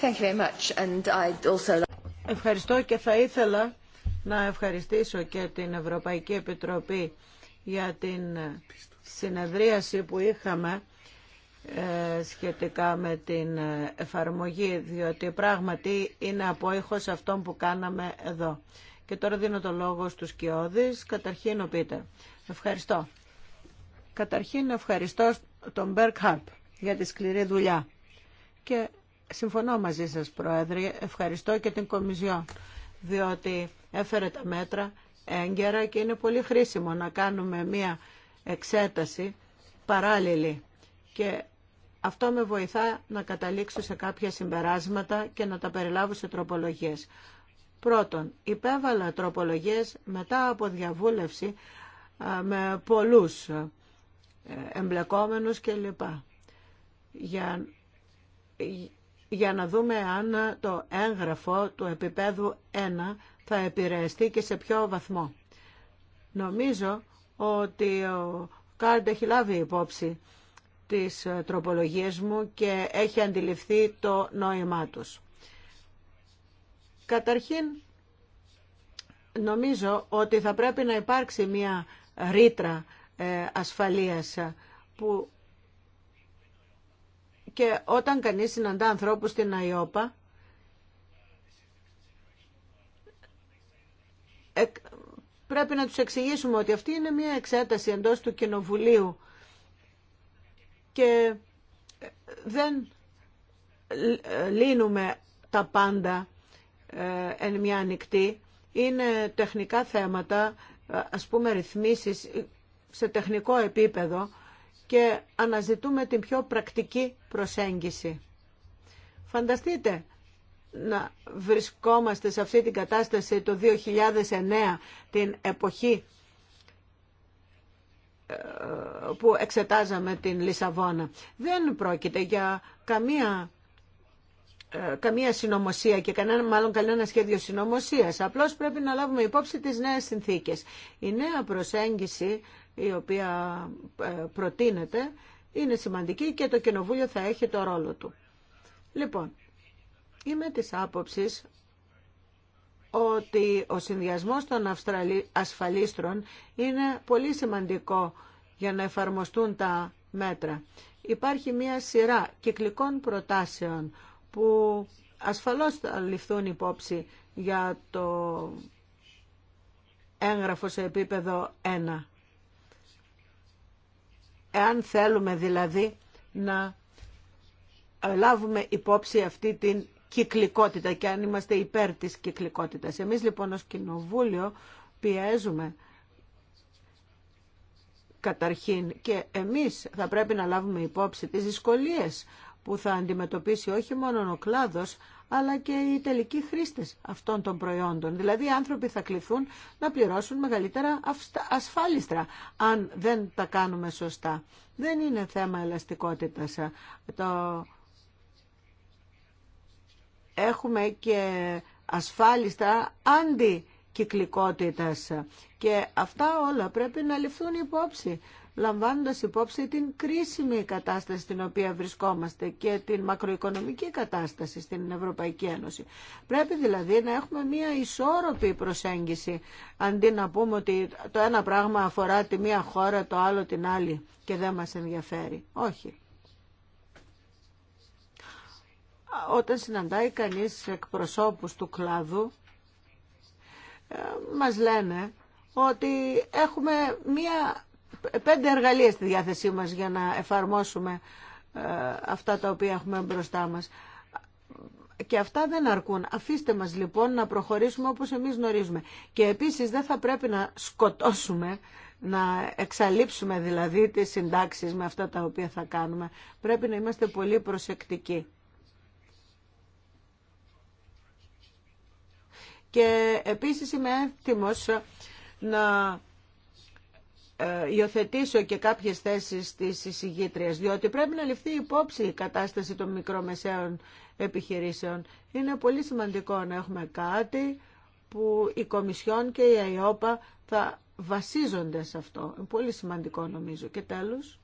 Thank you very much. And also... Ευχαριστώ και θα ήθελα να ευχαριστήσω και την Ευρωπαϊκή Επιτροπή για την συνεδρίαση που είχαμε ε, σχετικά με την εφαρμογή, διότι πράγματι είναι από απόϊχος αυτών που κάναμε εδώ. Και τώρα δίνω το λόγο στους Κιώδης. Καταρχήν ο Πίτερ. Ευχαριστώ. Καταρχήν ευχαριστώ τον Μπέρκ για τη σκληρή δουλειά. Και συμφωνώ μαζί σας, Πρόεδρε, ευχαριστώ και την Κομιζιό, διότι έφερε τα μέτρα έγκαιρα και είναι πολύ χρήσιμο να κάνουμε μία εξέταση παράλληλη και αυτό με βοηθά να καταλήξω σε κάποια συμπεράσματα και να τα περιλάβω σε τροπολογίες. Πρώτον, υπέβαλα τροπολογίες μετά από διαβούλευση με πολλούς ε, εμπλεκόμενους κλπ. Για, για να δούμε αν το έγγραφο του επίπεδου 1 θα επηρεαστεί και σε ποιο βαθμό. Νομίζω ότι ο Κάρντ έχει λάβει υπόψη τις ε, τροπολογίες μου και έχει αντιληφθεί το νόημά τους. Καταρχήν, νομίζω ότι θα πρέπει να υπάρξει μια ρήτρα ε, ασφαλείας ε, που και όταν κανείς συναντά ανθρώπους στην ΑΙΟΠΑ πρέπει να τους εξηγήσουμε ότι αυτή είναι μια εξέταση εντός του Κοινοβουλίου και ε, δεν ε, λύνουμε τα πάντα ε, εν μια ανοιχτή. Είναι τεχνικά θέματα, ας πούμε ρυθμίσεις σε τεχνικό επίπεδο και αναζητούμε την πιο πρακτική προσέγγιση. Φανταστείτε να βρισκόμαστε σε αυτή την κατάσταση το 2009, την εποχή ε, που εξετάζαμε την Λισαβόνα. Δεν πρόκειται για καμία ε, καμία συνωμοσία και κανένα, μάλλον κανένα σχέδιο συνωμοσία. Απλώς πρέπει να λάβουμε υπόψη τις νέες συνθήκες. Η νέα προσέγγιση η οποία ε, προτείνεται είναι σημαντική και το Κοινοβούλιο θα έχει το ρόλο του. Λοιπόν, Είμαι της άποψης ότι ο συνδυασμός των ασφαλίστρων είναι πολύ σημαντικό για να εφαρμοστούν τα μέτρα. Υπάρχει μια σειρά κυκλικών προτάσεων που ασφαλώς θα ληφθούν υπόψη για το έγγραφο σε επίπεδο 1. Εάν θέλουμε δηλαδή να λάβουμε υπόψη αυτή την κυκλικότητα και αν είμαστε υπέρ της κυκλικότητας. Εμείς λοιπόν ως Κοινοβούλιο πιέζουμε καταρχήν και εμείς θα πρέπει να λάβουμε υπόψη τις δυσκολίες που θα αντιμετωπίσει όχι μόνο ο κλάδος, αλλά και οι τελικοί χρήστες αυτών των προϊόντων. Δηλαδή οι άνθρωποι θα κληθούν να πληρώσουν μεγαλύτερα ασφάλιστρα, αν δεν τα κάνουμε σωστά. Δεν είναι θέμα ελαστικότητας. Το έχουμε και ασφάλιστα αντικυκλικότητας. Και αυτά όλα πρέπει να ληφθούν υπόψη, λαμβάνοντας υπόψη την κρίσιμη κατάσταση στην οποία βρισκόμαστε και την μακροοικονομική κατάσταση στην Ευρωπαϊκή Ένωση. Πρέπει δηλαδή να έχουμε μια ισόρροπη προσέγγιση, αντί να πούμε ότι το ένα πράγμα αφορά τη μία χώρα, το άλλο την άλλη και δεν μας ενδιαφέρει. Όχι όταν συναντάει κανείς εκπροσώπους του κλάδου ε, μας λένε ότι έχουμε μία, πέντε εργαλεία στη διάθεσή μας για να εφαρμόσουμε ε, αυτά τα οποία έχουμε μπροστά μας. Και αυτά δεν αρκούν. Αφήστε μας λοιπόν να προχωρήσουμε όπως εμείς γνωρίζουμε. Και επίσης δεν θα πρέπει να σκοτώσουμε, να εξαλείψουμε δηλαδή τις συντάξεις με αυτά τα οποία θα κάνουμε. Πρέπει να είμαστε πολύ προσεκτικοί. και επίσης είμαι έτοιμος να ε, υιοθετήσω και κάποιες θέσεις της εισηγήτριας, διότι πρέπει να ληφθεί υπόψη η κατάσταση των μικρομεσαίων επιχειρήσεων. Είναι πολύ σημαντικό να έχουμε κάτι που η Κομισιόν και η ΑΙΟΠΑ θα βασίζονται σε αυτό. Είναι πολύ σημαντικό νομίζω. Και τέλος,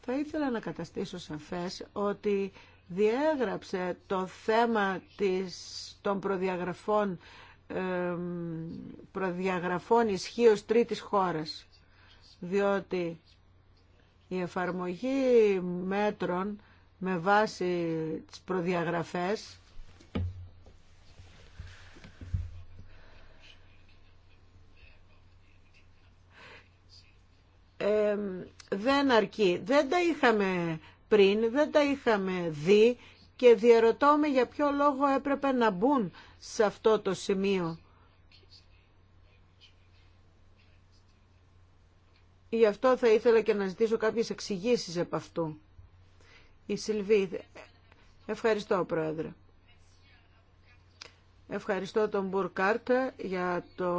θα ήθελα να καταστήσω σαφές ότι διέγραψε το θέμα της, των προδιαγραφών, προδιαγραφών ισχύω τρίτης χώρας, διότι η εφαρμογή μέτρων με βάση τις προδιαγραφές δεν αρκεί. Δεν τα είχαμε πριν δεν τα είχαμε δει και διαρωτώ για ποιο λόγο έπρεπε να μπουν σε αυτό το σημείο. Γι' αυτό θα ήθελα και να ζητήσω κάποιες εξηγήσεις από αυτού. Η Σιλβή. Ευχαριστώ, Πρόεδρε. Ευχαριστώ τον Μπουρκάρτ για το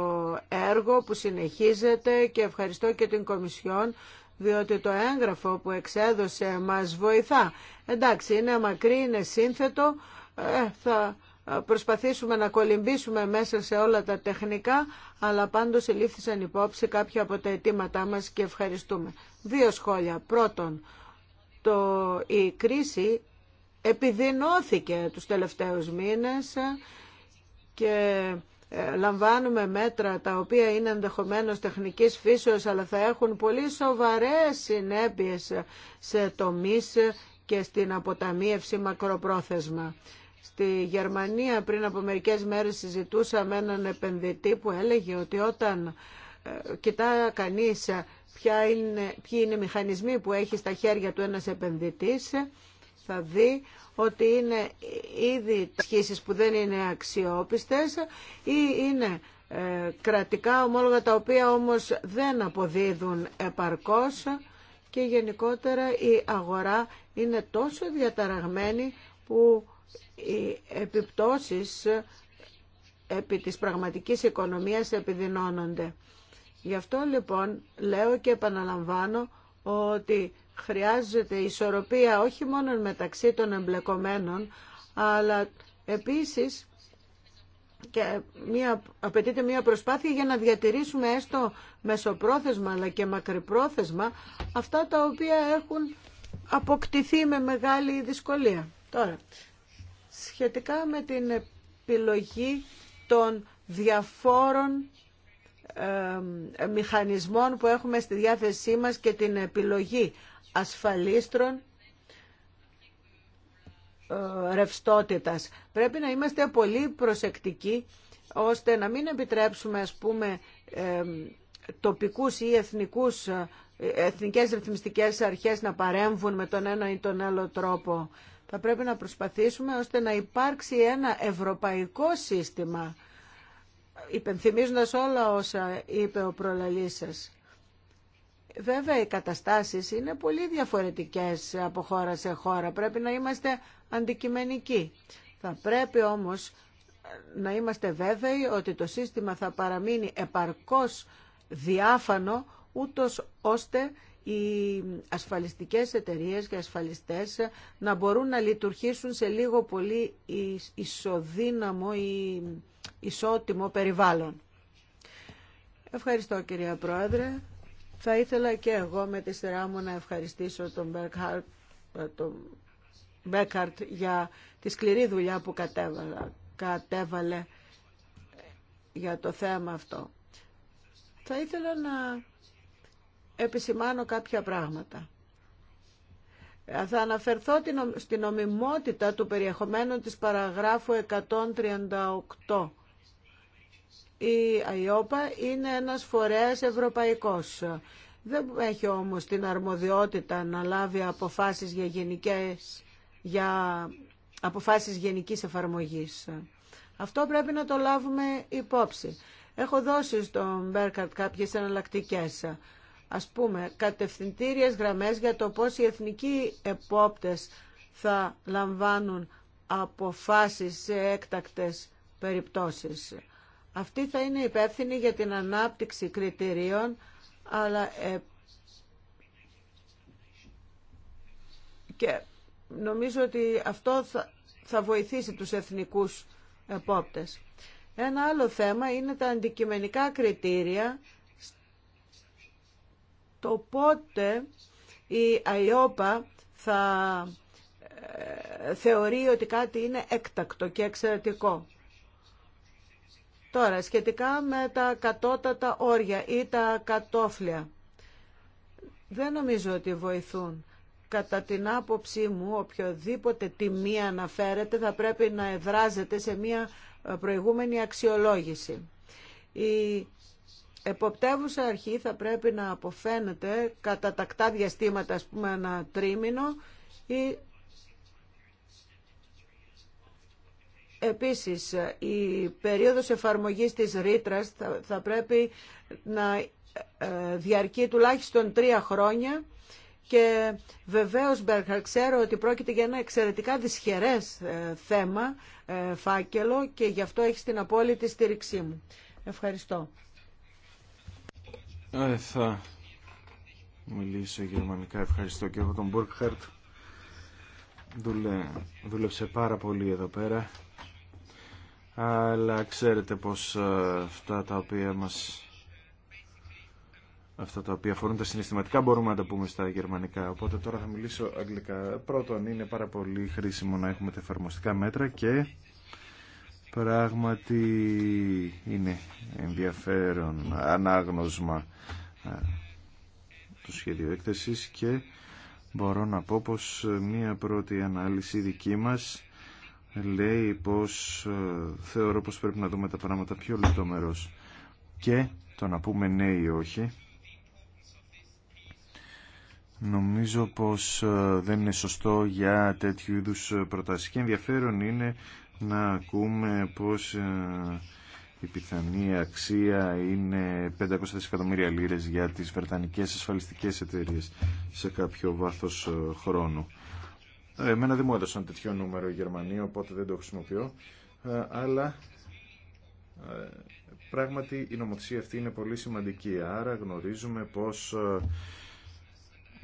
έργο που συνεχίζεται και ευχαριστώ και την Κομισιόν διότι το έγγραφο που εξέδωσε μας βοηθά. Εντάξει, είναι μακρύ, είναι σύνθετο, ε, θα προσπαθήσουμε να κολυμπήσουμε μέσα σε όλα τα τεχνικά, αλλά πάντως ελήφθησαν υπόψη κάποια από τα αιτήματά μας και ευχαριστούμε. Δύο σχόλια. Πρώτον, το, η κρίση επιδεινώθηκε τους τελευταίους μήνες και ε, λαμβάνουμε μέτρα τα οποία είναι ενδεχομένως τεχνικής φύσεως αλλά θα έχουν πολύ σοβαρές συνέπειες σε τομείς και στην αποταμίευση μακροπρόθεσμα. Στη Γερμανία πριν από μερικές μέρες συζητούσαμε έναν επενδυτή που έλεγε ότι όταν ε, κοιτά κανείς ποια είναι, ποιοι είναι οι μηχανισμοί που έχει στα χέρια του ένας επενδυτής θα δει ότι είναι ήδη σχέσεις που δεν είναι αξιόπιστες ή είναι ε, κρατικά ομόλογα τα οποία όμως δεν αποδίδουν επαρκώς και γενικότερα η αγορά είναι τόσο διαταραγμένη που οι επιπτώσεις ε, επί της πραγματικής οικονομίας επιδεινώνονται. Γι' αυτό λοιπόν λέω και επαναλαμβάνω ότι Χρειάζεται ισορροπία όχι μόνο μεταξύ των εμπλεκομένων, αλλά επίσης και μια, απαιτείται μια προσπάθεια για να διατηρήσουμε έστω μεσοπρόθεσμα αλλά και μακρυπρόθεσμα αυτά τα οποία έχουν αποκτηθεί με μεγάλη δυσκολία. Τώρα, σχετικά με την επιλογή των διαφόρων ε, μηχανισμών που έχουμε στη διάθεσή μας και την επιλογή ασφαλίστρων ε, ρευστότητας. Πρέπει να είμαστε πολύ προσεκτικοί ώστε να μην επιτρέψουμε ας πούμε ε, τοπικούς ή εθνικούς, ε, εθνικές ρυθμιστικές αρχές να παρέμβουν με τον ένα ή τον άλλο τρόπο. Θα πρέπει να προσπαθήσουμε ώστε να υπάρξει ένα ευρωπαϊκό σύστημα, υπενθυμίζοντας όλα όσα είπε ο προλαλής σας. Βέβαια οι καταστάσεις είναι πολύ διαφορετικές από χώρα σε χώρα. Πρέπει να είμαστε αντικειμενικοί. Θα πρέπει όμως να είμαστε βέβαιοι ότι το σύστημα θα παραμείνει επαρκώς διάφανο ούτως ώστε οι ασφαλιστικές εταιρείες και ασφαλιστές να μπορούν να λειτουργήσουν σε λίγο πολύ ισοδύναμο ή ισότιμο περιβάλλον. Ευχαριστώ κυρία Πρόεδρε. Θα ήθελα και εγώ με τη σειρά μου να ευχαριστήσω τον Μπέκαρτ ε, για τη σκληρή δουλειά που κατέβαλε ε, για το θέμα αυτό. Θα ήθελα να επισημάνω κάποια πράγματα. Ε, θα αναφερθώ στην ομιμότητα του περιεχομένου της παραγράφου 138 η ΑΙΟΠΑ είναι ένας φορέας ευρωπαϊκός. Δεν έχει όμως την αρμοδιότητα να λάβει αποφάσεις για, γενικές, για αποφάσεις γενικής εφαρμογής. Αυτό πρέπει να το λάβουμε υπόψη. Έχω δώσει στον Μπέρκαρτ κάποιες εναλλακτικέ. Ας πούμε, κατευθυντήριες γραμμές για το πώς οι εθνικοί επόπτες θα λαμβάνουν αποφάσεις σε έκτακτες περιπτώσεις. Αυτή θα είναι υπεύθυνη για την ανάπτυξη κριτηρίων, αλλά ε, και νομίζω ότι αυτό θα, βοηθήσει τους εθνικούς επόπτες. Ένα άλλο θέμα είναι τα αντικειμενικά κριτήρια, το πότε η ΑΙΟΠΑ θα ε, θεωρεί ότι κάτι είναι έκτακτο και εξαιρετικό. Τώρα, σχετικά με τα κατώτατα όρια ή τα κατόφλια, δεν νομίζω ότι βοηθούν. Κατά την άποψή μου, οποιοδήποτε τιμή αναφέρεται θα πρέπει να εδράζεται σε μια ε, προηγούμενη αξιολόγηση. Η εποπτεύουσα αρχή θα πρέπει να αποφαίνεται κατά τακτά διαστήματα, ας πούμε ένα τρίμηνο ή Επίσης, η περίοδος εφαρμογής της ρήτρα θα, πρέπει να ε, διαρκεί τουλάχιστον τρία χρόνια και βεβαίως Μπέρχαρ ξέρω ότι πρόκειται για ένα εξαιρετικά δυσχερές ε, θέμα, ε, φάκελο και γι' αυτό έχει την απόλυτη στήριξή μου. Ευχαριστώ. θα μιλήσω γερμανικά. Ευχαριστώ και εγώ τον Μπουρκχαρτ. Δουλε... Δούλεψε πάρα πολύ εδώ πέρα αλλά ξέρετε πως ε, αυτά τα οποία μας αυτά τα οποία αφορούν τα συναισθηματικά μπορούμε να τα πούμε στα γερμανικά. Οπότε τώρα θα μιλήσω αγγλικά. Πρώτον, είναι πάρα πολύ χρήσιμο να έχουμε τα εφαρμοστικά μέτρα και πράγματι είναι ενδιαφέρον ανάγνωσμα ε, του σχέδιου έκθεσης και μπορώ να πω πως ε, μία πρώτη ανάλυση δική μας λέει πως ε, θεωρώ πως πρέπει να δούμε τα πράγματα πιο λεπτομερώς και το να πούμε ναι ή όχι νομίζω πως ε, δεν είναι σωστό για τέτοιου είδους προτάσεις και ενδιαφέρον είναι να ακούμε πως ε, η πιθανή αξία είναι 500 δισεκατομμύρια λίρες για τις βρετανικές ασφαλιστικές εταιρείες σε κάποιο βάθος χρόνου. Εμένα δεν μου έδωσαν τέτοιο νούμερο οι Γερμανοί, οπότε δεν το χρησιμοποιώ. Ε, αλλά ε, πράγματι η νομοθεσία αυτή είναι πολύ σημαντική. Άρα γνωρίζουμε πως ε,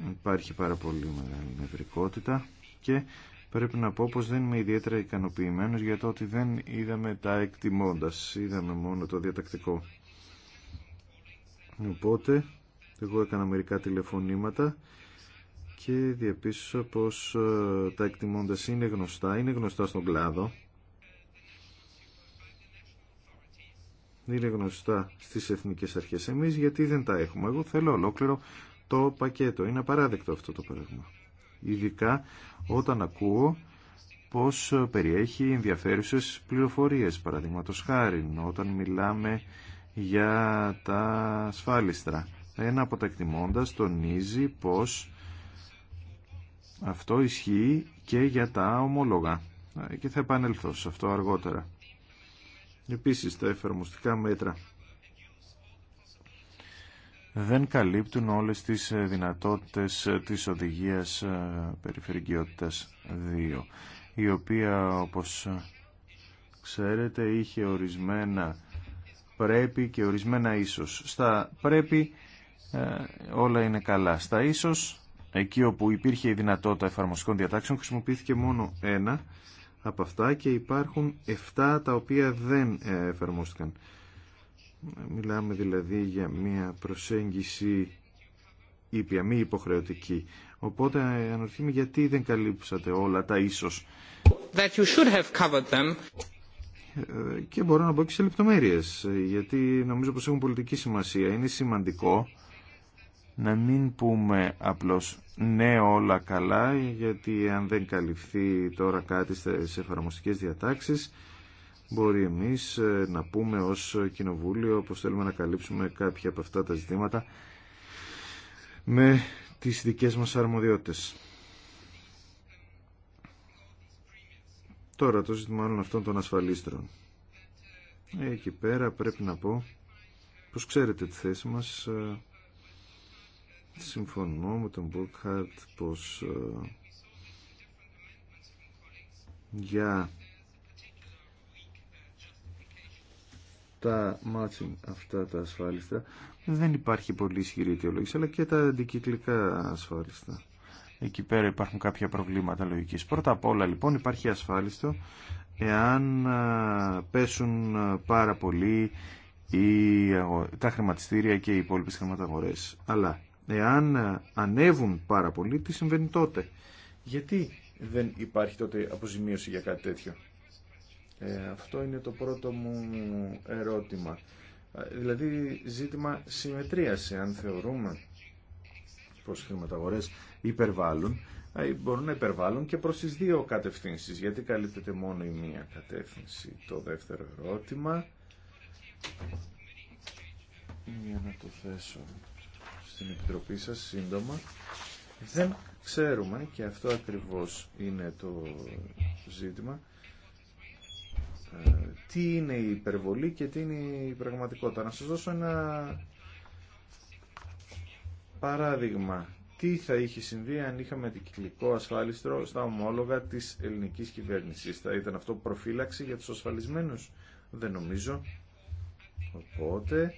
υπάρχει πάρα πολύ μεγάλη νευρικότητα και πρέπει να πω πως δεν είμαι ιδιαίτερα ικανοποιημένος για το ότι δεν είδαμε τα εκτιμώντας, είδαμε μόνο το διατακτικό. Οπότε, εγώ έκανα μερικά τηλεφωνήματα και διαπίστωσα πως ε, τα εκτιμώντας είναι γνωστά, είναι γνωστά στον κλάδο, είναι γνωστά στις εθνικές αρχές. Εμείς γιατί δεν τα έχουμε. Εγώ θέλω ολόκληρο το πακέτο. Είναι απαράδεκτο αυτό το πράγμα. Ειδικά όταν ακούω πως ε, περιέχει ενδιαφέρουσες πληροφορίες, παραδείγματο χάρη, όταν μιλάμε για τα ασφάλιστρα. Ένα από τα εκτιμώντας τονίζει πως αυτό ισχύει και για τα ομόλογα ε, και θα επανέλθω σε αυτό αργότερα. Επίσης τα εφαρμοστικά μέτρα δεν καλύπτουν όλες τις ε, δυνατότητες ε, της οδηγίας περιφερικιότητας 2, η οποία όπως ξέρετε είχε ορισμένα πρέπει και ορισμένα ίσως. Στα πρέπει όλα είναι καλά. Στα ίσως Εκεί όπου υπήρχε η δυνατότητα εφαρμοστικών διατάξεων χρησιμοποιήθηκε μόνο ένα από αυτά και υπάρχουν 7 τα οποία δεν ε, εφαρμόστηκαν. Μιλάμε δηλαδή για μια προσέγγιση ήπια, μη υποχρεωτική. Οπότε αναρωτιέμαι γιατί δεν καλύψατε όλα τα ίσως. Ε, και μπορώ να μπω και σε λεπτομέρειες, γιατί νομίζω πως έχουν πολιτική σημασία. Είναι σημαντικό να μην πούμε απλώς ναι όλα καλά γιατί αν δεν καλυφθεί τώρα κάτι στις εφαρμοστικές διατάξεις μπορεί εμείς ε, να πούμε ως κοινοβούλιο πως θέλουμε να καλύψουμε κάποια από αυτά τα ζητήματα με τις δικές μας αρμοδιότητες. Τώρα το ζήτημα όλων αυτών των ασφαλίστρων. Εκεί πέρα πρέπει να πω πως ξέρετε τη θέση μας ε, Συμφωνώ με τον Μπουρκχαρτ πως ε, για τα μάτσιν αυτά τα ασφάλιστα δεν υπάρχει πολύ ισχυρή αιτιολόγηση αλλά και τα αντικυκλικά ασφάλιστα εκεί πέρα υπάρχουν κάποια προβλήματα λογικής πρώτα απ' όλα λοιπόν υπάρχει ασφάλιστο εάν ε, πέσουν ε, πάρα πολύ τα χρηματιστήρια και οι υπόλοιπε χρηματαγορές αλλά Εάν ε, ανέβουν πάρα πολύ, τι συμβαίνει τότε. Γιατί δεν υπάρχει τότε αποζημίωση για κάτι τέτοιο. Ε, αυτό είναι το πρώτο μου ερώτημα. Ε, δηλαδή ζήτημα συμμετρίας, αν θεωρούμε πως χρηματαγορές υπερβάλλουν, μπορούν να υπερβάλλουν και προς τις δύο κατευθύνσεις. Γιατί καλύπτεται μόνο η μία κατεύθυνση. Το δεύτερο ερώτημα, για να το θέσω στην Επιτροπή σας σύντομα. Δεν ξέρουμε, και αυτό ακριβώς είναι το ζήτημα, ε, τι είναι η υπερβολή και τι είναι η πραγματικότητα. Να σας δώσω ένα παράδειγμα. Τι θα είχε συμβεί αν είχαμε αντικυκλικό ασφάλιστρο στα ομόλογα της ελληνικής κυβέρνησης. Θα ήταν αυτό προφύλαξη για τους ασφαλισμένους. Δεν νομίζω. Οπότε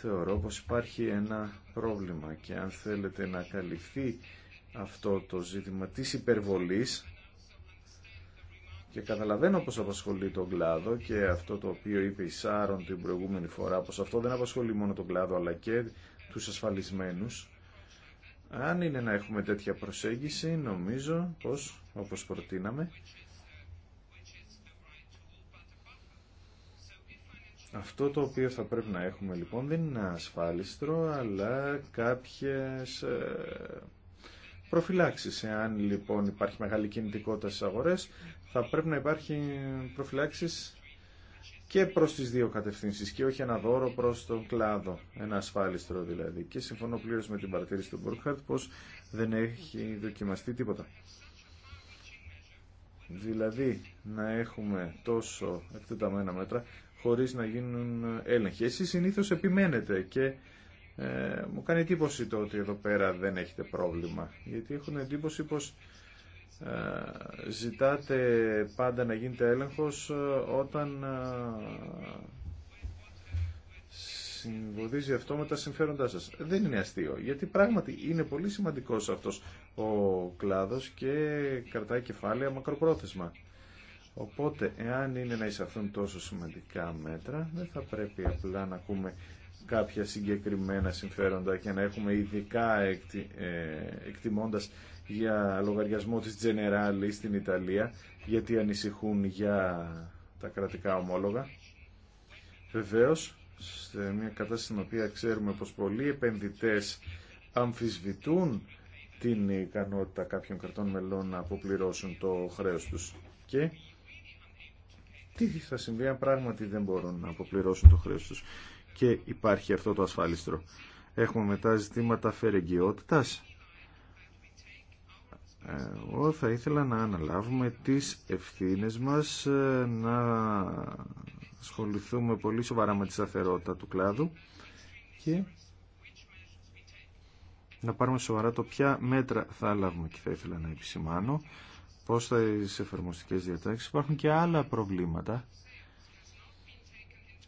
θεωρώ πως υπάρχει ένα πρόβλημα και αν θέλετε να καλυφθεί αυτό το ζήτημα της υπερβολής και καταλαβαίνω πως απασχολεί τον κλάδο και αυτό το οποίο είπε η Σάρον την προηγούμενη φορά πως αυτό δεν απασχολεί μόνο τον κλάδο αλλά και τους ασφαλισμένους αν είναι να έχουμε τέτοια προσέγγιση νομίζω πως όπως προτείναμε Αυτό το οποίο θα πρέπει να έχουμε λοιπόν δεν είναι ασφάλιστρο, αλλά κάποιες ε, προφυλάξεις. Εάν λοιπόν υπάρχει μεγάλη κινητικότητα στις αγορές, θα πρέπει να υπάρχει προφυλάξεις και προς τις δύο κατευθύνσεις και όχι ένα δώρο προς τον κλάδο, ένα ασφάλιστρο δηλαδή. Και συμφωνώ πλήρως με την παρατήρηση του Μπουρκχαρτ πως δεν έχει δοκιμαστεί τίποτα. Δηλαδή να έχουμε τόσο εκτεταμένα μέτρα χωρίς να γίνουν έλεγχοι. Εσείς συνήθως επιμένετε και ε, μου κάνει εντύπωση το ότι εδώ πέρα δεν έχετε πρόβλημα. Γιατί έχουν εντύπωση πως ε, ζητάτε πάντα να γίνεται έλεγχος ε, όταν ε, συμβοδίζει αυτό με τα συμφέροντά σας. Δεν είναι αστείο, γιατί πράγματι είναι πολύ σημαντικός αυτός ο κλάδος και κρατάει κεφάλαια μακροπρόθεσμα. Οπότε, εάν είναι να εισαχθούν τόσο σημαντικά μέτρα, δεν θα πρέπει απλά να ακούμε κάποια συγκεκριμένα συμφέροντα και να έχουμε ειδικά εκτι, ε, εκτιμώντας για λογαριασμό της Generali στην Ιταλία, γιατί ανησυχούν για τα κρατικά ομόλογα. Βεβαίως, σε μια κατάσταση στην οποία ξέρουμε πως πολλοί επενδυτές αμφισβητούν την ικανότητα κάποιων κρατών μελών να αποπληρώσουν το χρέος τους. Και τι θα συμβεί αν πράγματι δεν μπορούν να αποπληρώσουν το χρέος του. και υπάρχει αυτό το ασφάλιστρο. Έχουμε μετά ζητήματα φερεγγιότητα. Εγώ θα ήθελα να αναλάβουμε τις ευθύνες μας, ε, να ασχοληθούμε πολύ σοβαρά με τη σταθερότητα του κλάδου και να πάρουμε σοβαρά το ποια μέτρα θα λάβουμε και θα ήθελα να επισημάνω πως στις εφαρμοστικές διατάξεις υπάρχουν και άλλα προβλήματα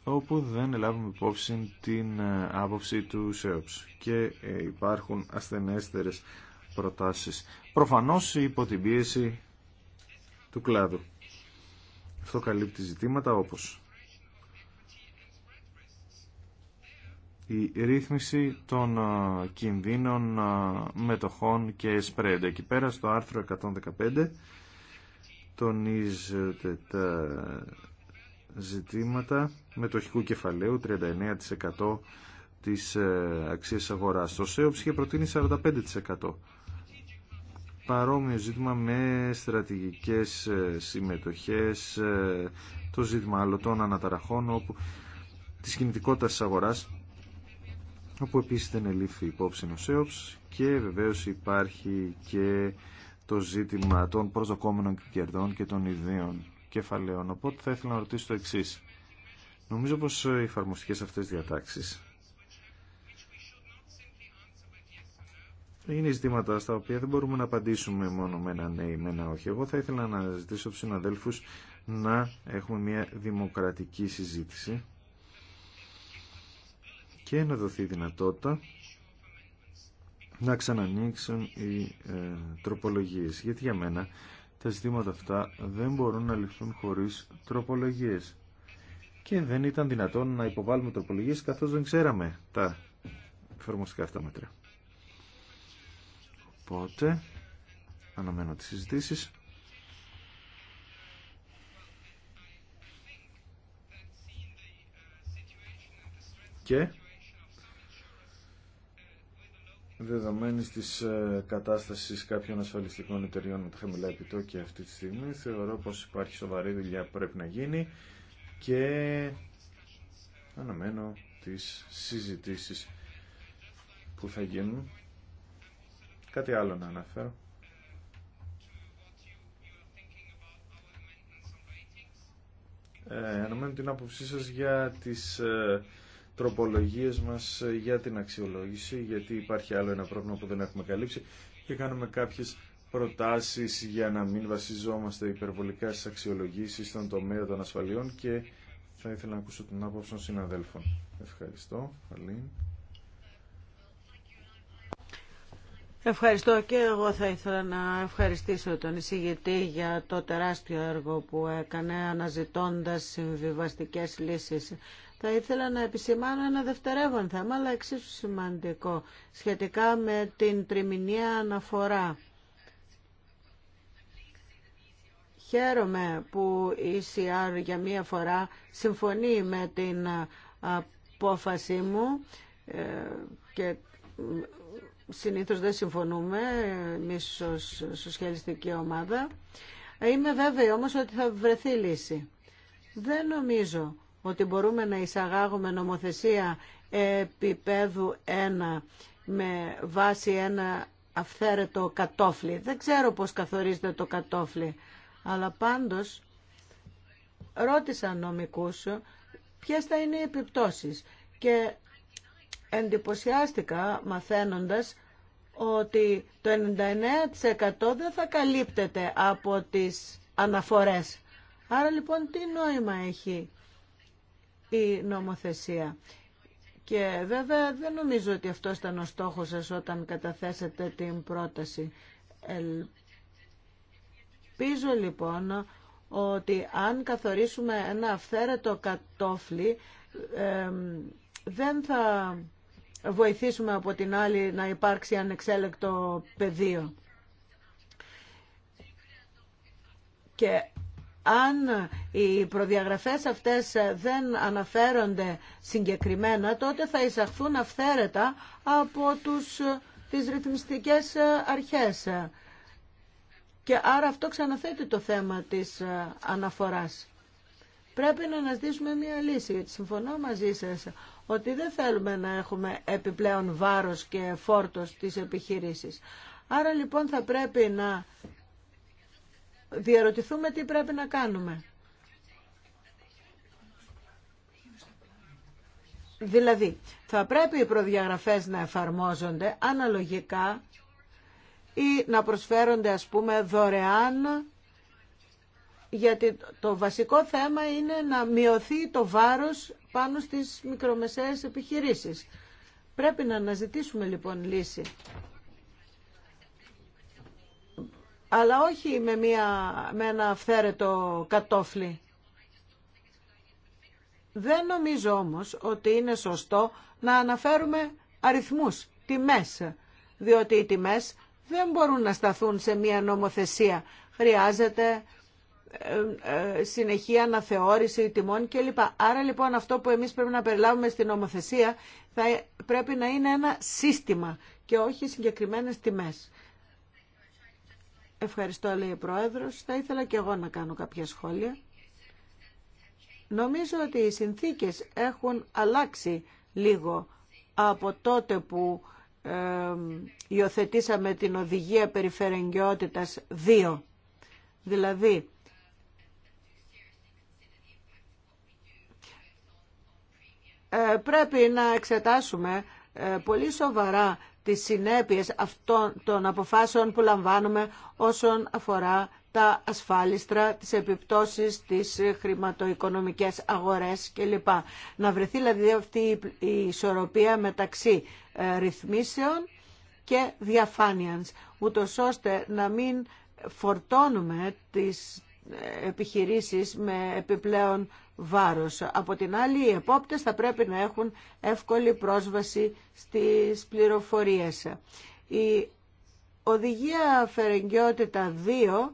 όπου δεν λάβουμε υπόψη την ε, άποψη του ΣΕΟΠΣ και ε, υπάρχουν ασθενέστερες προτάσεις. Προφανώς υπό την πίεση του κλάδου. Αυτό καλύπτει ζητήματα όπως η ρύθμιση των κινδύνων μετοχών και spread. Εκεί πέρα στο άρθρο 115 τονίζεται τα ζητήματα μετοχικού κεφαλαίου 39% της ε, αξίας αγοράς. Το ΣΕΟΠΣ είχε προτείνει 45%. Παρόμοιο ζήτημα με στρατηγικές ε, συμμετοχές, ε, το ζήτημα αλωτών αναταραχών όπου της κινητικότητας της αγοράς όπου επίσης δεν ελήφθη υπόψη ο και βεβαίως υπάρχει και το ζήτημα των προσδοκόμενων κερδών και των ιδίων κεφαλαίων. Οπότε θα ήθελα να ρωτήσω το εξή. Νομίζω πως οι εφαρμοστικές αυτές διατάξεις είναι ζητήματα στα οποία δεν μπορούμε να απαντήσουμε μόνο με ένα ναι ή με ένα όχι. Εγώ θα ήθελα να ζητήσω του συναδέλφους να έχουμε μια δημοκρατική συζήτηση και να δοθεί δυνατότητα να ξανανοίξουν οι ε, τροπολογίες. Γιατί για μένα τα ζητήματα αυτά δεν μπορούν να ληφθούν χωρίς τροπολογίες. Και δεν ήταν δυνατόν να υποβάλουμε τροπολογίες καθώς δεν ξέραμε τα εφαρμοστικά αυτά μέτρα. Οπότε, αναμένω τις συζητήσεις. Και Δεδομένης της ε, κατάστασης κάποιων ασφαλιστικών εταιριών με τα χαμηλά επιτόκια αυτή τη στιγμή, θεωρώ πώ υπάρχει σοβαρή δουλειά που πρέπει να γίνει και αναμένω τι συζητήσει που θα γίνουν. Κάτι άλλο να αναφέρω. Ε, αναμένω την άποψή σας για τις ε, τροπολογίες μας για την αξιολόγηση, γιατί υπάρχει άλλο ένα πρόβλημα που δεν έχουμε καλύψει και κάνουμε κάποιες προτάσεις για να μην βασιζόμαστε υπερβολικά στις αξιολογήσεις στον τομέα των ασφαλιών και θα ήθελα να ακούσω την άποψη των συναδέλφων. Ευχαριστώ. Ευχαριστώ και εγώ θα ήθελα να ευχαριστήσω τον εισηγητή για το τεράστιο έργο που έκανε αναζητώντας συμβιβαστικές λύσεις. Θα ήθελα να επισημάνω ένα δευτερεύον θέμα, αλλά εξίσου σημαντικό, σχετικά με την τριμηνία αναφορά. Χαίρομαι που η ECR για μία φορά συμφωνεί με την απόφασή μου ε, και συνήθως δεν συμφωνούμε εμείς ως σοσιαλιστική ομάδα. Είμαι βέβαιη όμως ότι θα βρεθεί λύση. Δεν νομίζω ότι μπορούμε να εισαγάγουμε νομοθεσία επίπεδου 1 με βάση ένα αυθαίρετο κατόφλι. Δεν ξέρω πώς καθορίζεται το κατόφλι, αλλά πάντως ρώτησα νομικούς ποιες θα είναι οι επιπτώσεις και εντυπωσιάστηκα μαθαίνοντας ότι το 99% δεν θα καλύπτεται από τις αναφορές. Άρα λοιπόν τι νόημα έχει η νομοθεσία. Και βέβαια δεν νομίζω ότι αυτό ήταν ο στόχος σας όταν καταθέσατε την πρόταση. Ελπίζω λοιπόν ότι αν καθορίσουμε ένα αυθαίρετο κατόφλι δεν θα βοηθήσουμε από την άλλη να υπάρξει ανεξέλεκτο πεδίο. Και αν οι προδιαγραφές αυτές δεν αναφέρονται συγκεκριμένα, τότε θα εισαχθούν αυθαίρετα από τους, τις ρυθμιστικές αρχές. Και άρα αυτό ξαναθέτει το θέμα της αναφοράς. Πρέπει να αναζητήσουμε μια λύση, γιατί συμφωνώ μαζί σας ότι δεν θέλουμε να έχουμε επιπλέον βάρος και φόρτος της επιχείρησης. Άρα λοιπόν θα πρέπει να διαρωτηθούμε τι πρέπει να κάνουμε. Δηλαδή, θα πρέπει οι προδιαγραφές να εφαρμόζονται αναλογικά ή να προσφέρονται, ας πούμε, δωρεάν, γιατί το βασικό θέμα είναι να μειωθεί το βάρος πάνω στις μικρομεσαίες επιχειρήσεις. Πρέπει να αναζητήσουμε λοιπόν λύση αλλά όχι με, μια, με ένα αυθαίρετο κατόφλι. Δεν νομίζω όμως ότι είναι σωστό να αναφέρουμε αριθμούς, τιμές, διότι οι τιμές δεν μπορούν να σταθούν σε μια νομοθεσία. Χρειάζεται ε, ε, συνεχή αναθεώρηση τιμών κλπ. Άρα λοιπόν αυτό που εμείς πρέπει να περιλάβουμε στην νομοθεσία θα πρέπει να είναι ένα σύστημα και όχι συγκεκριμένες τιμές. Ευχαριστώ, λέει ο Πρόεδρος. Θα ήθελα και εγώ να κάνω κάποια σχόλια. Νομίζω ότι οι συνθήκες έχουν αλλάξει λίγο από τότε που ε, υιοθετήσαμε την Οδηγία Περιφερεγγιότητας 2. Δηλαδή, ε, πρέπει να εξετάσουμε ε, πολύ σοβαρά τις συνέπειες αυτών των αποφάσεων που λαμβάνουμε όσον αφορά τα ασφάλιστρα, τις επιπτώσεις, τις χρηματοοικονομικές αγορές κλπ. Να βρεθεί δηλαδή αυτή η ισορροπία μεταξύ ε, ρυθμίσεων και διαφάνειας, ούτως ώστε να μην φορτώνουμε τις, επιχειρήσεις με επιπλέον βάρος. Από την άλλη, οι επόπτες θα πρέπει να έχουν εύκολη πρόσβαση στις πληροφορίες. Η οδηγία Φερεγγιότητα 2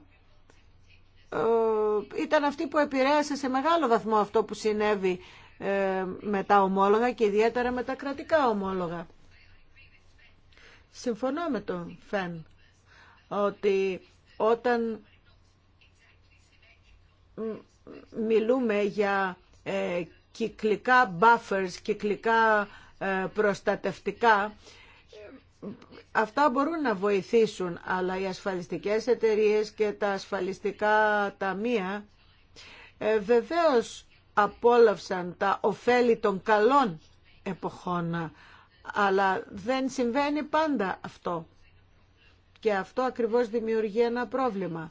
ε, ήταν αυτή που επηρέασε σε μεγάλο βαθμό αυτό που συνέβη ε, με τα ομόλογα και ιδιαίτερα με τα κρατικά ομόλογα. Συμφωνώ με τον Φεν ότι όταν μιλούμε για ε, κυκλικά buffers, κυκλικά ε, προστατευτικά, αυτά μπορούν να βοηθήσουν, αλλά οι ασφαλιστικές εταιρείες και τα ασφαλιστικά ταμεία ε, βεβαίως απόλαυσαν τα ωφέλη των καλών εποχών, αλλά δεν συμβαίνει πάντα αυτό. Και αυτό ακριβώς δημιουργεί ένα πρόβλημα.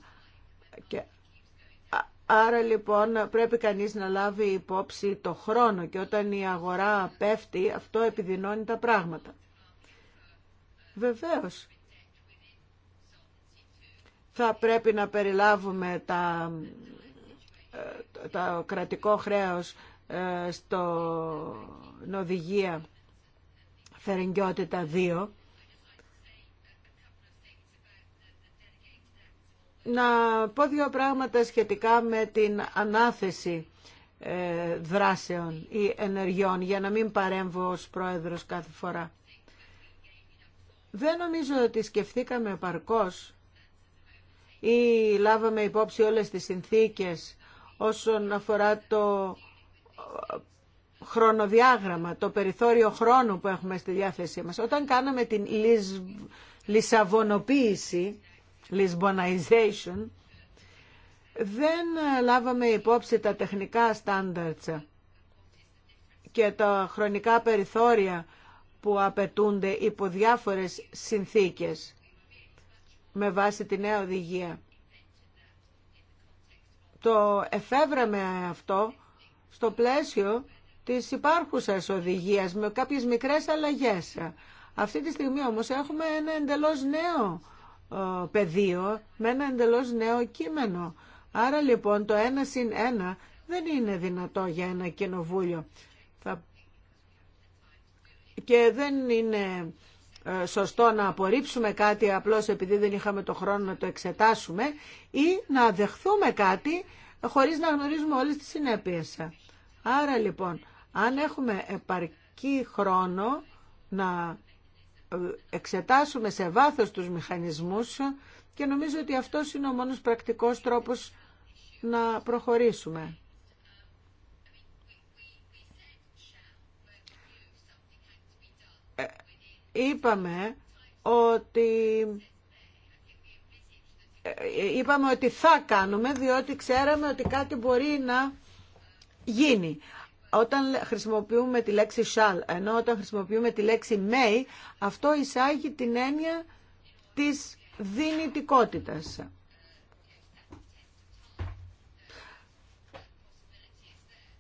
Άρα λοιπόν πρέπει κανείς να λάβει υπόψη το χρόνο και όταν η αγορά πέφτει αυτό επιδεινώνει τα πράγματα. Βεβαίως. Θα πρέπει να περιλάβουμε τα, ε, κρατικό χρέος ε, στο οδηγία Φερενγκιότητα 2 να πω δύο πράγματα σχετικά με την ανάθεση ε, δράσεων ή ενεργειών, για να μην παρέμβω ως πρόεδρος κάθε φορά. Δεν νομίζω ότι σκεφτήκαμε παρκώς ή λάβαμε υπόψη όλες τις συνθήκες όσον αφορά το ε, χρονοδιάγραμμα, το περιθώριο χρόνου που έχουμε στη διάθεσή μας. Όταν κάναμε την λισαβονοποίηση, Lisbonization, δεν λάβαμε υπόψη τα τεχνικά standards και τα χρονικά περιθώρια που απαιτούνται υπό διάφορες συνθήκες με βάση τη νέα οδηγία. Το εφεύραμε αυτό στο πλαίσιο της υπάρχουσας οδηγίας με κάποιες μικρές αλλαγές. Αυτή τη στιγμή όμως έχουμε ένα εντελώς νέο ε, πεδίο με ένα εντελώς νέο κείμενο. Άρα λοιπόν το ένα συν ένα δεν είναι δυνατό για ένα κοινοβούλιο. Και δεν είναι ε, σωστό να απορρίψουμε κάτι απλώς επειδή δεν είχαμε το χρόνο να το εξετάσουμε ή να δεχθούμε κάτι χωρίς να γνωρίζουμε όλες τις συνέπειες. Άρα λοιπόν, αν έχουμε επαρκή χρόνο να εξετάσουμε σε βάθος τους μηχανισμούς και νομίζω ότι αυτό είναι ο μόνος πρακτικός τρόπος να προχωρήσουμε. Ε, είπαμε ότι ε, είπαμε ότι θα κάνουμε διότι ξέραμε ότι κάτι μπορεί να γίνει όταν χρησιμοποιούμε τη λέξη shall, ενώ όταν χρησιμοποιούμε τη λέξη may, αυτό εισάγει την έννοια της δυνητικότητας.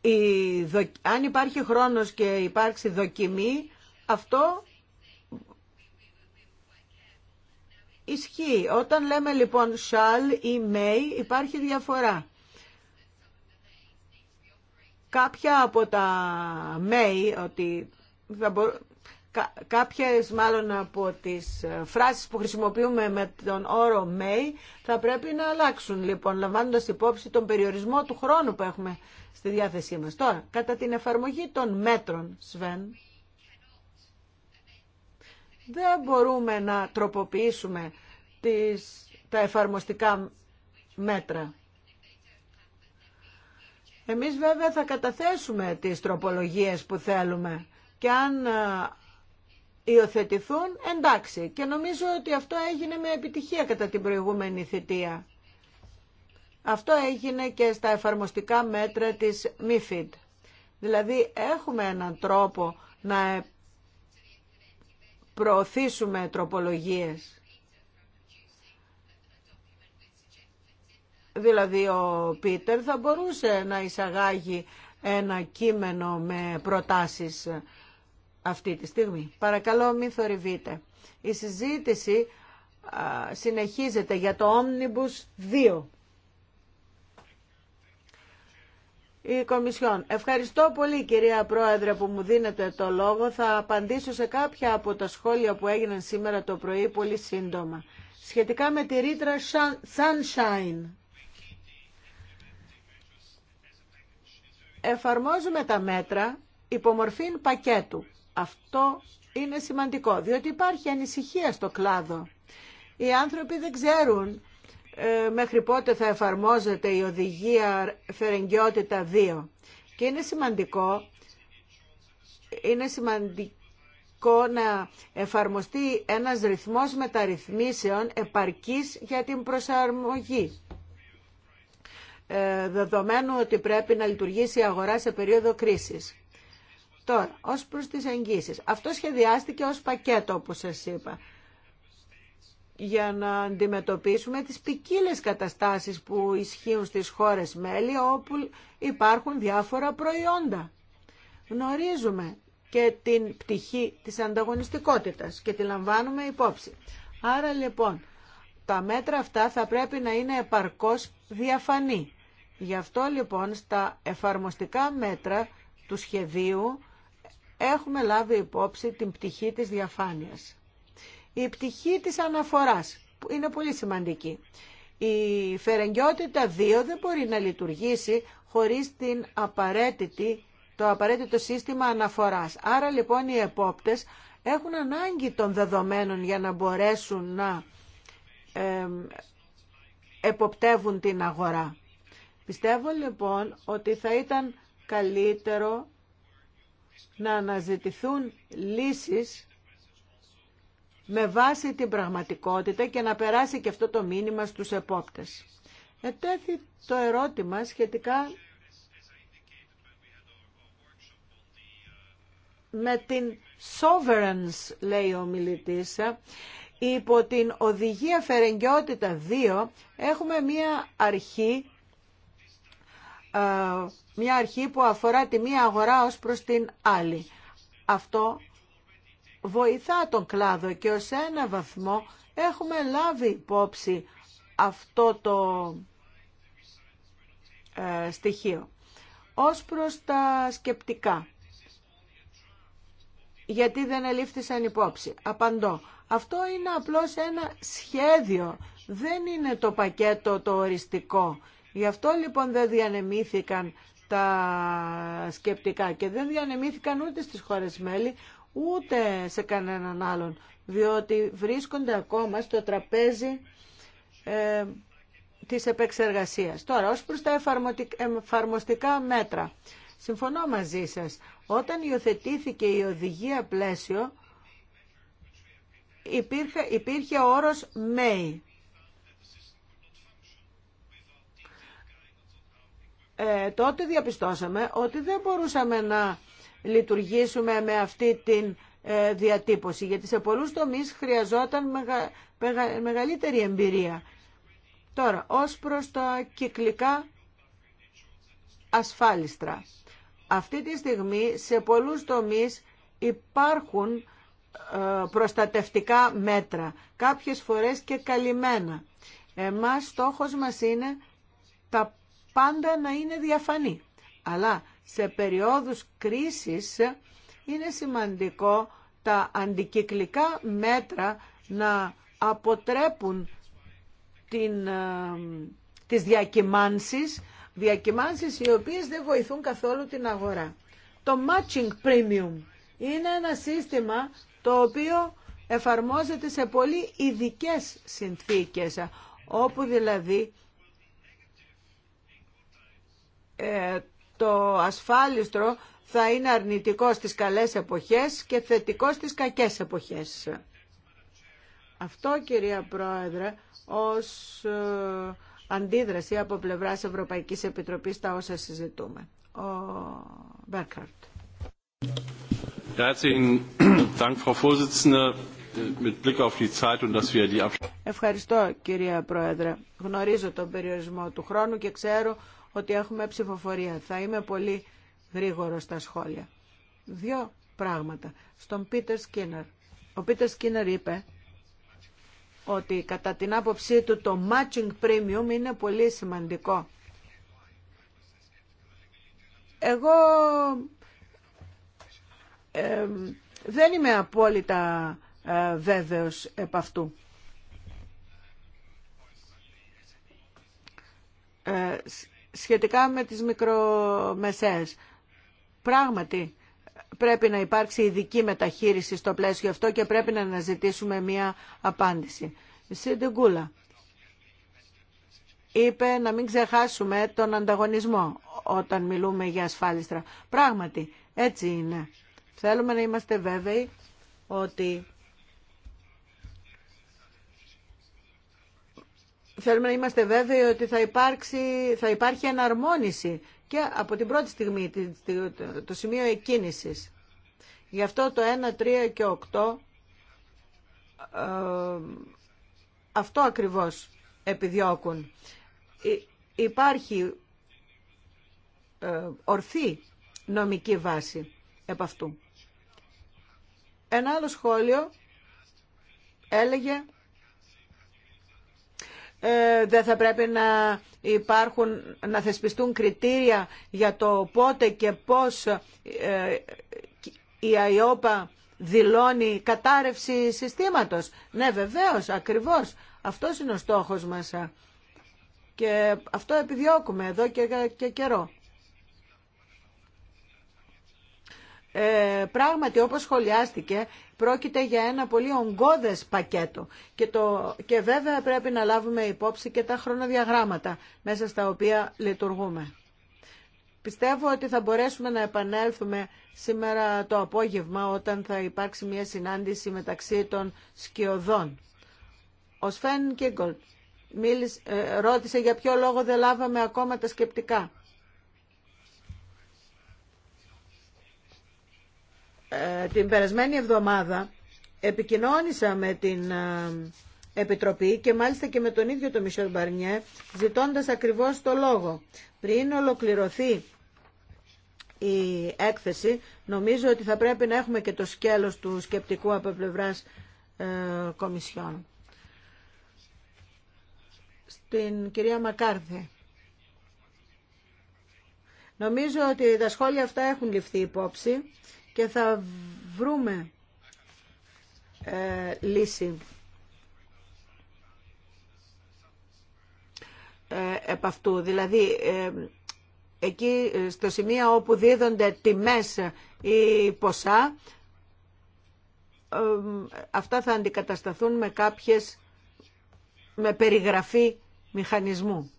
Η Αν υπάρχει χρόνος και υπάρξει δοκιμή, αυτό ισχύει. Όταν λέμε λοιπόν shall ή may υπάρχει διαφορά κάποια από τα ΜΕΙ, ότι θα κάποιες μάλλον από τις ε, φράσεις που χρησιμοποιούμε με τον όρο ΜΕΙ θα πρέπει να αλλάξουν λοιπόν, λαμβάνοντας υπόψη τον περιορισμό του χρόνου που έχουμε στη διάθεσή μας. Τώρα, κατά την εφαρμογή των μέτρων, Σβέν, δεν μπορούμε να τροποποιήσουμε τις, τα εφαρμοστικά μέτρα. Εμείς βέβαια θα καταθέσουμε τις τροπολογίες που θέλουμε και αν ε, υιοθετηθούν, εντάξει. Και νομίζω ότι αυτό έγινε με επιτυχία κατά την προηγούμενη θητεία. Αυτό έγινε και στα εφαρμοστικά μέτρα της MIFID. Δηλαδή έχουμε έναν τρόπο να προωθήσουμε τροπολογίες. Δηλαδή ο Πίτερ θα μπορούσε να εισαγάγει ένα κείμενο με προτάσεις αυτή τη στιγμή. Παρακαλώ μην θορυβείτε. Η συζήτηση συνεχίζεται για το Omnibus 2. Η Κομισιόν. Ευχαριστώ πολύ κυρία Πρόεδρε που μου δίνετε το λόγο. Θα απαντήσω σε κάποια από τα σχόλια που έγιναν σήμερα το πρωί πολύ σύντομα. Σχετικά με τη ρήτρα Sunshine εφαρμόζουμε τα μέτρα υπομορφήν πακέτου. Αυτό είναι σημαντικό, διότι υπάρχει ανησυχία στο κλάδο. Οι άνθρωποι δεν ξέρουν ε, μέχρι πότε θα εφαρμόζεται η οδηγία φερεγγιότητα 2. Και είναι σημαντικό, είναι σημαντικό να εφαρμοστεί ένας ρυθμός μεταρρυθμίσεων επαρκής για την προσαρμογή. Ε, δεδομένου ότι πρέπει να λειτουργήσει η αγορά σε περίοδο κρίσης. Τώρα, ως προς τις εγγύσεις. Αυτό σχεδιάστηκε ως πακέτο, όπως σας είπα, για να αντιμετωπίσουμε τις ποικίλε καταστάσεις που ισχύουν στις χώρες μέλη, όπου υπάρχουν διάφορα προϊόντα. Γνωρίζουμε και την πτυχή της ανταγωνιστικότητας και τη λαμβάνουμε υπόψη. Άρα, λοιπόν, τα μέτρα αυτά θα πρέπει να είναι επαρκώς διαφανή. Γι' αυτό λοιπόν στα εφαρμοστικά μέτρα του σχεδίου έχουμε λάβει υπόψη την πτυχή της διαφάνειας. Η πτυχή της αναφοράς είναι πολύ σημαντική. Η φερεγγιότητα 2 δεν μπορεί να λειτουργήσει χωρίς την απαραίτητη, το απαραίτητο σύστημα αναφοράς. Άρα λοιπόν οι επόπτες έχουν ανάγκη των δεδομένων για να μπορέσουν να εποπτεύουν την αγορά. Πιστεύω λοιπόν ότι θα ήταν καλύτερο να αναζητηθούν λύσεις με βάση την πραγματικότητα και να περάσει και αυτό το μήνυμα στους επόπτες. Ετέθη το ερώτημα σχετικά με την sovereigns, λέει ο μιλητής, ε, υπό την οδηγία φερεγγιότητα 2 έχουμε μία αρχή ε, μια αρχή που αφορά τη μία αγορά ως προς την άλλη. Αυτό βοηθά τον κλάδο και ως ένα βαθμό έχουμε λάβει υπόψη αυτό το ε, στοιχείο. Ως προς τα σκεπτικά. Γιατί δεν ελήφθησαν υπόψη. Απαντώ. Αυτό είναι απλώς ένα σχέδιο, δεν είναι το πακέτο το οριστικό. Γι' αυτό λοιπόν δεν διανεμήθηκαν τα σκεπτικά και δεν διανεμήθηκαν ούτε στις χώρες μέλη, ούτε σε κανέναν άλλον, διότι βρίσκονται ακόμα στο τραπέζι ε, της επεξεργασίας. Τώρα, ως προς τα εφαρμοστικά μέτρα. Συμφωνώ μαζί σας. Όταν υιοθετήθηκε η οδηγία πλαίσιο, υπήρχε, υπήρχε ο όρος May. Ε, τότε διαπιστώσαμε ότι δεν μπορούσαμε να λειτουργήσουμε με αυτή την ε, διατύπωση, γιατί σε πολλούς τομείς χρειαζόταν μεγαλύτερη εμπειρία. Τώρα, ως προς τα κυκλικά ασφάλιστρα. Αυτή τη στιγμή σε πολλούς τομείς υπάρχουν προστατευτικά μέτρα, κάποιες φορές και καλυμμένα. Εμάς στόχος μας είναι τα πάντα να είναι διαφανή. Αλλά σε περιόδους κρίσης είναι σημαντικό τα αντικυκλικά μέτρα να αποτρέπουν την, ε, τις διακυμάνσεις, διακυμάνσεις οι οποίες δεν βοηθούν καθόλου την αγορά. Το matching premium είναι ένα σύστημα το οποίο εφαρμόζεται σε πολύ ειδικέ συνθήκες, όπου δηλαδή ε, το ασφάλιστρο θα είναι αρνητικό στις καλές εποχές και θετικό στις κακές εποχές. Αυτό, κυρία Πρόεδρε, ως ε, αντίδραση από πλευράς Ευρωπαϊκής Επιτροπής στα όσα συζητούμε. Ο Μπέρκαρτ. Ευχαριστώ κυρία Πρόεδρε. Γνωρίζω τον περιορισμό του χρόνου και ξέρω ότι έχουμε ψηφοφορία. Θα είμαι πολύ γρήγορο στα σχόλια. Δύο πράγματα. Στον Πίτερ Σκίνερ. Ο Πίτερ Σκίνερ είπε ότι κατά την άποψή του το matching premium είναι πολύ σημαντικό. Εγώ δεν είμαι απόλυτα ε, βέβαιος επ' αυτού. Ε, σχετικά με τις μικρομεσαίες. Πράγματι, πρέπει να υπάρξει ειδική μεταχείριση στο πλαίσιο αυτό και πρέπει να αναζητήσουμε μία απάντηση. Σιντεγκούλα είπε να μην ξεχάσουμε τον ανταγωνισμό όταν μιλούμε για ασφάλιστρα. Πράγματι, έτσι είναι. Θέλουμε να είμαστε βέβαιοι ότι θέλουμε να είμαστε βέβαιοι ότι θα, υπάρξει, θα υπάρχει εναρμόνιση και από την πρώτη στιγμή, το σημείο εκκίνησης. Γι' αυτό το 1, 3 και 8 ε, αυτό ακριβώς επιδιώκουν. Ε, υπάρχει ε, ορθή νομική βάση επ' αυτού. Ένα άλλο σχόλιο έλεγε ε, δεν θα πρέπει να υπάρχουν, να θεσπιστούν κριτήρια για το πότε και πώς ε, η ΑΙΟΠΑ δηλώνει κατάρρευση συστήματος. Ναι, βεβαίως, ακριβώς. Αυτός είναι ο στόχος μας. Και αυτό επιδιώκουμε εδώ και, και καιρό. Ε, πράγματι όπως σχολιάστηκε πρόκειται για ένα πολύ ογκώδες πακέτο και, το, και βέβαια πρέπει να λάβουμε υπόψη και τα χρονοδιαγράμματα μέσα στα οποία λειτουργούμε. Πιστεύω ότι θα μπορέσουμε να επανέλθουμε σήμερα το απόγευμα όταν θα υπάρξει μια συνάντηση μεταξύ των σκιωδών. Ο Σφέν Κίγκολ ε, ρώτησε για ποιο λόγο δεν λάβαμε ακόμα τα σκεπτικά. Ε, την περασμένη εβδομάδα επικοινώνησα με την ε, Επιτροπή και μάλιστα και με τον ίδιο τον Μισελ Μπαρνιέ ζητώντας ακριβώς το λόγο. Πριν ολοκληρωθεί η έκθεση νομίζω ότι θα πρέπει να έχουμε και το σκέλος του σκεπτικού από πλευράς ε, κομισιών. Στην κυρία Μακάρθη. Νομίζω ότι τα σχόλια αυτά έχουν ληφθεί υπόψη και θα βρούμε ε, λύση. Ε, επ' αυτού. Δηλαδή, ε, εκεί στο σημείο όπου δίδονται τιμές ή ποσά, ε, αυτά θα αντικατασταθούν με κάποιες, με περιγραφή μηχανισμού.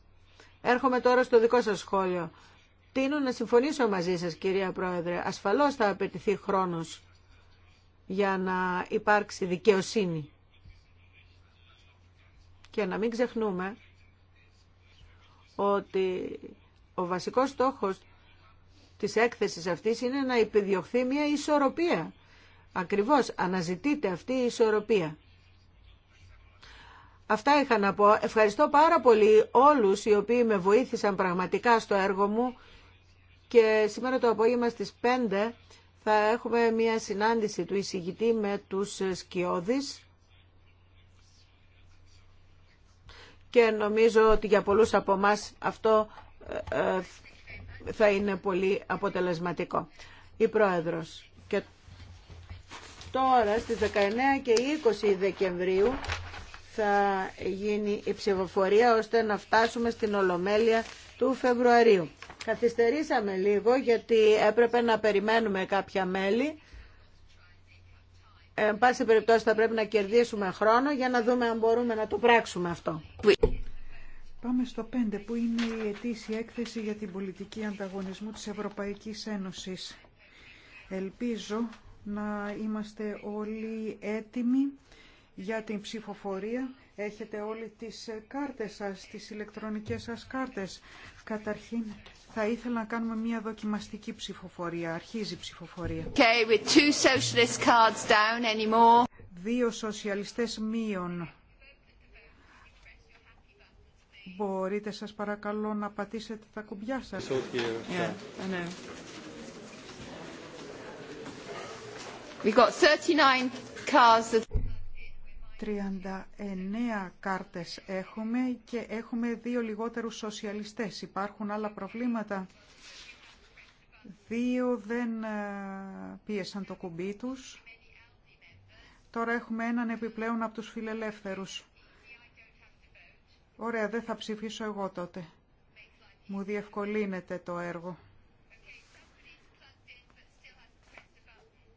Έρχομαι τώρα στο δικό σας σχόλιο τείνω να συμφωνήσω μαζί σας κυρία Πρόεδρε. Ασφαλώς θα απαιτηθεί χρόνος για να υπάρξει δικαιοσύνη. Και να μην ξεχνούμε ότι ο βασικός στόχος της έκθεσης αυτής είναι να επιδιωχθεί μια ισορροπία. Ακριβώς αναζητείται αυτή η ισορροπία. Αυτά είχα να πω. Ευχαριστώ πάρα πολύ όλους οι οποίοι με βοήθησαν πραγματικά στο έργο μου και σήμερα το απόγευμα στις 5 θα έχουμε μια συνάντηση του εισηγητή με τους σκιώδεις και νομίζω ότι για πολλούς από εμά αυτό ε, ε, θα είναι πολύ αποτελεσματικό. Η Πρόεδρος. Και τώρα στις 19 και 20 Δεκεμβρίου θα γίνει η ψηφοφορία ώστε να φτάσουμε στην Ολομέλεια του Φεβρουαρίου. Καθυστερήσαμε λίγο γιατί έπρεπε να περιμένουμε κάποια μέλη. Εν πάση περιπτώσει θα πρέπει να κερδίσουμε χρόνο για να δούμε αν μπορούμε να το πράξουμε αυτό. Πάμε στο 5 που είναι η ετήσια έκθεση για την πολιτική ανταγωνισμού της Ευρωπαϊκής Ένωσης. Ελπίζω να είμαστε όλοι έτοιμοι για την ψηφοφορία. Έχετε όλοι τις κάρτες σας, τις ηλεκτρονικές σας κάρτες. Καταρχήν, θα ήθελα να κάνουμε μια δοκιμαστική ψηφοφορία. Αρχίζει η ψηφοφορία. Okay, with two socialist cards down anymore. Δύο σοσιαλιστές μείον. Μπορείτε σας παρακαλώ να πατήσετε τα κουμπιά σας. Yeah, I We've got 39 cards. that... 39 κάρτες έχουμε και έχουμε δύο λιγότερους σοσιαλιστές. Υπάρχουν άλλα προβλήματα. Δύο δεν ε, πίεσαν το κουμπί τους. Τώρα έχουμε έναν επιπλέον από τους φιλελεύθερους. Ωραία, δεν θα ψηφίσω εγώ τότε. Μου διευκολύνεται το έργο.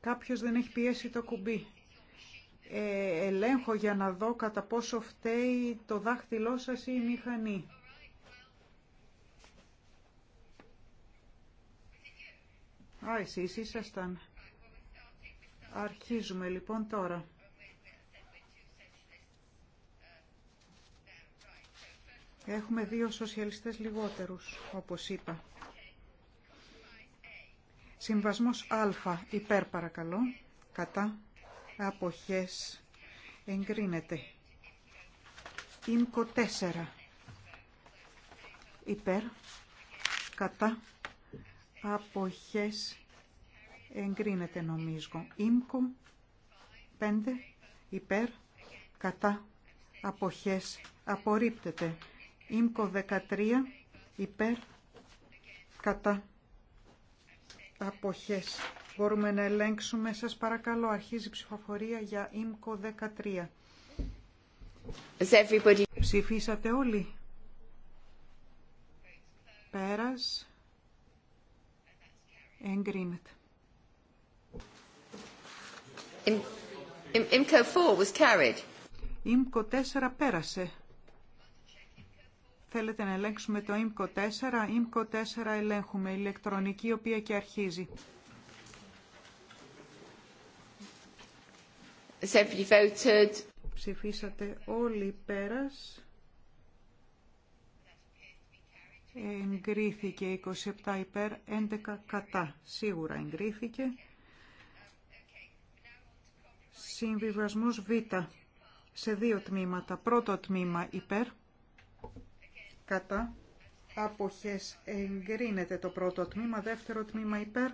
Κάποιος δεν έχει πιέσει το κουμπί. Ε, ελέγχω για να δω κατά πόσο φταίει το δάχτυλό σας ή η μηχανή. Α, εσείς ήσασταν. Αρχίζουμε λοιπόν τώρα. Έχουμε δύο σοσιαλιστές λιγότερους, όπως είπα. Συμβασμός Α, υπέρ παρακαλώ, κατά αποχές εγκρίνεται. Ήμκο 4 υπέρ κατά αποχές εγκρίνεται νομίζω. Ήμκο 5 υπέρ κατά αποχές απορρίπτεται. Ήμκο 13 υπέρ κατά αποχές μπορούμε να ελέγξουμε. Σας παρακαλώ, αρχίζει η ψηφοφορία για ΙΜΚΟ 13. Everybody... Ψηφίσατε όλοι. Πέρας. Εγκρίνεται. ΙΜΚΟ 4 was carried. Ίμκο 4 πέρασε. Θέλετε να ελέγξουμε το ΙΜΚΟ 4. ΙΜΚΟ 4 ελέγχουμε ηλεκτρονική, η οποία και αρχίζει. Ψηφίσατε όλοι πέρας. Εγκρίθηκε 27 υπέρ, 11 κατά. Σίγουρα εγκρίθηκε. Συμβιβασμός Β σε δύο τμήματα. Πρώτο τμήμα υπέρ, κατά. Αποχές εγκρίνεται το πρώτο τμήμα. Δεύτερο τμήμα υπέρ,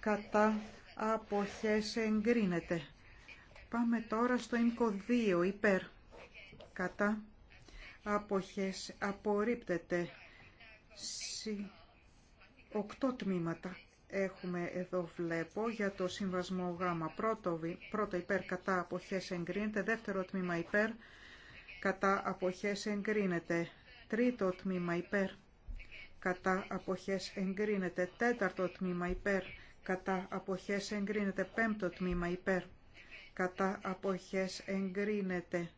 κατά. Αποχές εγκρίνεται. Πάμε τώρα στο ΙΜΚΟ 2, υπέρ, κατά, αποχές, απορρίπτεται. Συ... Οκτώ τμήματα έχουμε εδώ βλέπω για το συμβασμό Γ. Πρώτο, πρώτο υπέρ κατά αποχές εγκρίνεται, δεύτερο τμήμα υπέρ κατά αποχές εγκρίνεται, τρίτο τμήμα υπέρ κατά αποχές εγκρίνεται, τέταρτο τμήμα υπέρ κατά αποχές εγκρίνεται, πέμπτο τμήμα υπέρ κατά αποχές εγκρίνεται.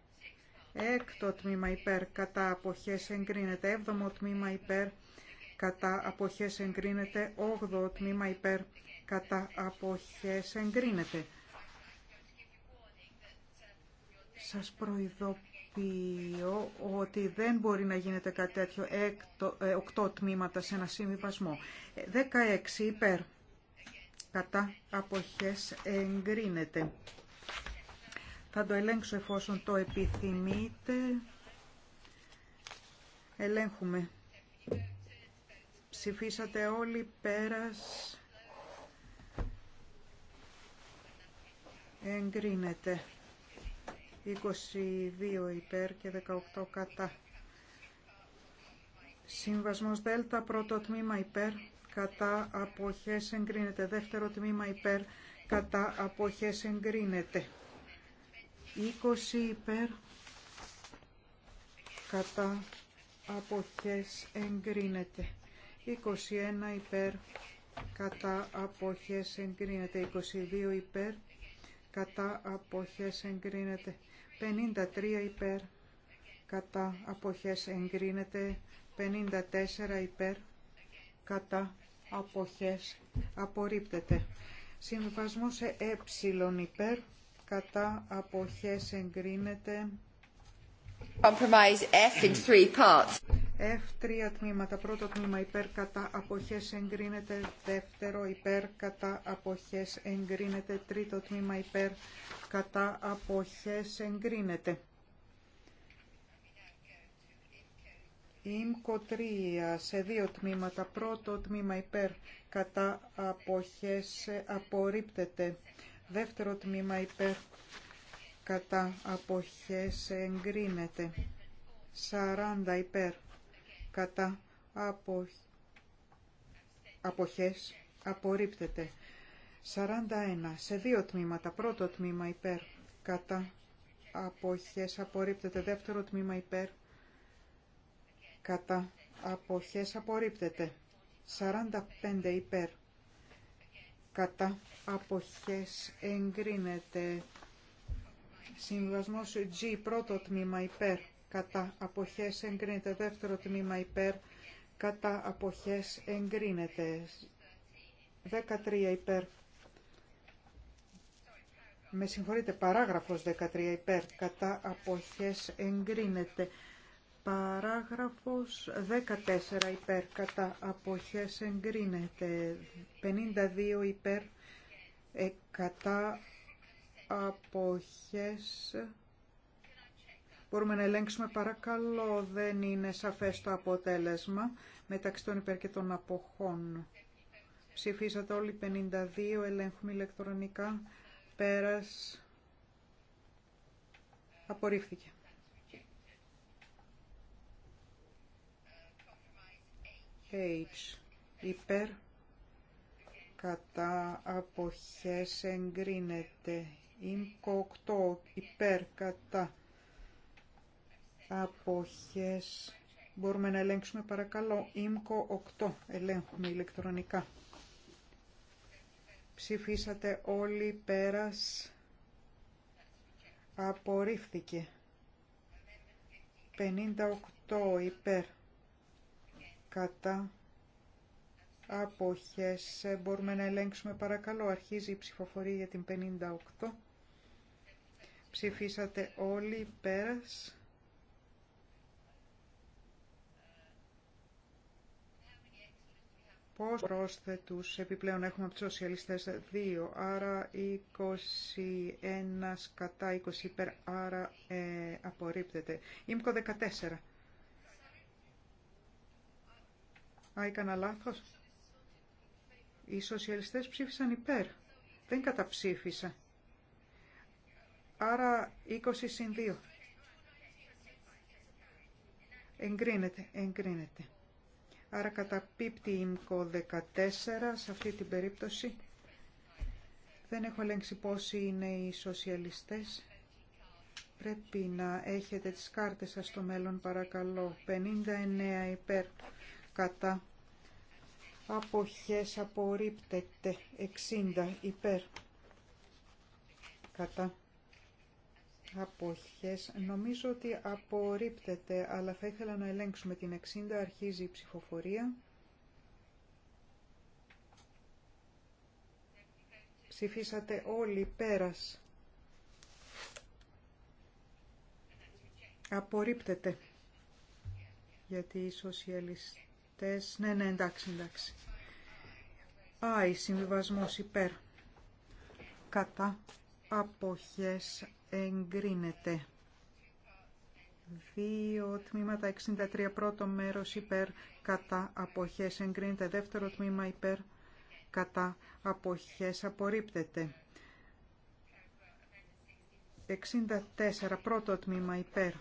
Έκτο τμήμα υπέρ κατά αποχές εγκρίνεται. Έβδομο τμήμα υπέρ κατά αποχές εγκρίνεται. Όγδο τμήμα υπέρ κατά αποχές εγκρίνεται. Σας προειδοποιώ ότι δεν μπορεί να γίνεται κάτι τέτοιο έκτο, ε, οκτώ τμήματα σε ένα συμβιβασμό. 16 ε, υπέρ κατά αποχές εγκρίνεται. Θα το ελέγξω εφόσον το επιθυμείτε. Ελέγχουμε. Ψηφίσατε όλοι πέρας. Εγκρίνεται. 22 υπέρ και 18 κατά. Συμβασμός Δέλτα, πρώτο τμήμα υπέρ, κατά αποχές εγκρίνεται. Δεύτερο τμήμα υπέρ, κατά αποχές εγκρίνεται. 20 υπέρ κατά αποχές εγκρίνεται 21 υπέρ κατά αποχές εγκρίνεται 22 υπέρ κατά αποχές εγκρίνεται 53 υπέρ κατά αποχές εγκρίνεται 54 υπέρ κατά αποχές απορρίπτεται σε ε υπέρ κατά αποχές εγκρίνεται. Compromise F in τρία τμήματα. Πρώτο τμήμα υπέρ κατά αποχές εγκρίνεται. Δεύτερο υπέρ κατά αποχές εγκρίνεται. Τρίτο τμήμα υπέρ κατά αποχές εγκρίνεται. Ήμκο 3 σε δύο τμήματα. Πρώτο τμήμα υπέρ κατά αποχές απορρίπτεται. Δεύτερο τμήμα υπέρ κατά αποχές εγκρίνεται. 40 υπέρ κατά απο... αποχές απορρίπτεται. 41 σε δύο τμήματα. Πρώτο τμήμα υπέρ κατά αποχές απορρίπτεται. Δεύτερο τμήμα υπέρ κατά αποχές απορρίπτεται. 45 υπέρ κατά αποχές εγκρίνεται. Συμβασμός G, πρώτο τμήμα υπέρ, κατά αποχές εγκρίνεται. Δεύτερο τμήμα υπέρ, κατά αποχές εγκρίνεται. 13 υπέρ. Με συγχωρείτε, παράγραφος 13 υπέρ, κατά αποχές εγκρίνεται. Παράγραφος 14 υπέρ κατά αποχές εγκρίνεται. 52 υπέρ ε, κατά αποχές. Μπορούμε να ελέγξουμε παρακαλώ. Δεν είναι σαφές το αποτέλεσμα μεταξύ των υπέρ και των αποχών. Ψηφίσατε όλοι 52. Ελέγχουμε ηλεκτρονικά. Πέρας. Απορρίφθηκε. H υπέρ κατά αποχές εγκρίνεται ΙΜΚΟ 8 υπέρ κατά αποχές μπορούμε να ελέγξουμε παρακαλώ ΙΜΚΟ 8 ελέγχουμε ηλεκτρονικά ψηφίσατε όλοι πέρας απορρίφθηκε 58 υπέρ κατά αποχές ε, μπορούμε να ελέγξουμε παρακαλώ αρχίζει η ψηφοφορία για την 58 ψηφίσατε όλοι πέρας Πώς πρόσθετους επιπλέον έχουμε από τους σοσιαλιστές 2, άρα 21 κατά 20 υπέρ, άρα ε, απορρίπτεται. Ήμκο 14 Α, έκανα λάθος. Οι σοσιαλιστές ψήφισαν υπέρ. Δεν καταψήφισα. Άρα 20 συν 2. Εγκρίνεται, εγκρίνεται. Άρα καταπίπτει η ΜΚΟ 14 σε αυτή την περίπτωση. Δεν έχω ελέγξει πόσοι είναι οι σοσιαλιστές. Πρέπει να έχετε τις κάρτες σας στο μέλλον παρακαλώ. 59 υπέρ κατά αποχές απορρίπτεται 60 υπέρ κατά αποχές νομίζω ότι απορρίπτεται αλλά θα ήθελα να ελέγξουμε την 60 αρχίζει η ψηφοφορία ψηφίσατε όλοι πέρας απορρίπτεται γιατί οι σοσιαλιστές αυτές. Ναι, ναι, εντάξει, εντάξει. Α, συμβιβασμό υπέρ. Κατά αποχές εγκρίνεται. Δύο τμήματα, 63 πρώτο μέρος υπέρ, κατά αποχές εγκρίνεται. Δεύτερο τμήμα υπέρ, κατά αποχές απορρίπτεται. 64 πρώτο τμήμα υπέρ,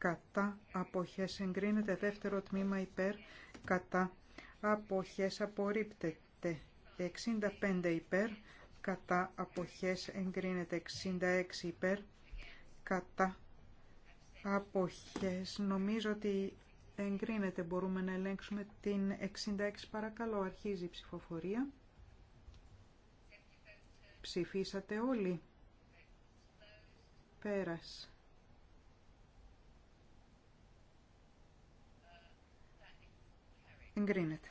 κατά αποχές εγκρίνεται, δεύτερο τμήμα υπέρ κατά αποχές απορρίπτεται, 65 υπέρ κατά αποχές εγκρίνεται, 66 υπέρ κατά αποχές. Νομίζω ότι εγκρίνεται, μπορούμε να ελέγξουμε την 66 παρακαλώ, αρχίζει η ψηφοφορία. Ψηφίσατε όλοι. Πέρας. Εγκρίνεται.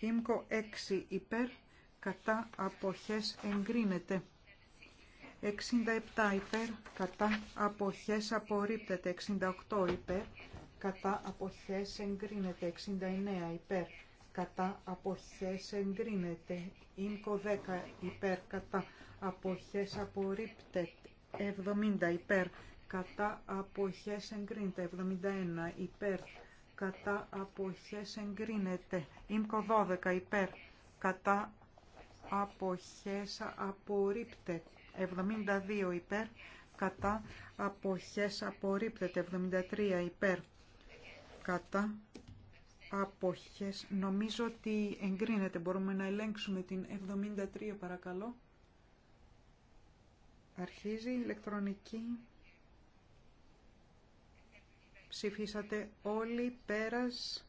Ήμκο 6 υπέρ κατά αποχές εγκρίνεται. 67 υπέρ κατά αποχές απορρίπτεται. 68 υπέρ κατά αποχές εγκρίνεται. 69 υπέρ κατά αποχές εγκρίνεται. Ήμκο 10 υπέρ κατά αποχές απορρίπτεται. 70 υπέρ κατά αποχές εγκρίνεται. 71 υπέρ κατά αποχές εγκρίνεται. Ήμκο 12 υπέρ κατά αποχές απορρίπτεται. 72 υπέρ κατά αποχές απορρίπτεται. 73 υπέρ κατά αποχές. Νομίζω ότι εγκρίνεται. Μπορούμε να ελέγξουμε την 73 παρακαλώ. Αρχίζει η ηλεκτρονική Ψηφίσατε όλοι πέρας.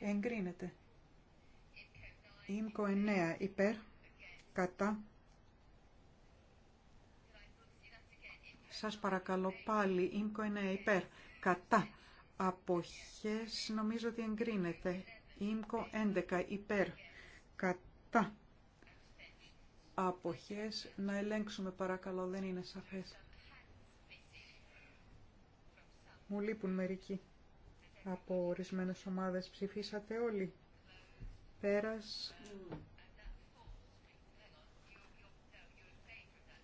Εγκρίνεται. Ήμκο 9 υπέρ. Κατά. Σας παρακαλώ πάλι. Ήμκο 9 υπέρ. Κατά. Αποχές νομίζω ότι εγκρίνεται. Ήμκο 11 υπέρ. Κατά. Αποχές να ελέγξουμε παρακαλώ. Δεν είναι σαφές. Μου λείπουν μερικοί από ορισμένε ομάδες. Ψηφίσατε όλοι. Πέρας.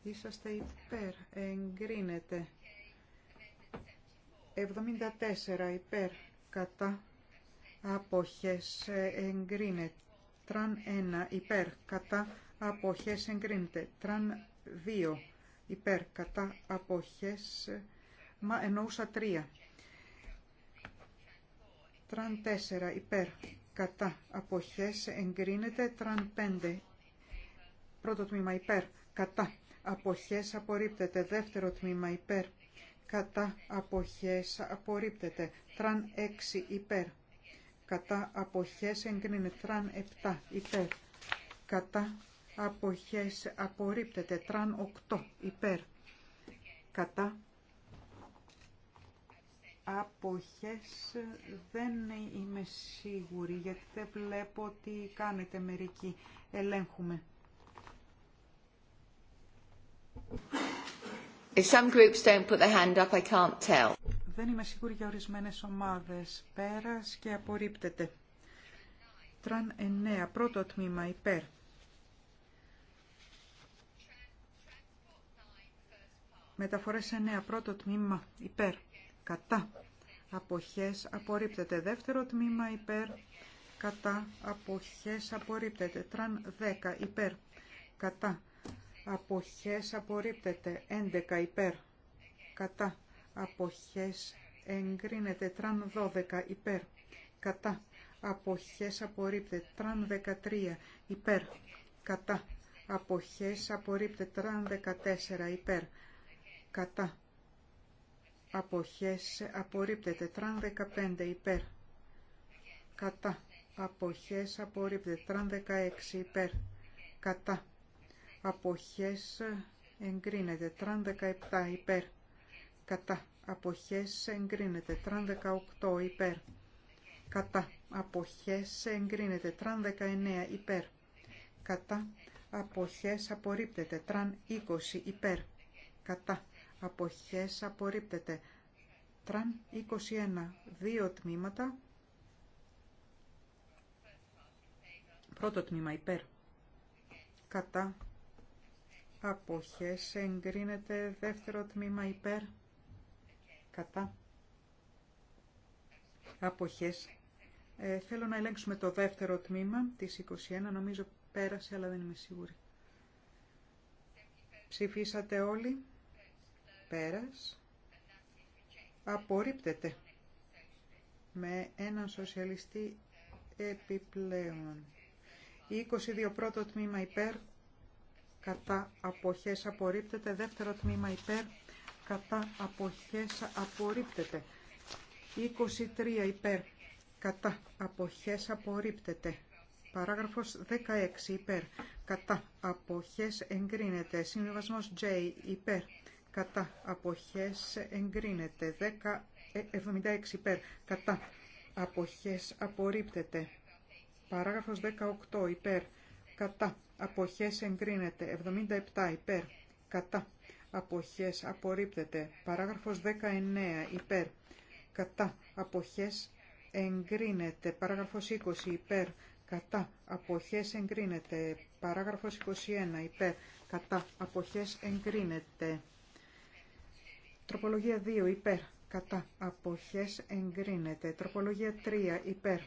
Είσαστε υπέρ. Εγκρίνεται. 74 ε, υπέρ. Κατά. Αποχές. Εγκρίνεται. Τραν 1 υπέρ. Κατά. Αποχές. Εγκρίνεται. Τραν 2 υπέρ. Κατά. Αποχές. Μα εννοούσα τρία. Τραν τέσσερα, υπέρ κατά αποχές εγκρίνεται. Τραν πέντε. πρώτο τμήμα υπέρ κατά αποχές απορρίπτεται. Δεύτερο τμήμα υπέρ κατά αποχές απορρίπτεται. Τραν εξι υπέρ κατά αποχές εγκρίνεται. Τραν επτά υπέρ κατά αποχές απορρίπτεται. Τραν οκτώ υπέρ κατά αποχές δεν είμαι σίγουρη γιατί δεν βλέπω ότι κάνετε μερικοί. Ελέγχουμε. groups put their hand up, I can't tell. Δεν είμαι σίγουρη για ορισμένες ομάδες. Πέρας και απορρίπτεται. Τραν 9, πρώτο τμήμα, υπέρ. Μεταφορές 9, πρώτο τμήμα, υπέρ κατά αποχές απορρίπτεται. Δεύτερο τμήμα υπέρ κατά αποχές απορρίπτεται. Τραν 10 υπέρ κατά αποχές απορρίπτεται. 11 υπέρ κατά αποχές εγκρίνεται. Τραν 12 υπέρ κατά αποχές απορρίπτεται. Τραν 13 υπέρ κατά αποχές απορρίπτεται. Τραν 14 υπέρ κατά αποχές απορρίπτεται. Τραν 15 υπέρ. Κατά. Αποχές απορρίπτεται. Τραν 16 υπέρ. Κατά. Αποχές εγκρίνεται. Τραν 17 υπέρ. Κατά. Αποχές εγκρίνεται. Τραν 18 υπέρ. Κατά. Αποχές εγκρίνεται. Τραν 19 υπέρ. Κατά. Αποχές απορρίπτεται. Τραν 20 υπέρ. Κατά αποχές απορρίπτεται. Τραν 21, δύο τμήματα. Πρώτο τμήμα υπέρ. Κατά. Αποχές εγκρίνεται δεύτερο τμήμα υπέρ. Κατά. Αποχές. Ε, θέλω να ελέγξουμε το δεύτερο τμήμα της 21. Νομίζω πέρασε αλλά δεν είμαι σίγουρη. Ψηφίσατε όλοι. Πέρας. Απορρίπτεται. Με έναν σοσιαλιστή επιπλέον. 22 πρώτο τμήμα υπέρ. Κατά αποχές απορρίπτεται. Δεύτερο τμήμα υπέρ. Κατά αποχές απορρίπτεται. 23 υπέρ. Κατά αποχές απορρίπτεται. Παράγραφος 16 υπέρ. Κατά αποχές εγκρίνεται. Συμβιβασμός J υπέρ κατά αποχές εγκρίνεται 10, 76 ε, υπέρ κατά αποχές απορρίπτεται παράγραφος 18 υπέρ κατά αποχές εγκρίνεται 77 υπέρ κατά αποχές απορρίπτεται παράγραφος 19 υπέρ κατά αποχές εγκρίνεται παράγραφος 20 υπέρ κατά αποχές εγκρίνεται παράγραφος 21 υπέρ κατά αποχές εγκρίνεται Τροπολογία 2 υπέρ κατά αποχές εγκρίνεται. Τροπολογία 3 υπέρ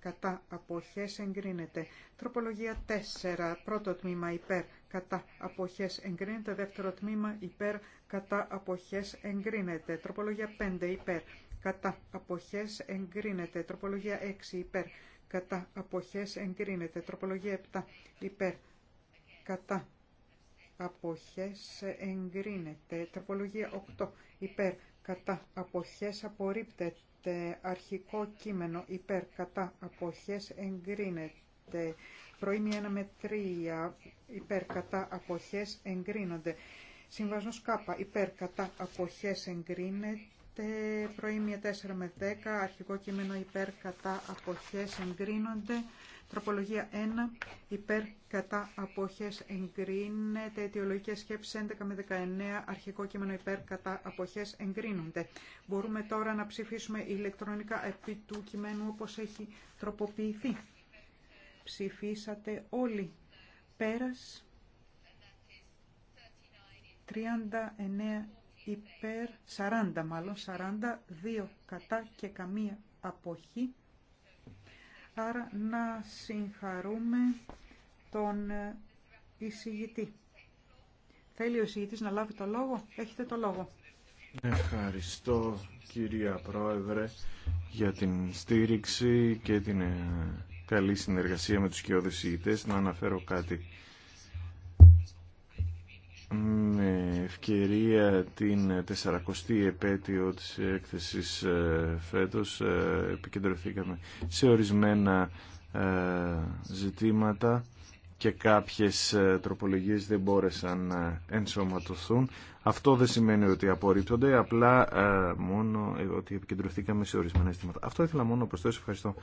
κατά αποχές εγκρίνεται. Τροπολογία 4 πρώτο τμήμα υπέρ κατά αποχές εγκρίνεται. Δεύτερο τμήμα υπέρ κατά αποχές εγκρίνεται. Τροπολογία 5 υπέρ κατά αποχές εγκρίνεται. Τροπολογία 6 υπέρ κατά αποχές εγκρίνεται. Τροπολογία 7 υπέρ κατά αποχές εγκρίνεται. Τροπολογία 8 υπέρ κατά αποχές απορρίπτεται. Αρχικό κείμενο υπέρ κατά αποχές εγκρίνεται. Προήμη 1 με 3 υπέρ κατά αποχές εγκρίνονται. Συμβασμός Κ υπέρ κατά αποχές εγκρίνεται. Προήμια 4 με 10 αρχικό κείμενο υπέρ κατά αποχές εγκρίνονται. Τροπολογία 1 υπέρ κατά αποχές εγκρίνεται. Αιτιολογικέ σκέψει 11 με 19 αρχικό κείμενο υπέρ κατά αποχές εγκρίνονται. Μπορούμε τώρα να ψηφίσουμε ηλεκτρονικά επί του κειμένου όπω έχει τροποποιηθεί. Ψηφίσατε όλοι. Πέρα. 39 υπέρ, 40 μάλλον, 42 κατά και καμία αποχή. Άρα να συγχαρούμε τον ε, εισηγητή. Θέλει ο εισηγητής να λάβει το λόγο. Έχετε το λόγο. Ευχαριστώ κυρία Πρόεδρε για την στήριξη και την ε, καλή συνεργασία με τους κοιόδες εισηγητές. Να αναφέρω κάτι με ευκαιρία την 40η επέτειο της έκθεσης ε, φέτος ε, επικεντρωθήκαμε σε ορισμένα ε, ζητήματα και κάποιες τροπολογίες δεν μπόρεσαν να ενσωματωθούν. Αυτό δεν σημαίνει ότι απορρίπτονται, απλά μόνο ότι επικεντρωθήκαμε σε ορισμένα ζητήματα. Αυτό ήθελα μόνο να προσθέσω. Ευχαριστώ.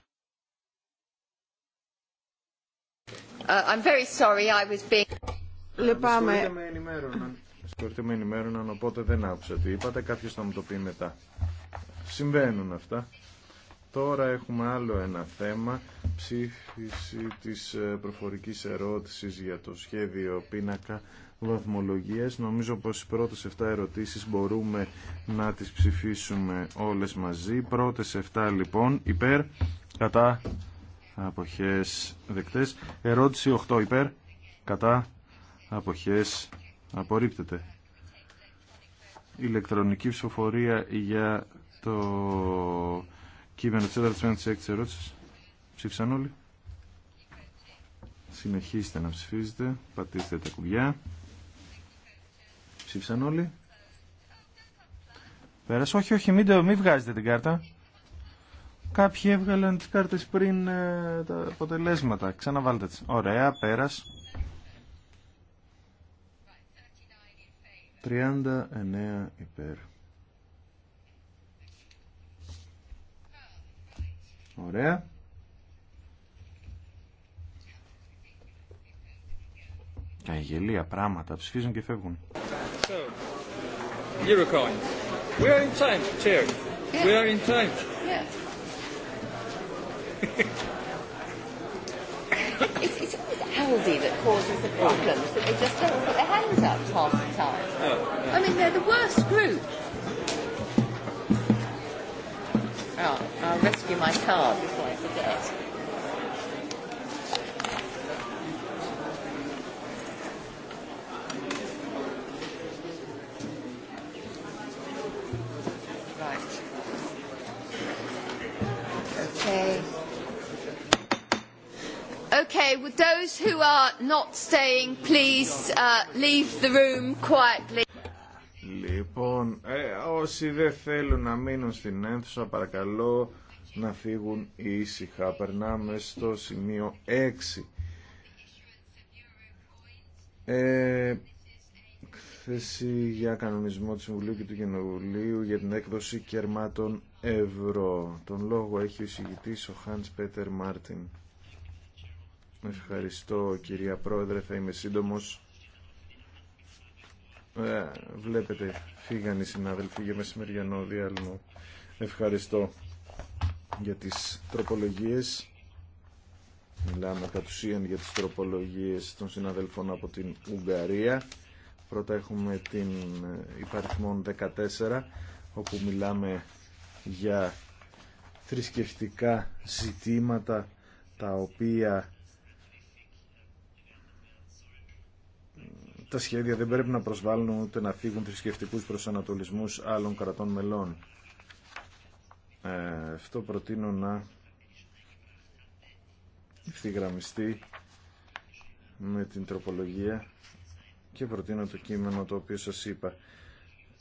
Uh, I'm very sorry I was being... Λεπάμε. Συγχωρείτε με ενημέρωναν. με ενημέρωναν, οπότε δεν άκουσα τι είπατε. Κάποιο θα μου το πει μετά. Συμβαίνουν αυτά. Τώρα έχουμε άλλο ένα θέμα, ψήφιση της ε, προφορικής ερώτησης για το σχέδιο πίνακα βαθμολογίες. Νομίζω πως οι πρώτες 7 ερωτήσεις μπορούμε να τις ψηφίσουμε όλες μαζί. Πρώτες 7 λοιπόν, υπέρ, κατά, αποχές δεκτές. Ερώτηση 8 υπέρ, κατά, αποχές απορρίπτεται. Ηλεκτρονική ψηφοφορία για το κείμενο της έδρας της έκτης ερώτησης. Ψήφισαν όλοι. Συνεχίστε να ψηφίζετε. Πατήστε τα κουμπιά. Ψήφισαν όλοι. Πέρασε. Όχι, όχι, μην, το, μην βγάζετε την κάρτα. Κάποιοι έβγαλαν τις κάρτες πριν ε, τα αποτελέσματα. Ξαναβάλτε τις. Ωραία, πέρας. 39 υπέρ. Ωραία. Τα γελία πράγματα ψηφίζουν και φεύγουν. So, it's, it's always Aldi that causes the problems that they just don't put their hands up half the time. I mean, they're the worst group. Oh, I'll rescue my car before I forget. Okay, those who are not staying, please uh, leave the room quietly. Λοιπόν, ε, όσοι δεν θέλουν να μείνουν στην αίθουσα, παρακαλώ να φύγουν ήσυχα. Περνάμε στο σημείο 6. Ε, θέση για κανονισμό του Συμβουλίου και του Κοινοβουλίου για την έκδοση κερμάτων ευρώ. Τον λόγο έχει ο εισηγητής ο Χάνς Πέτερ Μάρτιν. Ευχαριστώ κυρία Πρόεδρε, θα είμαι σύντομος. Ε, βλέπετε, φύγαν οι συνάδελφοι για μεσημεριανό διάλειμμα. Ευχαριστώ για τις τροπολογίες. Μιλάμε κατ' ουσίαν για τις τροπολογίες των συναδέλφων από την Ουγγαρία. Πρώτα έχουμε την υπαριθμόν 14, όπου μιλάμε για θρησκευτικά ζητήματα τα οποία τα σχέδια δεν πρέπει να προσβάλλουν ούτε να φύγουν θρησκευτικού προσανατολισμού άλλων κρατών μελών. Ε, αυτό προτείνω να ευθυγραμμιστεί με την τροπολογία και προτείνω το κείμενο το οποίο σας είπα.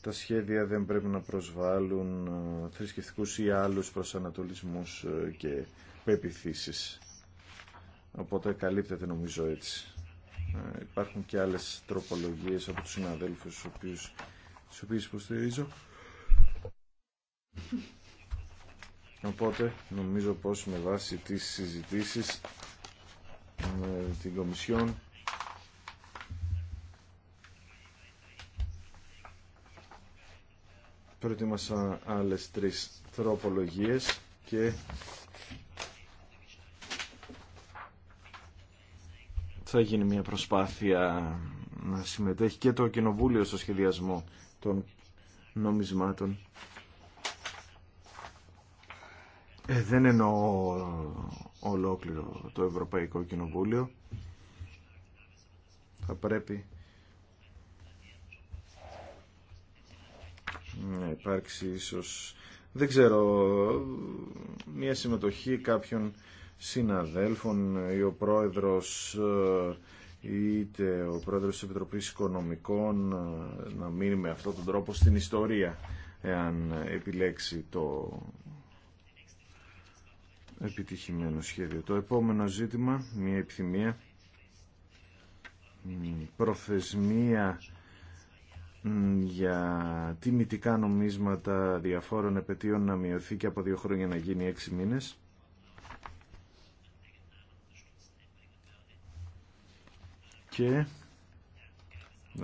Τα σχέδια δεν πρέπει να προσβάλλουν ε, θρησκευτικούς ή άλλους προσανατολισμούς ε, και πεπιθήσεις. Οπότε καλύπτεται νομίζω έτσι. Ε, υπάρχουν και άλλες τροπολογίες από τους συναδέλφους στους οποίους, οποίους υποστηρίζω. Οπότε νομίζω πως με βάση τις συζητήσεις με την Κομισιόν προετοίμασα άλλες τρεις τροπολογίες και θα γίνει μια προσπάθεια να συμμετέχει και το Κοινοβούλιο στο σχεδιασμό των νομισμάτων. Ε, δεν εννοώ ολόκληρο το Ευρωπαϊκό Κοινοβούλιο. Θα πρέπει να υπάρξει ίσως, δεν ξέρω, μια συμμετοχή κάποιων συναδέλφων ε, ή ο πρόεδρος ε, είτε ο πρόεδρος της Επιτροπής Οικονομικών ε, να μείνει με αυτόν τον τρόπο στην ιστορία εάν επιλέξει το επιτυχημένο σχέδιο. Το επόμενο ζήτημα, μια επιθυμία, προθεσμία για τιμητικά νομίσματα διαφόρων επαιτίων να μειωθεί και από δύο χρόνια να γίνει έξι μήνες. και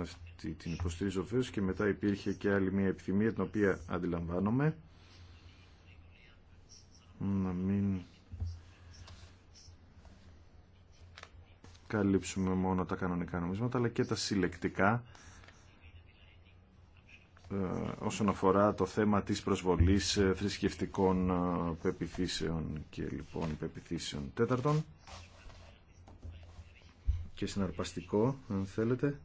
αυτή την υποστηρίζω και μετά υπήρχε και άλλη μια επιθυμία την οποία αντιλαμβάνομαι να μην καλύψουμε μόνο τα κανονικά νομίσματα αλλά και τα συλλεκτικά ε, όσον αφορά το θέμα της προσβολής ε, θρησκευτικών ε, πεπιθήσεων και λοιπόν πεπιθήσεων τέταρτων και συναρπαστικό, αν θέλετε,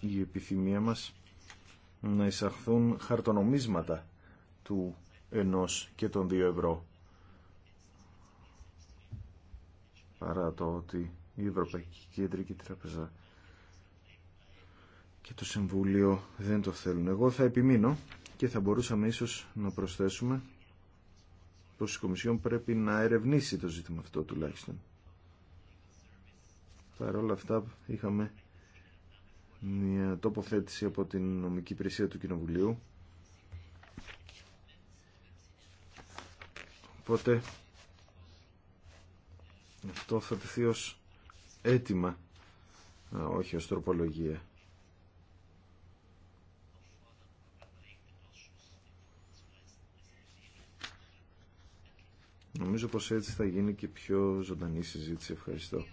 η επιθυμία μας να εισαχθούν χαρτονομίσματα του ενός και των δύο ευρώ. Παρά το ότι η Ευρωπαϊκή Κεντρική Τράπεζα και το Συμβούλιο δεν το θέλουν. Εγώ θα επιμείνω και θα μπορούσαμε ίσως να προσθέσουμε πως η Κομισιόν πρέπει να ερευνήσει το ζήτημα αυτό τουλάχιστον. Παρ' όλα αυτά είχαμε μια τοποθέτηση από την νομική υπηρεσία του Κοινοβουλίου. Οπότε αυτό θα τεθεί ως αίτημα, όχι ως τροπολογία. Νομίζω πως έτσι θα γίνει και πιο ζωντανή συζήτηση. Ευχαριστώ.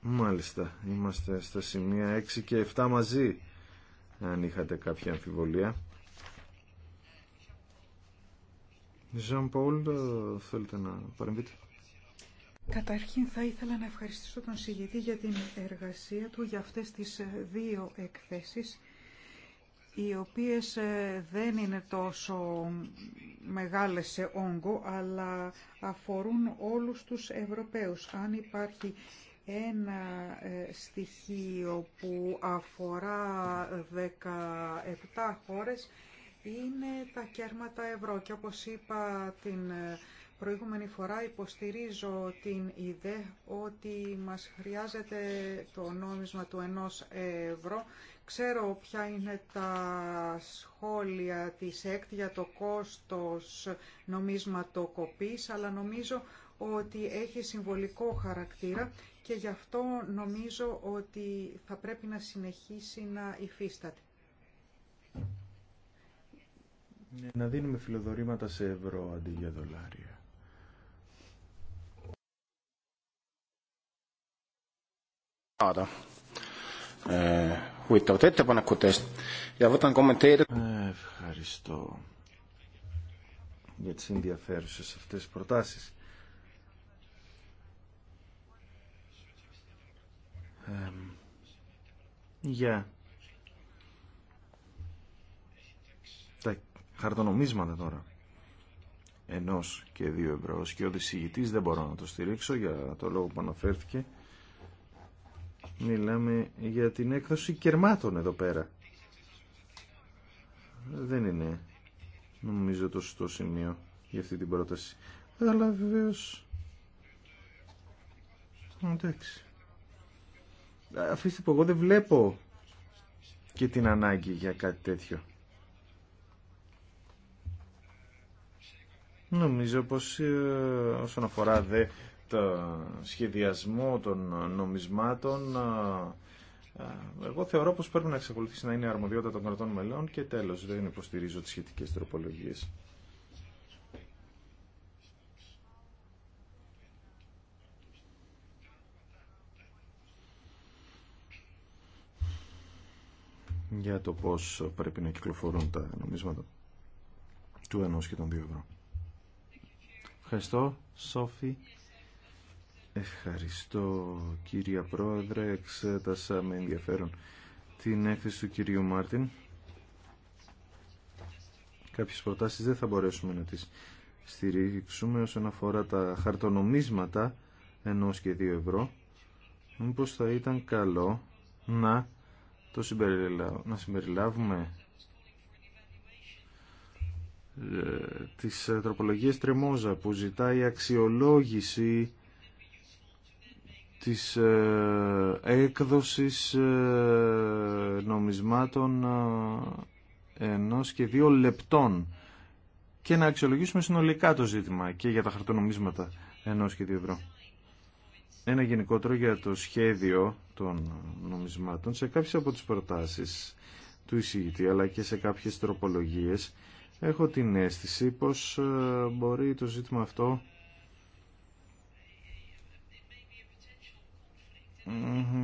Μάλιστα, είμαστε στα σημεία 6 και 7 μαζί, αν είχατε κάποια αμφιβολία. Ζαν Πολ, θέλετε να παρεμβείτε. Καταρχήν θα ήθελα να ευχαριστήσω τον συγητή για την εργασία του για αυτές τις δύο εκθέσεις οι οποίες ε, δεν είναι τόσο μεγάλες σε όγκο, αλλά αφορούν όλους τους Ευρωπαίους. Αν υπάρχει ένα ε, στοιχείο που αφορά 17 χώρες, είναι τα κέρματα ευρώ. Και όπως είπα την ε, προηγούμενη φορά, υποστηρίζω την ιδέα ότι μας χρειάζεται το νόμισμα του ενός ευρώ Ξέρω ποια είναι τα σχόλια της ΕΚΤ για το κόστος νομίσματοκοπής, αλλά νομίζω ότι έχει συμβολικό χαρακτήρα και γι' αυτό νομίζω ότι θα πρέπει να συνεχίσει να υφίσταται. Ναι, να δίνουμε φιλοδορήματα σε ευρώ αντί για δολάρια. Ε, ε, ευχαριστώ για τις ενδιαφέρουσες αυτές τις προτάσεις. για τα χαρτονομίσματα τώρα ενός και δύο ευρώ. Ο δεν μπορώ να το στηρίξω για το λόγο που αναφέρθηκε Μιλάμε για την έκδοση κερμάτων εδώ πέρα. Δεν είναι νομίζω το σωστό σημείο για αυτή την πρόταση. Αλλά βεβαίω. Εντάξει. Αφήστε που εγώ δεν βλέπω και την ανάγκη για κάτι τέτοιο. Νομίζω πως ε, όσον αφορά δε το σχεδιασμό των νομισμάτων εγώ θεωρώ πως πρέπει να εξακολουθήσει να είναι αρμοδιότητα των κρατών μελών και τέλος δεν υποστηρίζω τις σχετικές τροπολογίες. για το πώς πρέπει να κυκλοφορούν τα νομίσματα του ενός και των δύο ευρώ. Ευχαριστώ, Σόφη Ευχαριστώ κύριε Πρόεδρε. Εξέτασα με ενδιαφέρον την έκθεση του κυρίου Μάρτιν. Κάποιες προτάσεις δεν θα μπορέσουμε να τις στηρίξουμε όσον αφορά τα χαρτονομίσματα ενός και δύο ευρώ. Μήπως θα ήταν καλό να το συμπεριλα... να συμπεριλάβουμε ε, τις ε, τροπολογίες Τρεμόζα που ζητάει αξιολόγηση της ε, έκδοσης ε, νομισμάτων ε, ενός και δύο λεπτών και να αξιολογήσουμε συνολικά το ζήτημα και για τα χαρτονομίσματα ενός και δύο ευρώ. Ένα γενικότερο για το σχέδιο των νομισμάτων σε κάποιες από τις προτάσεις του εισηγητή αλλά και σε κάποιες τροπολογίες έχω την αίσθηση πως μπορεί το ζήτημα αυτό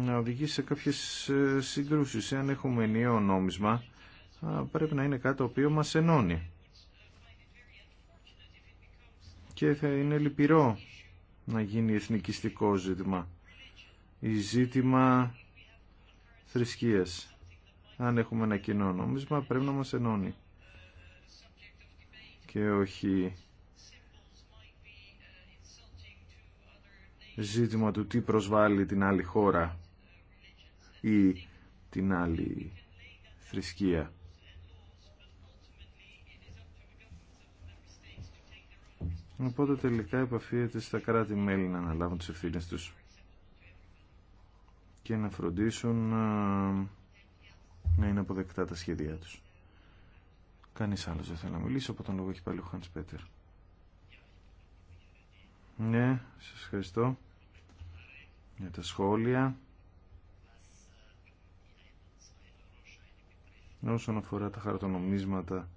να οδηγήσει σε κάποιες ε, συγκρούσεις. Αν έχουμε ενιαίο νόμισμα, πρέπει να είναι κάτι το οποίο μας ενώνει. Και θα είναι λυπηρό να γίνει εθνικιστικό ζήτημα. Η ζήτημα θρησκείας. Αν έχουμε ένα κοινό νόμισμα, πρέπει να μας ενώνει. Και όχι ζήτημα του τι προσβάλλει την άλλη χώρα ή την άλλη θρησκεία. Οπότε τελικά επαφίεται στα κράτη-μέλη να αναλάβουν τις ευθύνες τους και να φροντίσουν να είναι αποδεκτά τα σχέδιά τους. Κανείς άλλος δεν θέλει να μιλήσει, από τον λόγο έχει πάλι ο Χάνς Πέτερ. Ναι, σας ευχαριστώ για τα σχόλια. Όσον αφορά τα χαρτονομίσματα,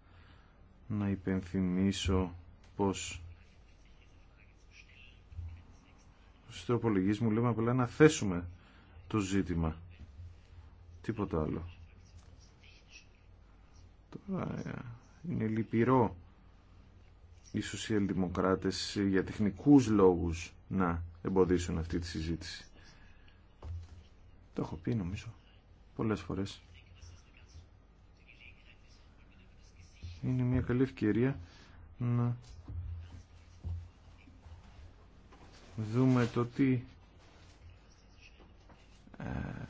να υπενθυμίσω πως στους τροπολογίες μου λέμε απλά να θέσουμε το ζήτημα. Τίποτα άλλο. Τώρα ε, είναι λυπηρό οι σοσιαλδημοκράτες για τεχνικούς λόγους να εμποδίσουν αυτή τη συζήτηση. Το έχω πει νομίζω πολλές φορές. Είναι μια καλή ευκαιρία να δούμε το τι ε,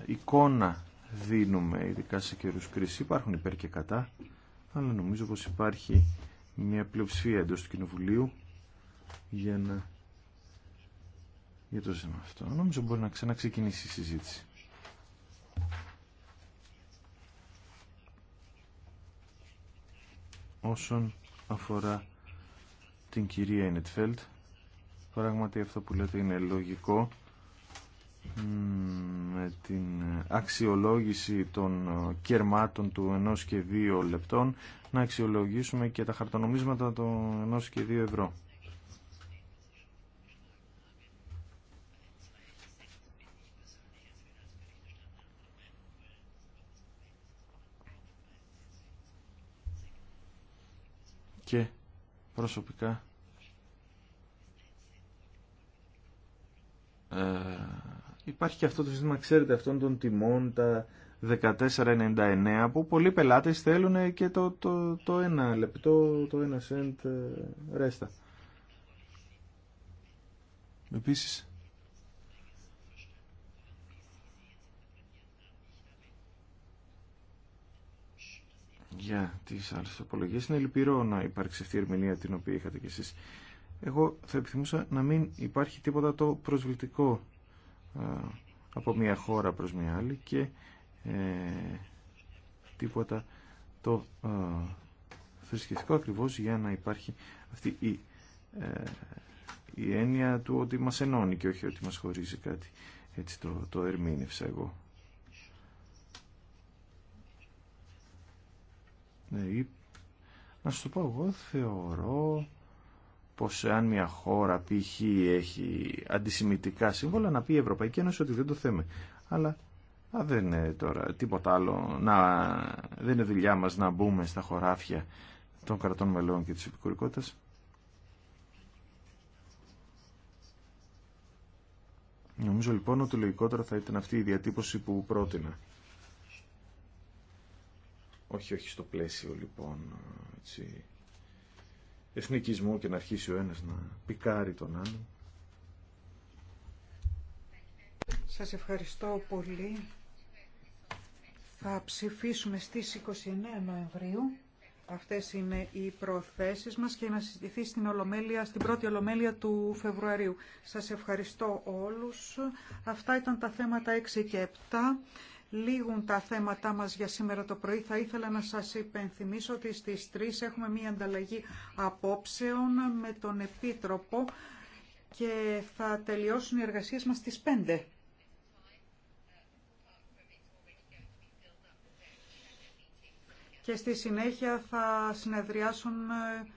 εικόνα δίνουμε ειδικά σε καιρούς Κρίση. Υπάρχουν υπέρ και κατά, αλλά νομίζω πως υπάρχει μια πλειοψηφία εντός του Κοινοβουλίου για, να... για το ζήτημα αυτό. Νομίζω μπορεί να ξαναξεκινήσει η συζήτηση. όσον αφορά την κυρία Ενετφέλτ πράγματι αυτό που λέτε είναι λογικό με την αξιολόγηση των ε, κερμάτων του ενός και δύο λεπτών να αξιολογήσουμε και τα χαρτονομίσματα του ενός και δύο ευρώ και προσωπικά ε, υπάρχει και αυτό το σύστημα, ξέρετε, αυτών των τιμών, τα 14,99 που πολλοί πελάτες θέλουν και το, το, το ένα λεπτό, το ένα σεντ ρέστα. Επίσης, για τι άλλε απολογίες. Είναι λυπηρό να υπάρξει αυτή η ερμηνεία την οποία είχατε κι εσεί. Εγώ θα επιθυμούσα να μην υπάρχει τίποτα το προσβλητικό από μια χώρα προ μια άλλη και ε, τίποτα το θρησκευτικό ακριβώ για να υπάρχει αυτή η, ε, έννοια του ότι μα ενώνει και όχι ότι μα χωρίζει κάτι. Έτσι το, το ερμήνευσα εγώ. Ναι, να σου το πω εγώ θεωρώ πως αν μια χώρα π.χ. έχει αντισημιτικά σύμβολα να πει η Ευρωπαϊκή Ένωση ότι δεν το θέμε. Αλλά α, δεν είναι τώρα τίποτα άλλο. Να, δεν είναι δουλειά μας να μπούμε στα χωράφια των κρατών μελών και της επικουρικότητας. Νομίζω λοιπόν ότι λογικότερα θα ήταν αυτή η διατύπωση που πρότεινα. Όχι, όχι στο πλαίσιο λοιπόν έτσι, εθνικισμού και να αρχίσει ο ένας να πικάρει τον άλλον. Σας ευχαριστώ πολύ. Θα ψηφίσουμε στις 29 Νοεμβρίου. Αυτές είναι οι προθέσεις μας και να συζητηθεί στην, ολομέλεια, στην πρώτη Ολομέλεια του Φεβρουαρίου. Σας ευχαριστώ όλους. Αυτά ήταν τα θέματα 6 και 7. Λίγουν τα θέματά μας για σήμερα το πρωί. Θα ήθελα να σας υπενθυμίσω ότι στις 3 έχουμε μία ανταλλαγή απόψεων με τον Επίτροπο και θα τελειώσουν οι εργασίες μας στις 5. Και στη συνέχεια θα συνεδριάσουν ε,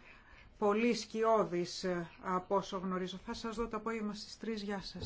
πολλοί σκιώδεις ε, από όσο γνωρίζω. Θα σας δω το απόγευμα στις 3. Γεια σας.